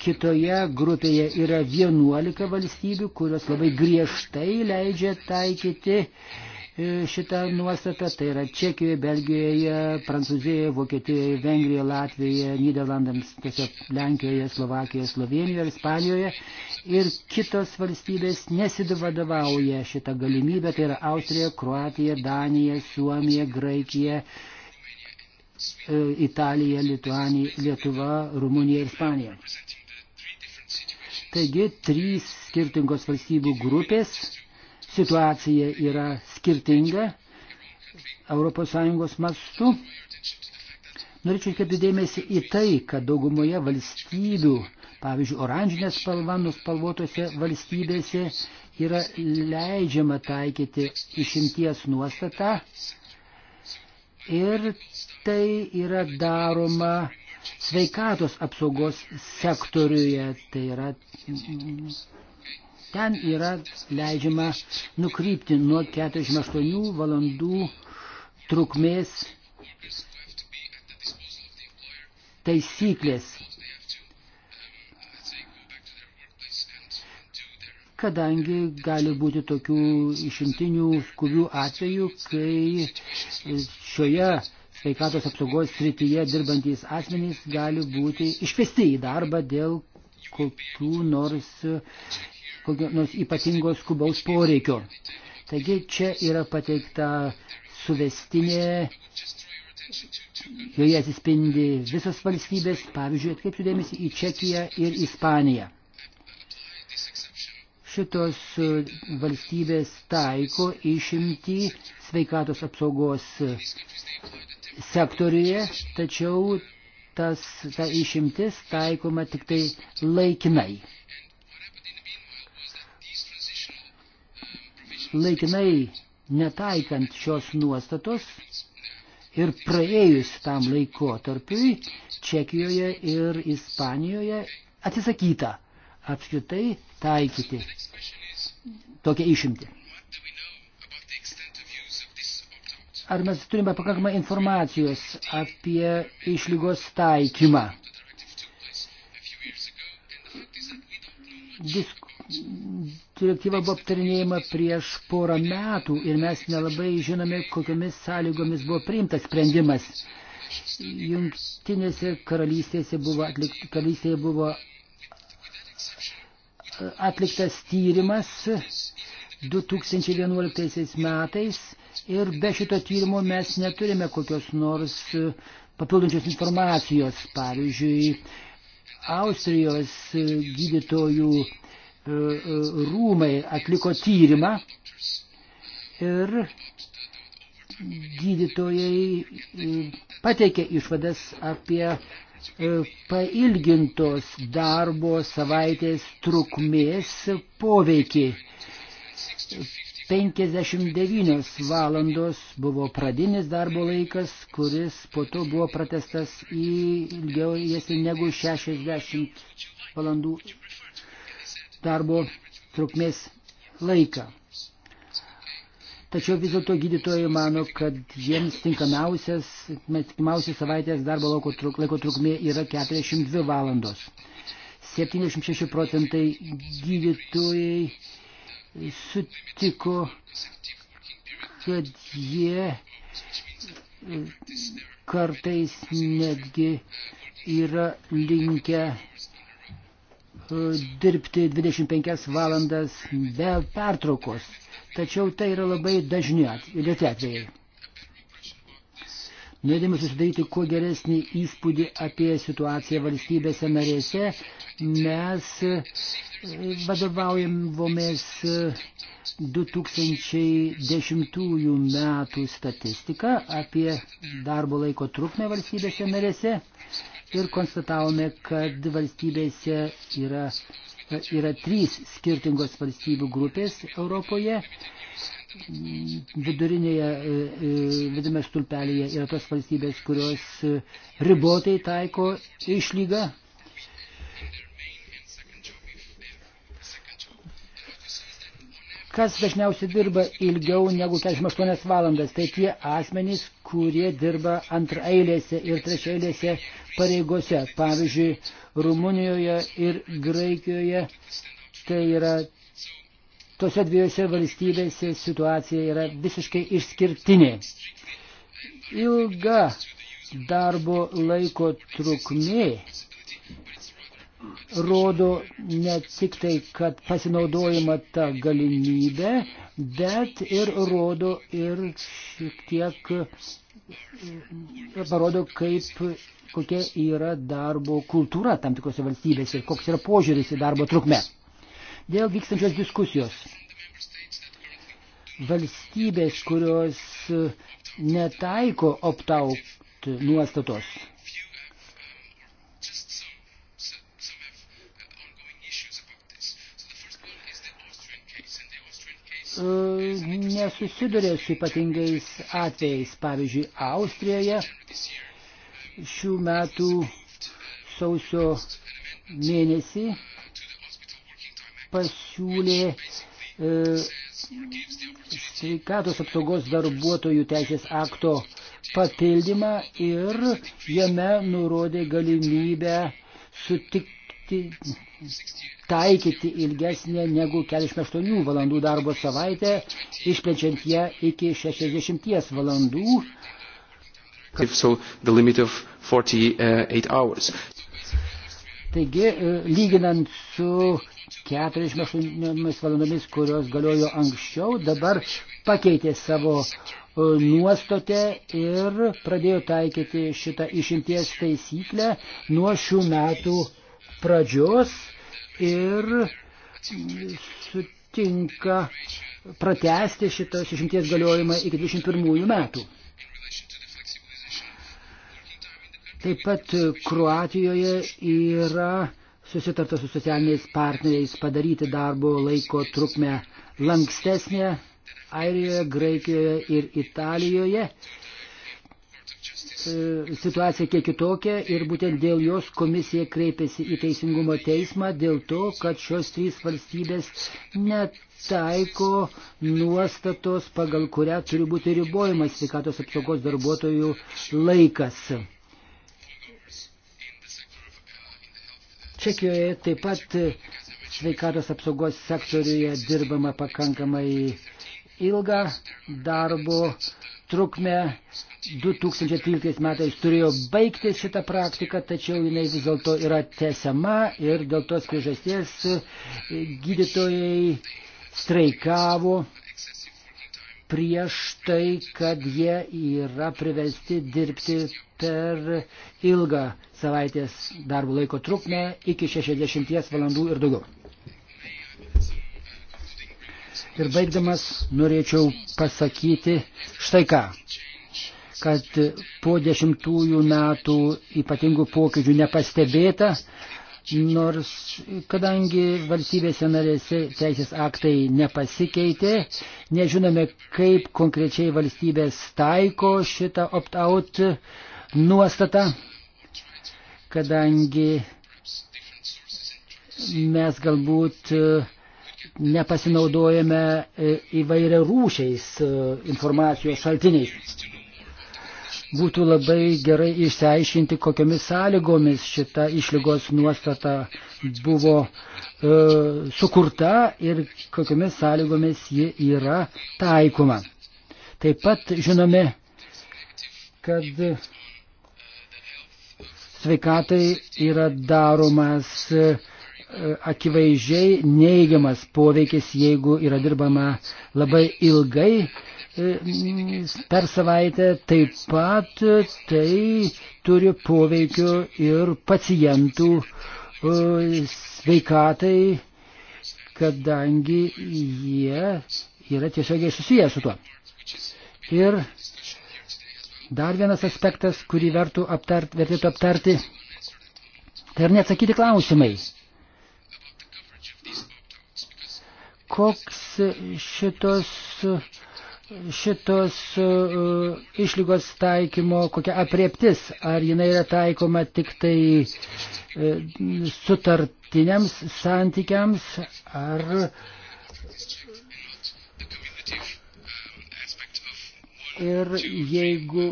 Kitoje grupėje yra 11 valstybių, kurios labai griežtai leidžia taikyti uh, E, šitą nuostatą, tai yra Čekijoje, Belgijoje, Prancūzijoje, Vokietijoje, Vengrijoje, Latvijoje, Niderlandams, tiesiog Lenkijoje, Slovakijoje, Slovenijoje ir Ispanijoje. Ir kitos valstybės nesidovadovauja šitą galimybę, tai yra Austrija, Kroatija, Danija, Suomija, Graikija, e, Italija, Lituanija, Lietuva, Rumunija ir Ispanija. Taigi, trys skirtingos valstybių grupės situacija yra skirtinga ES mastu. Norėčiau atkreipti dėmesį į tai, kad daugumoje valstybių, pavyzdžiui, oranžinės spalva nuspalvotose valstybėse yra leidžiama taikyti išimties nuostatą ir tai yra daroma sveikatos apsaugos sektoriuje, tai yra Ten yra leidžiama nukrypti nuo 48 valandų trukmės taisyklės. Kadangi gali būti tokių išimtinių skubių atvejų, kai šioje sveikatos apsaugos srityje dirbantys asmenys gali būti iškviesti į darbą dėl kokių nors kokio nors ypatingo skubaus poreikio. Taigi čia yra pateikta suvestinė, joje atsispindi visos valstybės, pavyzdžiui, atkreipsiu dėmesį į Čekiją ir Ispaniją. Šitos valstybės taiko išimti sveikatos apsaugos sektoriuje, tačiau tas, ta išimtis taikoma tik tai laikinai. laikinai netaikant šios nuostatos ir praėjus tam laikotarpiui Čekijoje ir Ispanijoje atsisakyta apskritai taikyti tokią išimtį. Ar mes turime pakankamai informacijos apie išlygos taikymą? Disk direktyva buvo aptarinėjama prieš porą metų ir mes nelabai žinome, kokiamis sąlygomis buvo priimtas sprendimas. Jungtinėse karalystėse buvo, atlik, karalystėje buvo e, atliktas tyrimas 2011 metais ir be šito tyrimo mes neturime kokios nors e, papildančios informacijos. Pavyzdžiui, Austrijos e, gydytojų E, e, rūmai atliko tyrimą ir gydytojai e, pateikė išvadas apie pailgintos darbo savaitės trukmės poveikį. 59 valandos buvo pradinis darbo laikas, kuris po to buvo pratestas į ilgiau negu 60 valandų darbo trukmės laiką. Tačiau vis dėlto gydytojai mano, kad jiems tinkamiausias, tinkamiausias savaitės darbo lauko truk, laiko trukmė yra 42 valandos. 76 procentai gydytojai sutiko, kad jie e, kartais netgi yra linkę dirbti 25 valandas be pertraukos. Tačiau tai yra labai dažni atvejai. Norėdami susidaryti kuo geresnį įspūdį apie situaciją valstybėse narėse, mes e, vadovaujamvomės 2010 e, metų statistiką apie darbo laiko trukmę valstybėse narėse ir konstatavome, kad valstybėse yra, yra trys skirtingos valstybių grupės Europoje. Vidurinėje, e, e, vidime stulpelėje yra tos valstybės, kurios e, ribotai taiko išlygą kas dažniausiai dirba ilgiau negu 48 valandas, tai tie asmenys, kurie dirba antraeilėse ir trečiaeilėse pareigose. Pavyzdžiui, Rumunijoje ir Graikijoje tai yra tose dviejose valstybėse situacija yra visiškai išskirtinė. Ilga darbo laiko trukmė rodo ne tik tai, kad pasinaudojama ta galimybė, bet ir rodo ir šiek tiek parodo, kaip, kokia yra darbo kultūra tam tikrose valstybėse ir koks yra požiūris į darbo trukmę. Dėl vykstančios diskusijos. Valstybės, kurios netaiko opt-out nuostatos, E, nesusiduria su ypatingais atvejais. Pavyzdžiui, Austrijoje šių metų sausio mėnesį pasiūlė e, sveikatos apsaugos darbuotojų teisės akto papildymą ir jame nurodė galimybę sutik, taikyti ilgesnė negu 48 valandų darbo savaitę, išplečiant ją iki 60 valandų. Kad... So, 48 Taigi, e, lyginant su 48 valandomis, kurios galiojo anksčiau, dabar pakeitė savo e, nuostotę ir pradėjo taikyti šitą išimties taisyklę nuo šių metų pradžios ir sutinka pratesti šitos išimties galiojimą iki 21 metų. Taip pat Kroatijoje yra susitarta su socialiniais partneriais padaryti darbo laiko trukmę lankstesnė Airijoje, Graikijoje ir Italijoje. E, situacija kiek kitokia ir būtent dėl jos komisija kreipėsi į Teisingumo teismą dėl to, kad šios trys valstybės netaiko nuostatos, pagal kurią turi būti ribojamas sveikatos apsaugos darbuotojų laikas. Čekijoje taip pat sveikatos apsaugos sektoriuje dirbama pakankamai ilgą darbo trukmę. 2013 metais turėjo baigti šitą praktiką, tačiau jinai vis dėlto yra tesiama ir dėl tos priežasties e, gydytojai streikavo prieš tai, kad jie yra priversti dirbti per ilgą savaitės darbo laiko trukmę iki 60 valandų ir daugiau. Ir baigdamas norėčiau pasakyti štai ką kad po dešimtųjų metų ypatingų pokyčių nepastebėta, nors kadangi valstybėse narėse teisės aktai nepasikeitė, nežinome, kaip konkrečiai valstybės taiko šitą opt-out nuostatą, kadangi mes galbūt uh, nepasinaudojame e, įvairia rūšiais e, informacijos šaltiniais. Būtų labai gerai išsiaiškinti, kokiamis sąlygomis šita išlygos nuostata buvo e, sukurta ir kokiamis sąlygomis ji yra taikoma. Taip pat žinome, kad sveikatai yra daromas e, akivaizdžiai neigiamas poveikis, jeigu yra dirbama labai ilgai e, per savaitę, taip pat tai turi poveikio ir pacientų e, sveikatai, kadangi jie yra tiesiogiai susiję su tuo. Ir dar vienas aspektas, kurį vertų aptart, vertėtų aptarti, tai yra neatsakyti klausimai koks šitos, šitos e, išlygos taikymo, kokia apriektis, ar jinai yra taikoma tik tai e, sutartiniams santykiams, ar ir jeigu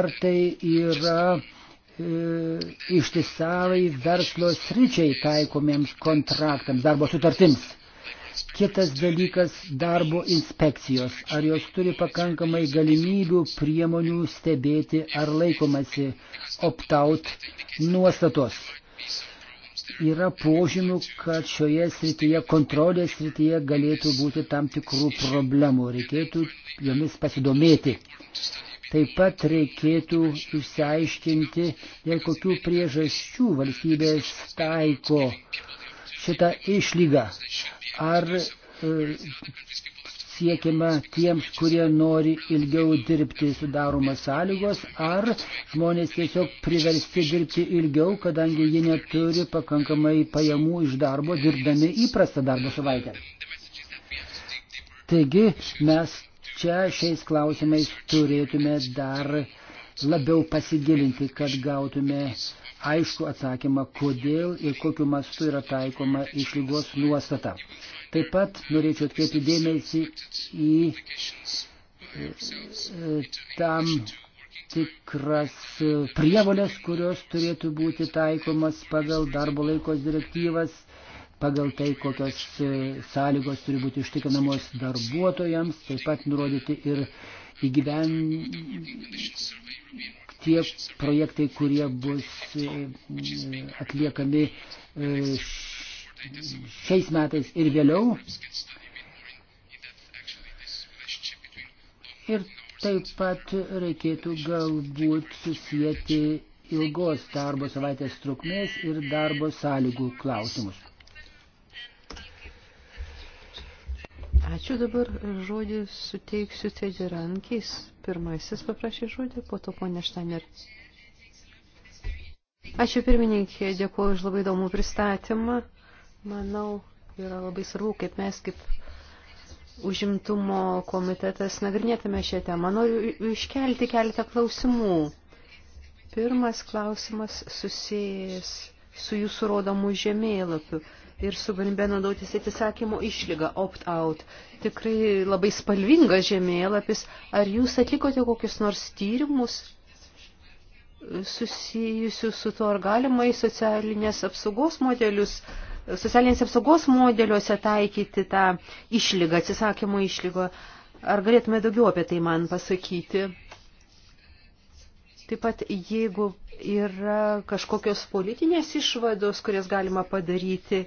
ar tai yra e, ištisavai verslo sričiai taikomiems kontraktams, darbo sutartims. Kitas dalykas - darbo inspekcijos. Ar jos turi pakankamai galimybių, priemonių stebėti, ar laikomasi opt-out nuostatos. Yra požymių, kad šioje srityje, kontrolės srityje galėtų būti tam tikrų problemų. Reikėtų jomis pasidomėti. Taip pat reikėtų išsiaiškinti, dėl kokių priežasčių valstybės taiko uh, šitą išlygą? Ar e, siekiama tiems, kurie nori ilgiau dirbti sudaromas sąlygos, ar žmonės tiesiog priversti dirbti ilgiau, kadangi jie neturi pakankamai pajamų iš darbo, dirbdami įprastą darbo savaitę. Taigi mes čia šiais klausimais turėtume dar labiau pasigilinti, kad gautume uh, aišku atsakymą, kodėl ir kokiu mastu yra taikoma išlygos nuostata. Taip pat norėčiau atkreipti dėmesį į e, tam tikras prievolės, kurios turėtų būti taikomas pagal darbo laikos direktyvas, pagal tai, kokios e, sąlygos turi būti ištikinamos darbuotojams, taip pat nurodyti ir įgyven tie projektai, kurie bus e, atliekami e, šiais metais ir vėliau. Ir taip pat reikėtų galbūt susijęti ilgos darbo savaitės trukmės ir darbo sąlygų klausimus. Ačiū dabar žodį suteiksiu Tedirankis. Pirmasis paprašė žodį, po to ponė Štaner. Ačiū pirmininkė, dėkuoju už labai įdomų pristatymą. Manau, yra labai svarbu, kaip mes kaip užimtumo komitetas nagrinėtume šią temą. Noriu iškelti keletą klausimų. Pirmas klausimas susijęs su jūsų rodomu žemėlapiu ir su galimybė naudotis atsisakymo išlyga opt-out. Tikrai labai spalvingas žemėlapis. Ar jūs atlikote kokius nors tyrimus susijusius su to, ar galima į socialinės apsaugos modelius, socialinės apsaugos modeliuose taikyti tą išlygą, atsisakymo išlygą? Ar galėtume daugiau apie tai man pasakyti? Taip pat, jeigu yra kažkokios politinės išvados, kurias galima padaryti,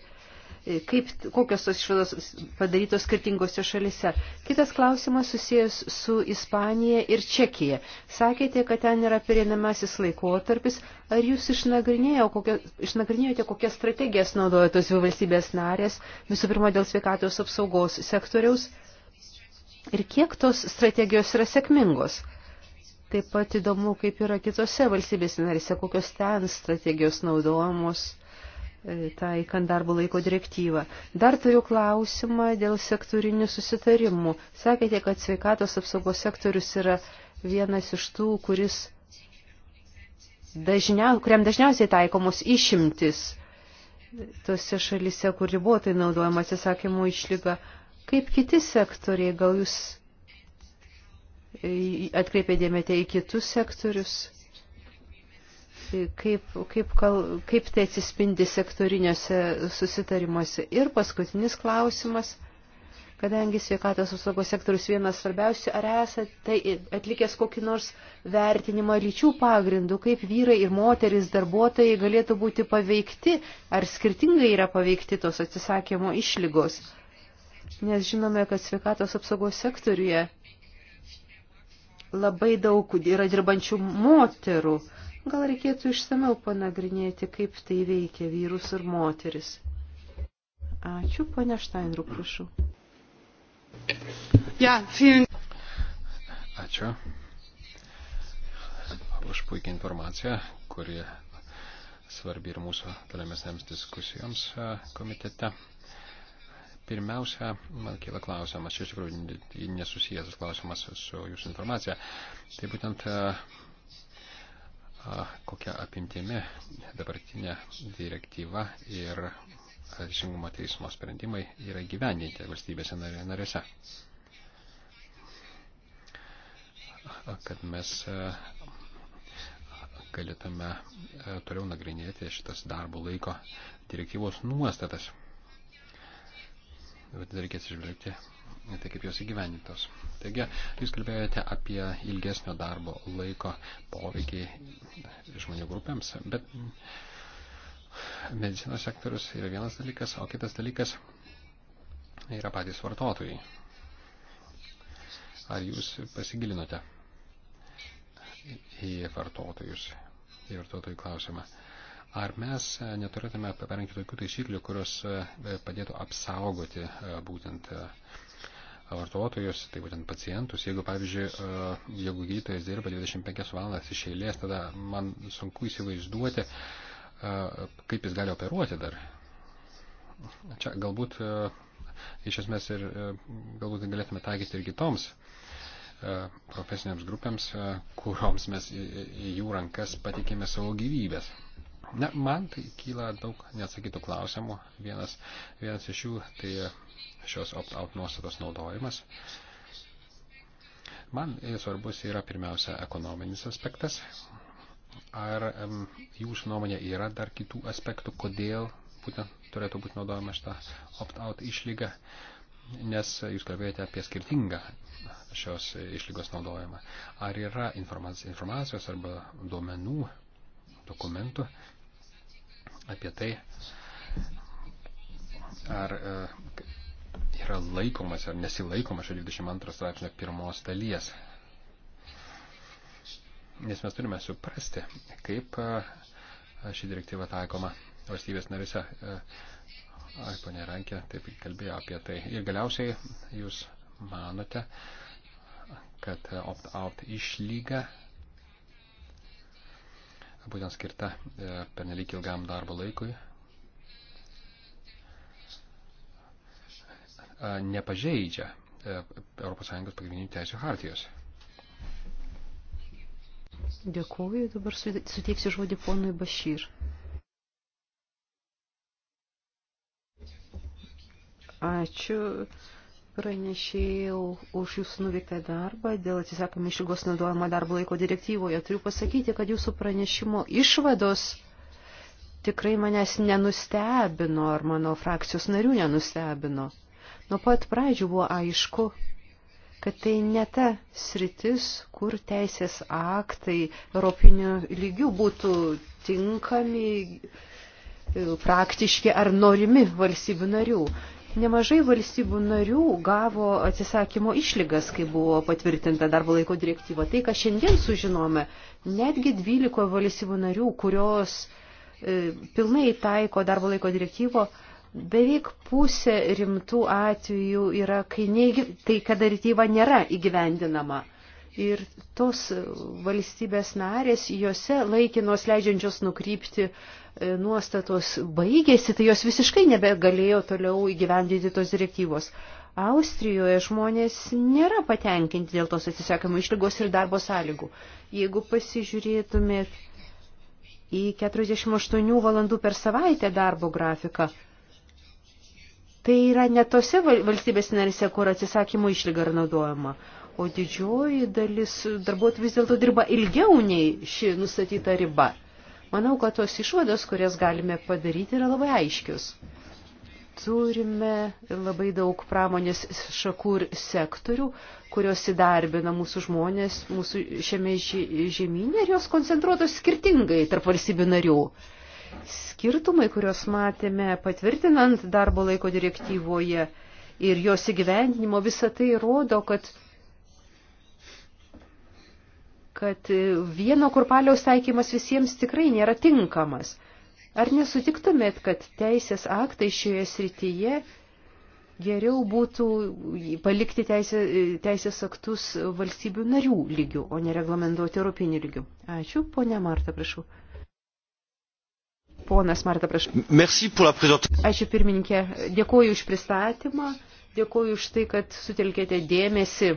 kaip, kokios tos išvados padarytos skirtingose šalise. Kitas klausimas susijęs su Ispanija ir Čekija. Sakėte, kad ten yra perinamasis laikotarpis. Ar jūs išnagrinėjo, kokio, išnagrinėjote, kokias strategijas naudoja tos dvi valstybės narės, visų pirma dėl sveikatos apsaugos sektoriaus? Ir kiek tos strategijos yra sėkmingos? Taip pat įdomu, kaip yra kitose valstybės narėse, kokios ten strategijos naudojamos E, taikant darbo laiko direktyvą. Dar turiu klausimą dėl sektorinių susitarimų. Sakėte, kad sveikatos apsaugos sektorius yra vienas iš tų, kuris dažniau, kuriam dažniausiai taikomos išimtis tose šalise, kur ribotai naudojama atsisakymo išlyga. Kaip kiti sektoriai, gal jūs e, atkreipė dėmėte į kitus sektorius? kaip, kaip, kal, kaip tai atsispindi sektoriniuose susitarimuose. Ir paskutinis klausimas, kadangi sveikatos apsaugos sektorius vienas svarbiausių, ar esate tai atlikęs kokį nors vertinimą lyčių pagrindų, kaip vyrai ir moteris darbuotojai galėtų būti paveikti, ar skirtingai yra paveikti tos atsisakymo išlygos. Nes žinome, kad sveikatos apsaugos sektoriuje labai daug yra dirbančių moterų, Gal reikėtų išsameu panagrinėti, kaip tai veikia vyrus ir moteris. Ačiū, ponia Štainrų, prašau. Ja, vielen... Ačiū už puikiai informaciją, kuri svarbi ir mūsų tolimesnėms diskusijoms e, komitete. Pirmiausia, man kyla klausimas, čia iš tikrųjų nesusijęs klausimas su jūsų informacija. Tai būtent e, kokia apimtimi dabartinė direktyva ir teisingumo teismo sprendimai yra gyveninti valstybėse narėse. Kad mes galėtume toliau nagrinėti šitas darbo laiko direktyvos nuostatas. Bet reikės išvelgti tai kaip jos įgyvenintos. Taigi, jūs kalbėjote apie ilgesnio darbo laiko poveikį žmonių grupėms, bet medicinos sektorius yra vienas dalykas, o kitas dalykas yra patys vartotojai. Ar jūs pasigilinote į vartotojus, į vartotojų klausimą? Ar mes neturėtume parengti tokių taisyklių, kurios padėtų apsaugoti būtent vartotojus, tai būtent pacientus. Jeigu, pavyzdžiui, e, jeigu gydytojas dirba 25 valandas iš eilės, tada man sunku įsivaizduoti, e, kaip jis gali operuoti dar. Čia galbūt, e, iš esmės, ir galbūt galėtume taikyti ir kitoms profesinėms grupėms, kurioms mes į jų rankas patikėme savo gyvybės. Na, man tai kyla daug neatsakytų klausimų. Vienas, vienas iš jų tai šios opt-out nuostatos naudojimas. Man svarbus yra pirmiausia ekonominis aspektas. Ar um, jūsų nuomonė yra dar kitų aspektų, kodėl būtent turėtų būti naudojama šita opt-out išlyga, nes jūs kalbėjote apie skirtingą šios išlygos naudojimą. Ar yra informacijos arba duomenų, dokumentų apie tai, ar e, yra laikomas ar nesilaikomas šio 22 straipsnio pirmos dalies. Nes mes turime suprasti, kaip ši direktyva taikoma valstybės narise. Ai, ponė Rankė, taip kalbėjo apie tai. Ir galiausiai jūs manote, kad opt-out išlyga būtent skirta e, per nelik ilgam darbo laikui nepažeidžia ES pagrindinių teisų hartijos. Dėkuoju, dabar suteiksiu žodį ponui Bašyr. Ačiū pranešėjau už jūsų nuveiktą darbą dėl atsisakome išlygos naudojimo darbo laiko direktyvoje. Turiu pasakyti, kad jūsų pranešimo išvados tikrai manęs nenustebino ar mano frakcijos narių nenustebino. Nuo pat pradžių buvo aišku, kad tai ne ta sritis, kur teisės aktai europinių lygių būtų tinkami, praktiški ar norimi valstybių narių. Nemažai valstybių narių gavo atsisakymo išlygas, kai buvo patvirtinta darbo laiko direktyva. Tai, ką šiandien sužinome, netgi 12 valstybių narių, kurios e, pilnai taiko darbo laiko direktyvo, e, Beveik pusė rimtų atvejų yra, kai neįgy... tai, kad direktyva nėra įgyvendinama. Ir tos valstybės narės, juose laikinos leidžiančios nukrypti e, nuostatos baigėsi, tai jos visiškai nebegalėjo toliau įgyvendinti tos direktyvos. Austrijoje žmonės nėra patenkinti dėl tos atsisakymų išlygos ir darbo sąlygų. Jeigu pasižiūrėtumėt į 48 valandų per savaitę darbo grafiką, Tai yra ne tose valstybės narise, kur atsisakymų išlyga yra naudojama, o didžioji dalis darbuotojų vis dėlto dirba ilgiau nei ši nustatyta riba. Manau, kad tos išvados, kurias galime padaryti, yra labai aiškius. Turime labai daug pramonės šakų ir sektorių, kurios įdarbina mūsų žmonės mūsų šiame žemynė ir jos koncentruotos skirtingai tarp valstybių narių. Skirtumai, kuriuos matėme patvirtinant darbo laiko direktyvoje ir jos įgyvendinimo, visa tai rodo, kad kad vieno kurpaliaus taikymas visiems tikrai nėra tinkamas. Ar nesutiktumėt, kad teisės aktai šioje srityje geriau būtų palikti teisė, teisės aktus valstybių narių lygių, o nereglamentuoti europinių lygių? Ačiū, ponia Marta, prašau. Ponas Marta, prašau. Merci pour la présentation. Ačiū pirmininkė. Dėkuoju už pristatymą, dėkuoju už tai, kad sutelkėte dėmesį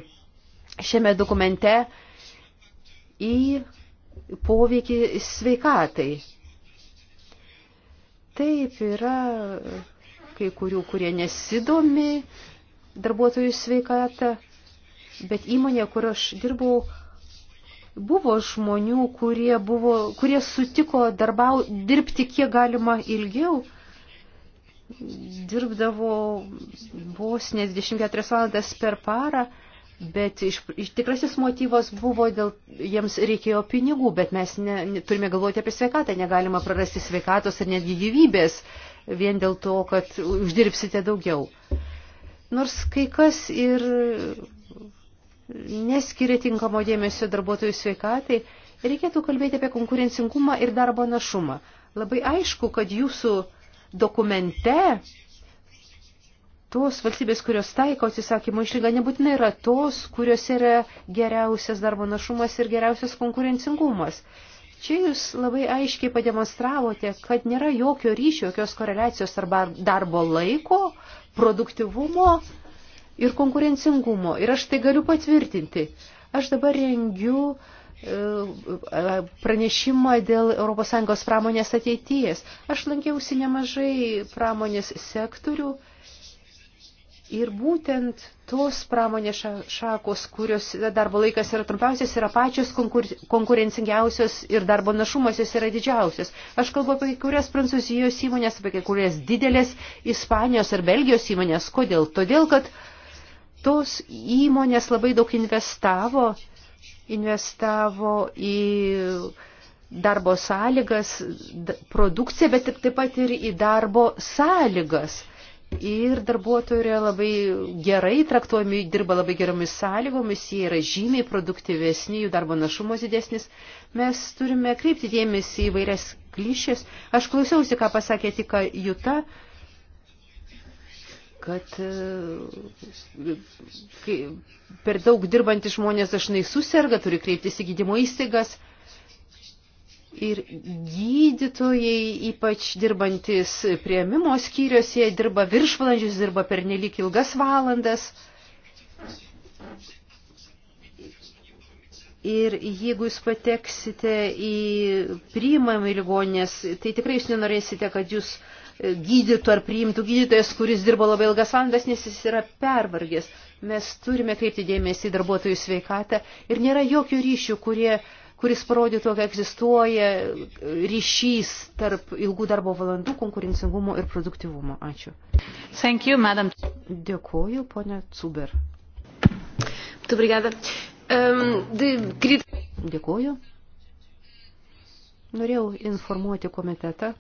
šiame dokumente į poveikį sveikatai. Taip yra kai kurių, kurie nesidomi darbuotojų sveikatą, bet įmonė, kur aš dirbau, buvo žmonių, kurie, buvo, kurie sutiko darbau, dirbti kiek galima ilgiau. Dirbdavo vos nes 24 valandas per parą. Bet iš, iš tikrasis motyvas buvo, dėl, jiems reikėjo pinigų, bet mes ne, ne, turime galvoti apie sveikatą, negalima prarasti sveikatos ar netgi gyvybės vien dėl to, kad uždirbsite daugiau. Nors kai kas ir neskiria tinkamo dėmesio darbuotojų sveikatai, reikėtų kalbėti apie konkurencingumą ir darbo našumą. Labai aišku, kad jūsų dokumente tos valstybės, kurios taiko atsisakymo išlygą, nebūtinai yra tos, kurios yra geriausias darbo našumas ir geriausias konkurencingumas. Čia jūs labai aiškiai pademonstravote, kad nėra jokio ryšio, jokios koreliacijos arba darbo laiko, produktivumo ir konkurencingumo. Ir aš tai galiu patvirtinti. Aš dabar rengiu e, e, pranešimą dėl ES pramonės ateities. Aš lankiausi nemažai pramonės sektorių ir būtent tos pramonės šakos, kurios darbo laikas yra trumpiausias, yra pačios konkurencingiausios ir darbo našumas jos yra didžiausias. Aš kalbu apie kai kurias prancūzijos įmonės, apie kai kurias didelės Ispanijos ar Belgijos įmonės. Kodėl? Todėl, kad uh, tos įmonės labai daug investavo, investavo į darbo sąlygas, produkciją, bet taip pat ir į darbo sąlygas. Ir darbuotojai yra labai gerai traktuojami, dirba labai geromis sąlygomis, jie yra žymiai produktyvesni, jų darbo našumas didesnis. Mes turime kreipti dėmesį į vairias klišės. Aš klausiausi, ką pasakė tik Juta, kad e, kai per daug dirbantys žmonės dažnai susirga, turi kreiptis į gydymo įstaigas. Ir gydytojai, ypač dirbantis prieimimo skyriuose, dirba viršvalandžius, dirba per nelik ilgas valandas. Ir jeigu jūs pateksite į priimamą į ligonės, tai tikrai jūs nenorėsite, kad jūs uh, gydytų ar priimtų gydytojas, kuris dirbo labai ilgas valandas, nes jis yra pervargęs. Mes turime kreipti dėmesį į darbuotojų sveikatą ir nėra jokių ryšių, kurie, kuris parodytų, kad egzistuoja ryšys tarp ilgų darbo valandų, konkurencingumo ir produktivumo. Ačiū. Thank you, madam. Dėkuoju, ponia Cuber. Obrigada. Um, de... Dėkuoju. Norėjau informuoti komitetą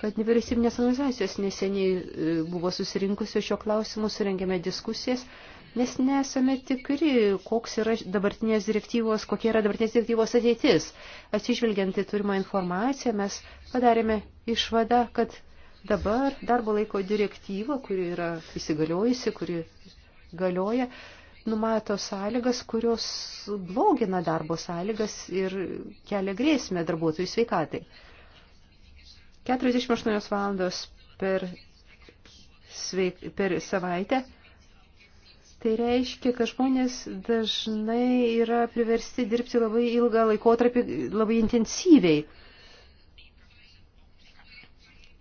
kad nevyriausybinės organizacijos neseniai e, buvo susirinkusios šio klausimu, surengėme diskusijas, nes nesame tikri, koks yra dabartinės direktyvos, kokia yra dabartinės direktyvos ateitis. Atsižvelgiant į turimą informaciją, mes padarėme išvadą, kad dabar darbo laiko direktyva, kuri yra įsigaliojusi, kuri galioja, numato sąlygas, kurios blogina darbo sąlygas ir kelia grėsmę darbuotojų sveikatai. 48 valandos per, sveik, per savaitę. Tai reiškia, kad žmonės dažnai yra priversti dirbti labai ilgą laikotarpį, labai intensyviai.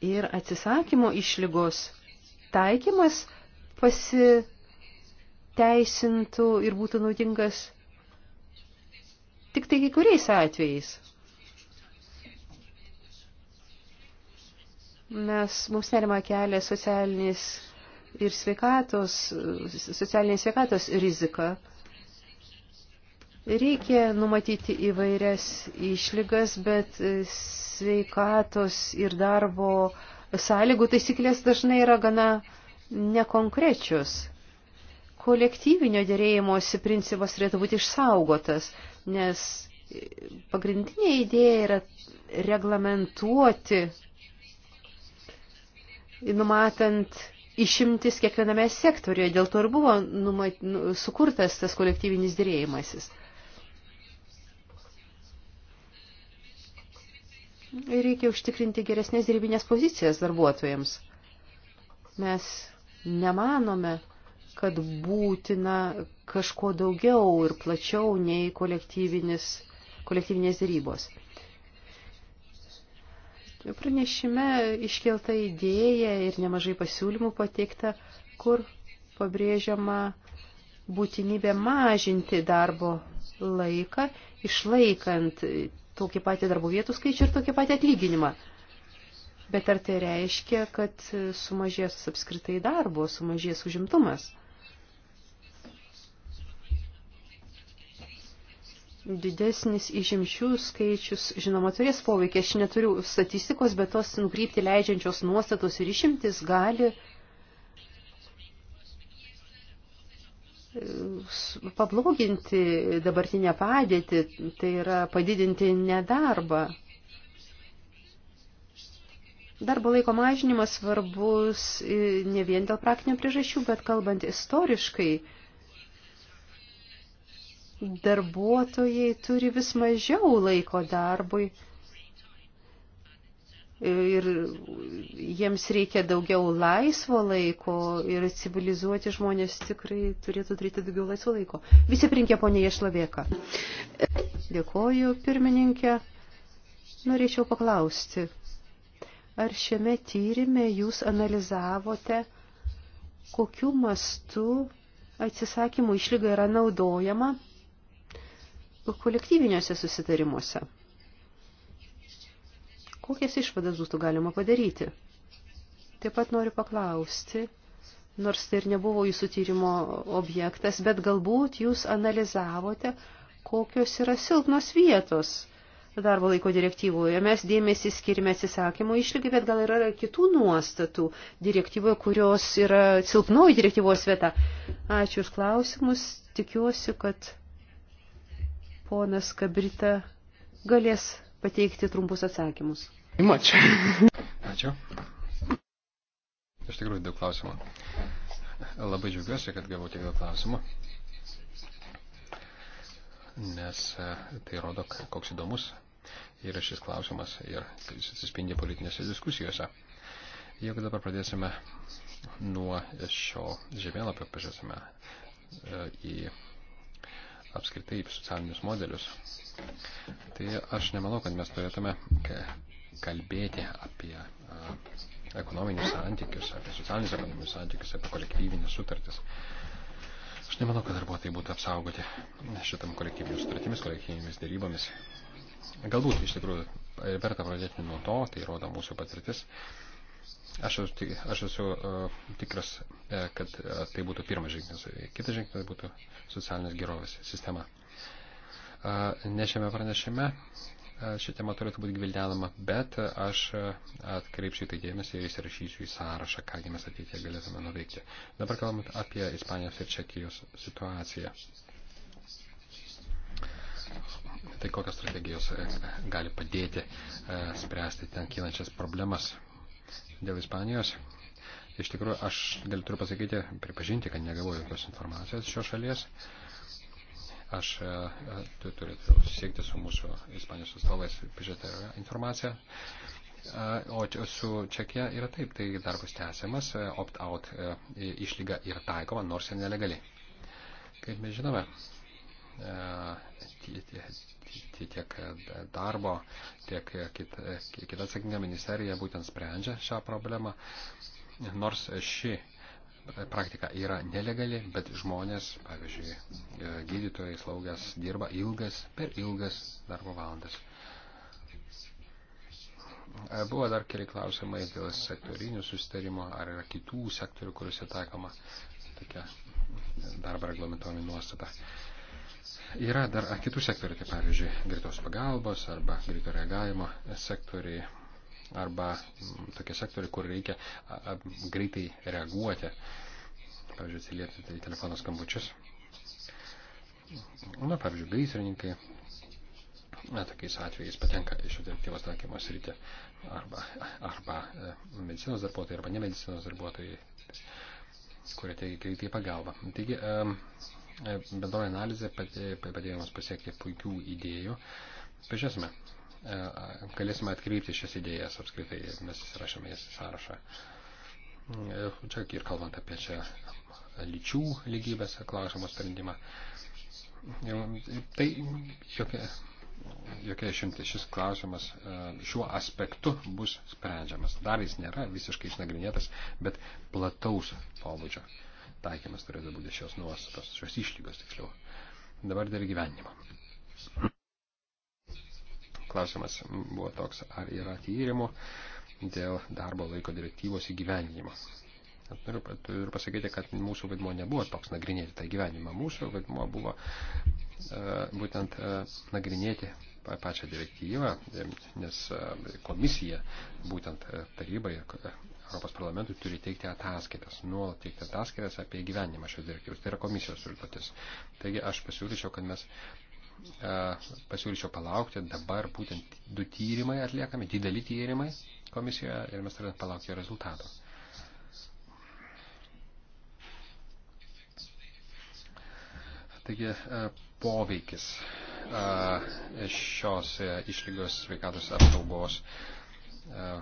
Ir atsisakymo išlygos taikymas pasiteisintų ir būtų naudingas tik tai kai kuriais atvejais. Mes, mums nerima kelia socialinis ir sveikatos, socialinė sveikatos rizika. Reikia numatyti įvairias išlygas, bet sveikatos ir darbo sąlygų taisyklės dažnai yra gana nekonkrečios. Kolektyvinio dėrėjimosi principas turėtų būti išsaugotas, nes pagrindinė idėja yra reglamentuoti numatant išimtis kiekviename sektoriuje. Dėl to ir buvo numat, nu, sukurtas tas kolektyvinis dėrėjimasis. Reikia užtikrinti geresnės dėrybinės pozicijas darbuotojams. Mes nemanome, kad būtina kažko daugiau ir plačiau nei kolektyvinės dėrybos. Pranešime iškelta idėja ir nemažai pasiūlymų pateikta, kur pabrėžiama būtinybė mažinti darbo laiką, išlaikant tokį patį darbo vietų skaičių ir tokį patį atlyginimą. Bet ar tai reiškia, kad sumažės apskritai darbo, sumažės užimtumas? didesnis išimčių skaičius, žinoma, turės poveikį. Aš neturiu statistikos, bet tos nukrypti leidžiančios nuostatos ir išimtis gali e, pabloginti dabartinę padėtį, tai yra padidinti nedarbą. Darbo laiko mažinimas svarbus e, ne vien dėl praktinių priežasčių, bet kalbant istoriškai, darbuotojai turi vis mažiau laiko darbui ir jiems reikia daugiau laisvo laiko ir civilizuoti žmonės tikrai turėtų turėti daugiau laisvo laiko. Visi prinkė ponė Ješlavėka. Dėkoju, pirmininkė. Norėčiau paklausti, ar šiame tyrimė jūs analizavote, kokiu mastu atsisakymų išlyga yra naudojama kolektyviniuose susitarimuose. Kokias išvadas būtų galima padaryti? Taip pat noriu paklausti, nors tai ir nebuvo jūsų tyrimo objektas, bet galbūt jūs analizavote, kokios yra silpnos vietos darbo laiko direktyvoje. Mes dėmesį skirime atsisakymo išlygai, bet gal yra kitų nuostatų direktyvoje, kurios yra silpnoji direktyvos vieta. Ačiū už klausimus. Tikiuosi, kad ponas Kabrita galės pateikti trumpus atsakymus. Mačiau. Ačiū. Iš tikrųjų, daug klausimų. Labai džiaugiuosi, kad gavau tiek daug klausimų. Nes e, tai rodo, koks įdomus yra šis klausimas ir jis atsispindi politinėse diskusijose. Jeigu dabar pradėsime nuo šio žemėlapio, pažiūrėsime e, į apskritai socialinius modelius, tai aš nemanau, kad mes turėtume kalbėti apie ekonominius santykius, apie socialinius ekonominius santykius, apie kolektyvinės sutartis. Aš nemanau, kad darbuotojai būtų apsaugoti šitam kolektyvinius sutartimis, kolektyvinėmis dėrybomis. Galbūt iš tikrųjų verta pradėti nuo to, tai rodo mūsų patirtis, Aš, aš esu uh, tikras, e, kad uh, tai būtų pirmas žingsnis. Kitas žingsnis tai būtų socialinės gerovės sistema. Uh, ne šiame pranešime uh, ši tema turėtų būti gvildenama, bet uh, aš uh, atkreipsiu tai dėmesį ir įsirašysiu į sąrašą, kągi mes ateityje galėtume nuveikti. Dabar kalbant apie Ispanijos ir Čekijos situaciją. Tai kokios strategijos gali padėti spręsti ten kylančias problemas dėl Ispanijos. Iš tikrųjų, aš galiu turiu pasakyti, pripažinti, kad negavau jokios informacijos šios šalies. Aš e, e, tu, turėčiau siekti su mūsų Ispanijos atstovais pažiūrėti informaciją. E, o su Čekija yra taip, tai darbas tęsiamas, opt-out išlyga yra taikoma, nors ir nelegaliai. Kaip mes žinome, tiek darbo, tiek kita, kita atsakinga ministerija būtent sprendžia šią problemą. Nors ši praktika yra nelegali, bet žmonės, pavyzdžiui, gydytojai, slaugas dirba ilgas, per ilgas darbo valandas. Buvo dar keli klausimai dėl sektorinių sustarimo, ar yra kitų sektorių, kuriuose taikoma tokia darbą reglamentuojami nuostata. Yra dar kitų sektorių, kaip pavyzdžiui, greitos pagalbos arba greito reagavimo sektoriai arba mm, tokie sektoriai, kur reikia greitai reaguoti, pavyzdžiui, atsiliepti į telefono skambučius. Na, pavyzdžiui, gaisrininkai na, tokiais atvejais patenka iš direktyvos taikymo sritį arba, arba e, medicinos darbuotojai arba ne medicinos darbuotojai, kurie teikia greitai pagalbą. Taigi, bendroji analizė padėjimas pasiekti puikių idėjų. Pažiūrėsime, e, galėsime atkreipti šias idėjas apskritai, mes įsirašėme jas į sąrašą. E, čia ir kalbant apie čia lyčių lygybės klausimo sprendimą. E, tai jokia, jokia išimti šis klausimas šiuo aspektu bus sprendžiamas. Dar jis nėra visiškai išnagrinėtas, bet plataus pobūdžio taikymas turėtų būti šios nuostatos, šios išlygos tiksliau. Dabar dėl gyvenimo. Klausimas buvo toks, ar yra tyrimų dėl darbo laiko direktyvos įgyvendinimo. Noriu pasakyti, kad mūsų vaidmo nebuvo toks nagrinėti tą gyvenimą. Mūsų vaidmo buvo E, būtent e, nagrinėti pačią direktyvą, e, nes komisija būtent tarybai Europos parlamentui turi teikti ataskaitas, nuolat teikti ataskaitas apie gyvenimą šios direktyvos. Tai yra komisijos užduotis. Taigi aš pasiūlyčiau, kad mes pasiūlyčiau palaukti, dabar būtent du tyrimai atliekami, dideli tyrimai komisijoje ir mes turime palaukti rezultato. Taigi poveikis uh, šios uh, išlygos sveikatos apsaugos uh,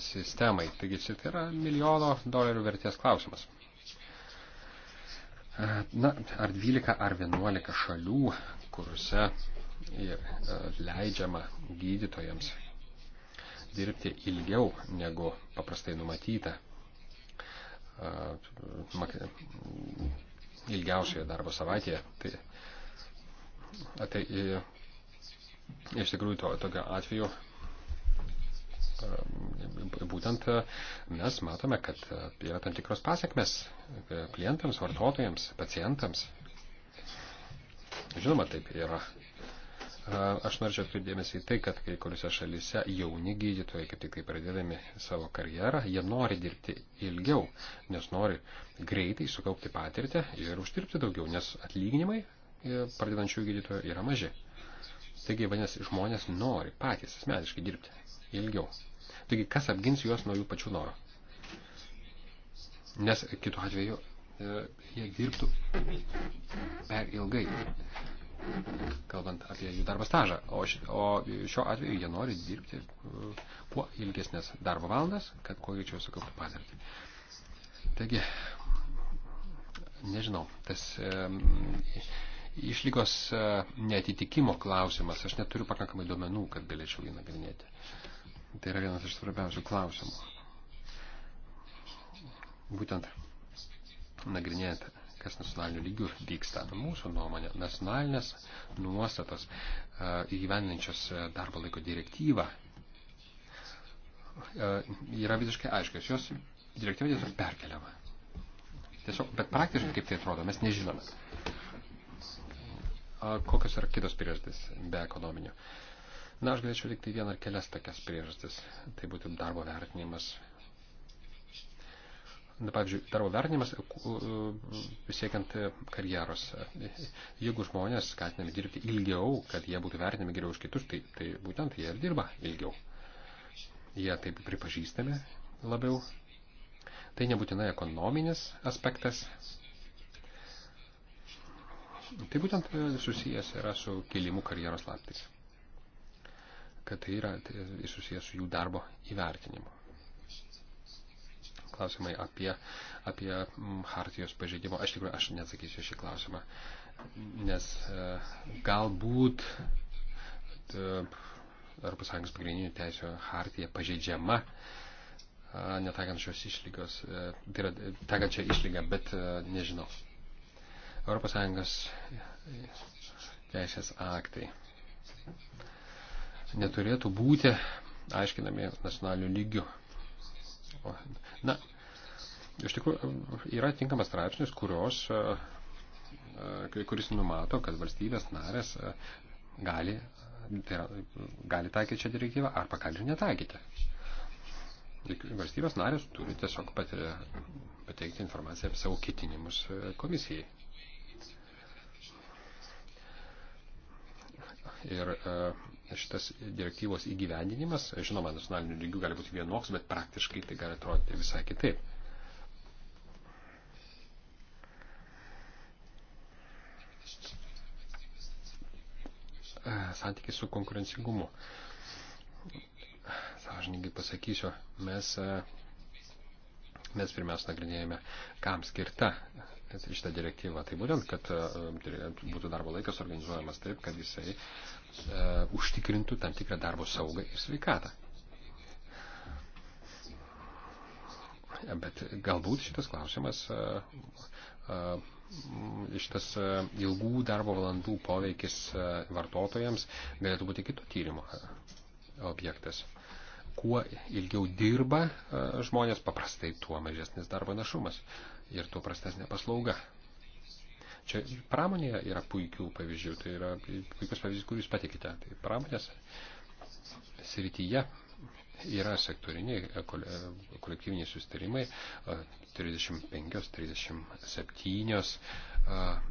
sistemai. Taigi, tai yra milijono dolerių vertės klausimas. Na, ar 12 ar 11 šalių, kuriuose leidžiama gydytojams dirbti ilgiau negu paprastai numatyta ilgiausioje darbo savaitėje, tai Tai e, iš tikrųjų to, tokio atveju e, būtent e, mes matome, kad yra tam tikros pasiekmes klientams, vartotojams, pacientams. Žinoma, taip yra. Aš norėčiau atkreipdėmėsi į tai, kad kai kuriuose šalyse jauni gydytojai, kaip tik tai pradėdami savo karjerą, jie nori dirbti ilgiau, nes nori greitai sukaupti patirtį ir uždirbti daugiau, nes atlyginimai E, pradedančių gydytojų yra maži. Taigi, vadinasi, žmonės nori patys asmeniškai dirbti ilgiau. Taigi, kas apgins juos nuo jų pačių norų? Nes kitu atveju e, jie dirbtų per ilgai, kalbant apie jų darbo stažą. O, ši, o šiuo atveju jie nori dirbti e, kuo ilgesnės darbo valandas, kad kuo greičiau sukauptų patirtį. Taigi, nežinau, tas e, išlygos e, netitikimo klausimas. Aš neturiu pakankamai duomenų, kad galėčiau jį nagrinėti. Tai yra vienas iš svarbiausių klausimų. Būtent nagrinėjant, kas nacionaliniu lygiu vyksta. Mūsų nuomonė, nacionalinės nuostatos e, įgyvendinančios e, darbo laiko direktyvą yra visiškai aiškios. Jos direktyva tiesiog perkeliama. Tiesiog, bet praktiškai kaip tai atrodo, mes nežinome. A, kokios yra kitos priežastys be ekonominių? Na, aš galėčiau tik tai vieną ar kelias tokias priežastis. Tai būtent darbo vertinimas. Na, pavyzdžiui, darbo vertinimas e, e, siekiant e, karjeros. Jeigu žmonės skatinami dirbti ilgiau, kad jie būtų vertinami geriau už kitus, tai, tai būtent jie ir dirba ilgiau. Jie taip pripažįstami labiau. Tai nebūtinai ekonominis aspektas, Tai būtent susijęs yra su kelimu karjeros laptais. Kad tai yra tai susijęs su jų darbo įvertinimu. Klausimai apie, apie mm, hartijos pažeidimo. Aš tikrai aš neatsakysiu šį klausimą, nes e, galbūt e, Europos Sąjungos pagrindinių teisų hartija pažeidžiama e, netaikant šios išlygos, tai yra taikančią išlygą, bet nežinau. ES teisės aktai neturėtų būti aiškinami nacionaliniu lygiu. Na, iš tikrųjų, yra tinkamas straipsnis, kurios, kuris numato, kad valstybės narės gali, tai yra, gali taikyti šią direktyvą arba gali netaikyti. Valstybės narės turi tiesiog pateikti informaciją apie savo ketinimus komisijai. ir e, šitas direktyvos įgyvendinimas, žinoma, nacionaliniu lygiu gali būti vienoks, bet praktiškai tai gali atrodyti visai kitaip. E, santykis su konkurencingumu. Sąžininkai pasakysiu, mes, e, mes pirmiausia nagrinėjame, kam skirta šitą direktyvą. Tai būtent, kad e, būtų darbo laikas organizuojamas taip, kad jisai e, užtikrintų tam tikrą darbo saugą ir sveikatą. Bet galbūt šitas klausimas, e, šitas ilgų darbo valandų poveikis vartotojams galėtų būti kito tyrimo objektas. Kuo ilgiau dirba žmonės, paprastai tuo mažesnis darbo našumas ir tuo prastesnė paslauga. Čia pramonėje yra puikių pavyzdžių, tai yra puikus pavyzdys, kurį jūs patikite. Tai pramonės srityje yra sektoriniai kolektyviniai sustarimai, 35-37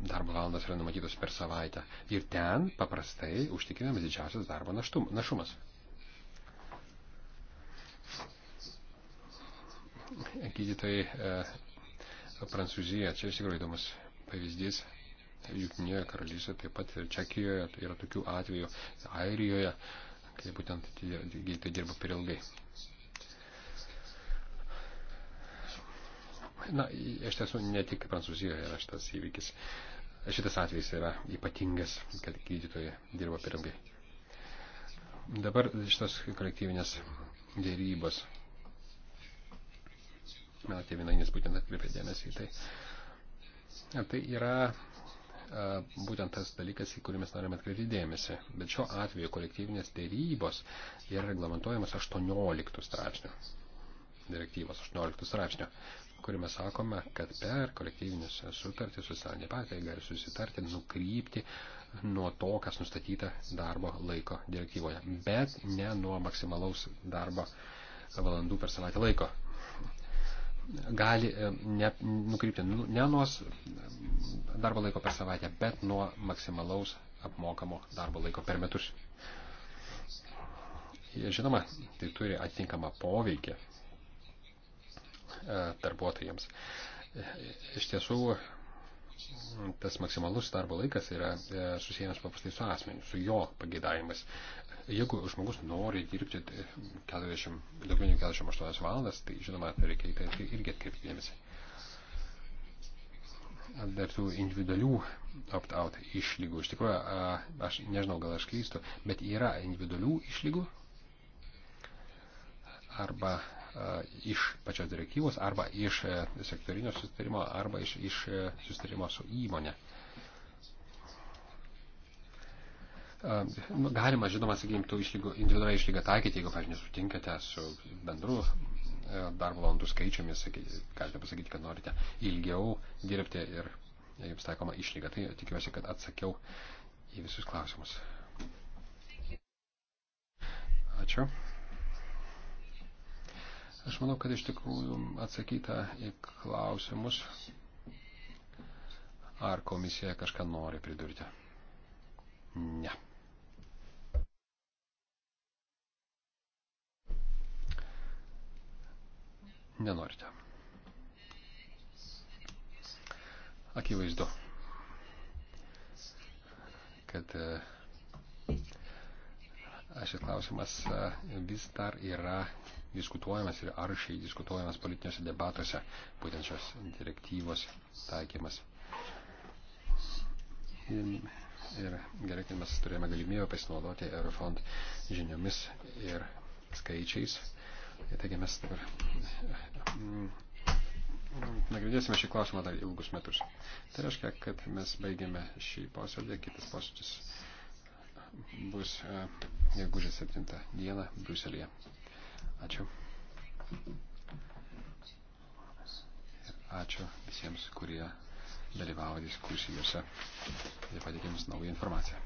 darbo valandas yra numatytos per savaitę. Ir ten paprastai užtikrinamas didžiausias darbo naštum, našumas. Gydytojai Prancūzija, čia iš tikrųjų įdomus pavyzdys. Juknėje karalystėje, taip pat ir Čekijoje yra tokių atvejų, Airijoje, kai būtent gydytojai dirba per ilgai. Na, iš tiesų, ne tik Prancūzijoje yra šitas įvykis. Šitas atvejis yra ypatingas, kad gydytojai dirba per ilgai. Dabar šitas kolektyvinės dėrybos Tėvinainis būtent atkreipė dėmesį į tai. Tai yra būtent tas dalykas, į kurį mes norime atkreipti dėmesį. Bet šiuo atveju kolektyvinės dėrybos yra reglamentuojamas 18 straipsnio. Direktyvos 18 straipsnio, kurį mes sakome, kad per kolektyvinius sutartį socialiniai partijai gali susitarti, nukrypti nuo to, kas nustatyta darbo laiko direktyvoje, bet ne nuo maksimalaus darbo valandų per savaitę laiko gali e, ne, nukrypti nu, ne nuo darbo laiko per savaitę, bet nuo maksimalaus apmokamo darbo laiko per metus. Žinoma, tai turi atitinkamą poveikį e, darbuotojams. Iš tiesų, tas maksimalus darbo laikas yra e, susijęs paprastai su asmeniu, su jo pageidavimas. Jeigu žmogus nori dirbti 40, tai daugiau nei 48 valandas, tai žinoma, reikia į tai irgi atkreipti dėmesį. Dar tų individualių opt-out išlygų. Iš tikrųjų, aš nežinau, gal aš klystu, bet yra individualių išlygų arba iš pačios direktyvos, arba iš e, sektorinio susitarimo, arba iš, iš e, susitarimo su įmonė. Ehm, nu, galima, žinoma, sakykime, tų išlygų, individualią išlygą taikyti, jeigu, pavyzdžiui, nesutinkate su bendru e, darbo valandų skaičiumi, sakyti, galite pasakyti, kad norite ilgiau dirbti ir jums taikoma išlyga. Tai tikiuosi, kad atsakiau į visus klausimus. Ačiū. Aš manau, kad iš tikrųjų atsakyta į klausimus. Ar komisija kažką nori pridurti? Ne. Nenorite. Akivaizdu, kad e, šis klausimas e, vis dar yra diskutuojamas ir aršiai diskutuojamas politiniuose debatuose, būtent šios direktyvos taikymas. Ir, ir gerai, kad mes turėjome galimybę pasinaudoti Eurofond žiniomis ir skaičiais Taigi mes dabar mm, mm, nagrinėsime šį klausimą dar ilgus metus. Tai reiškia, kad mes baigėme šį posėdį, kitas posėdis bus e, gegužės 7 dieną Bruselėje. Ačiū. Ačiū visiems, kurie dalyvavo diskusijose ir patikėms naują informaciją.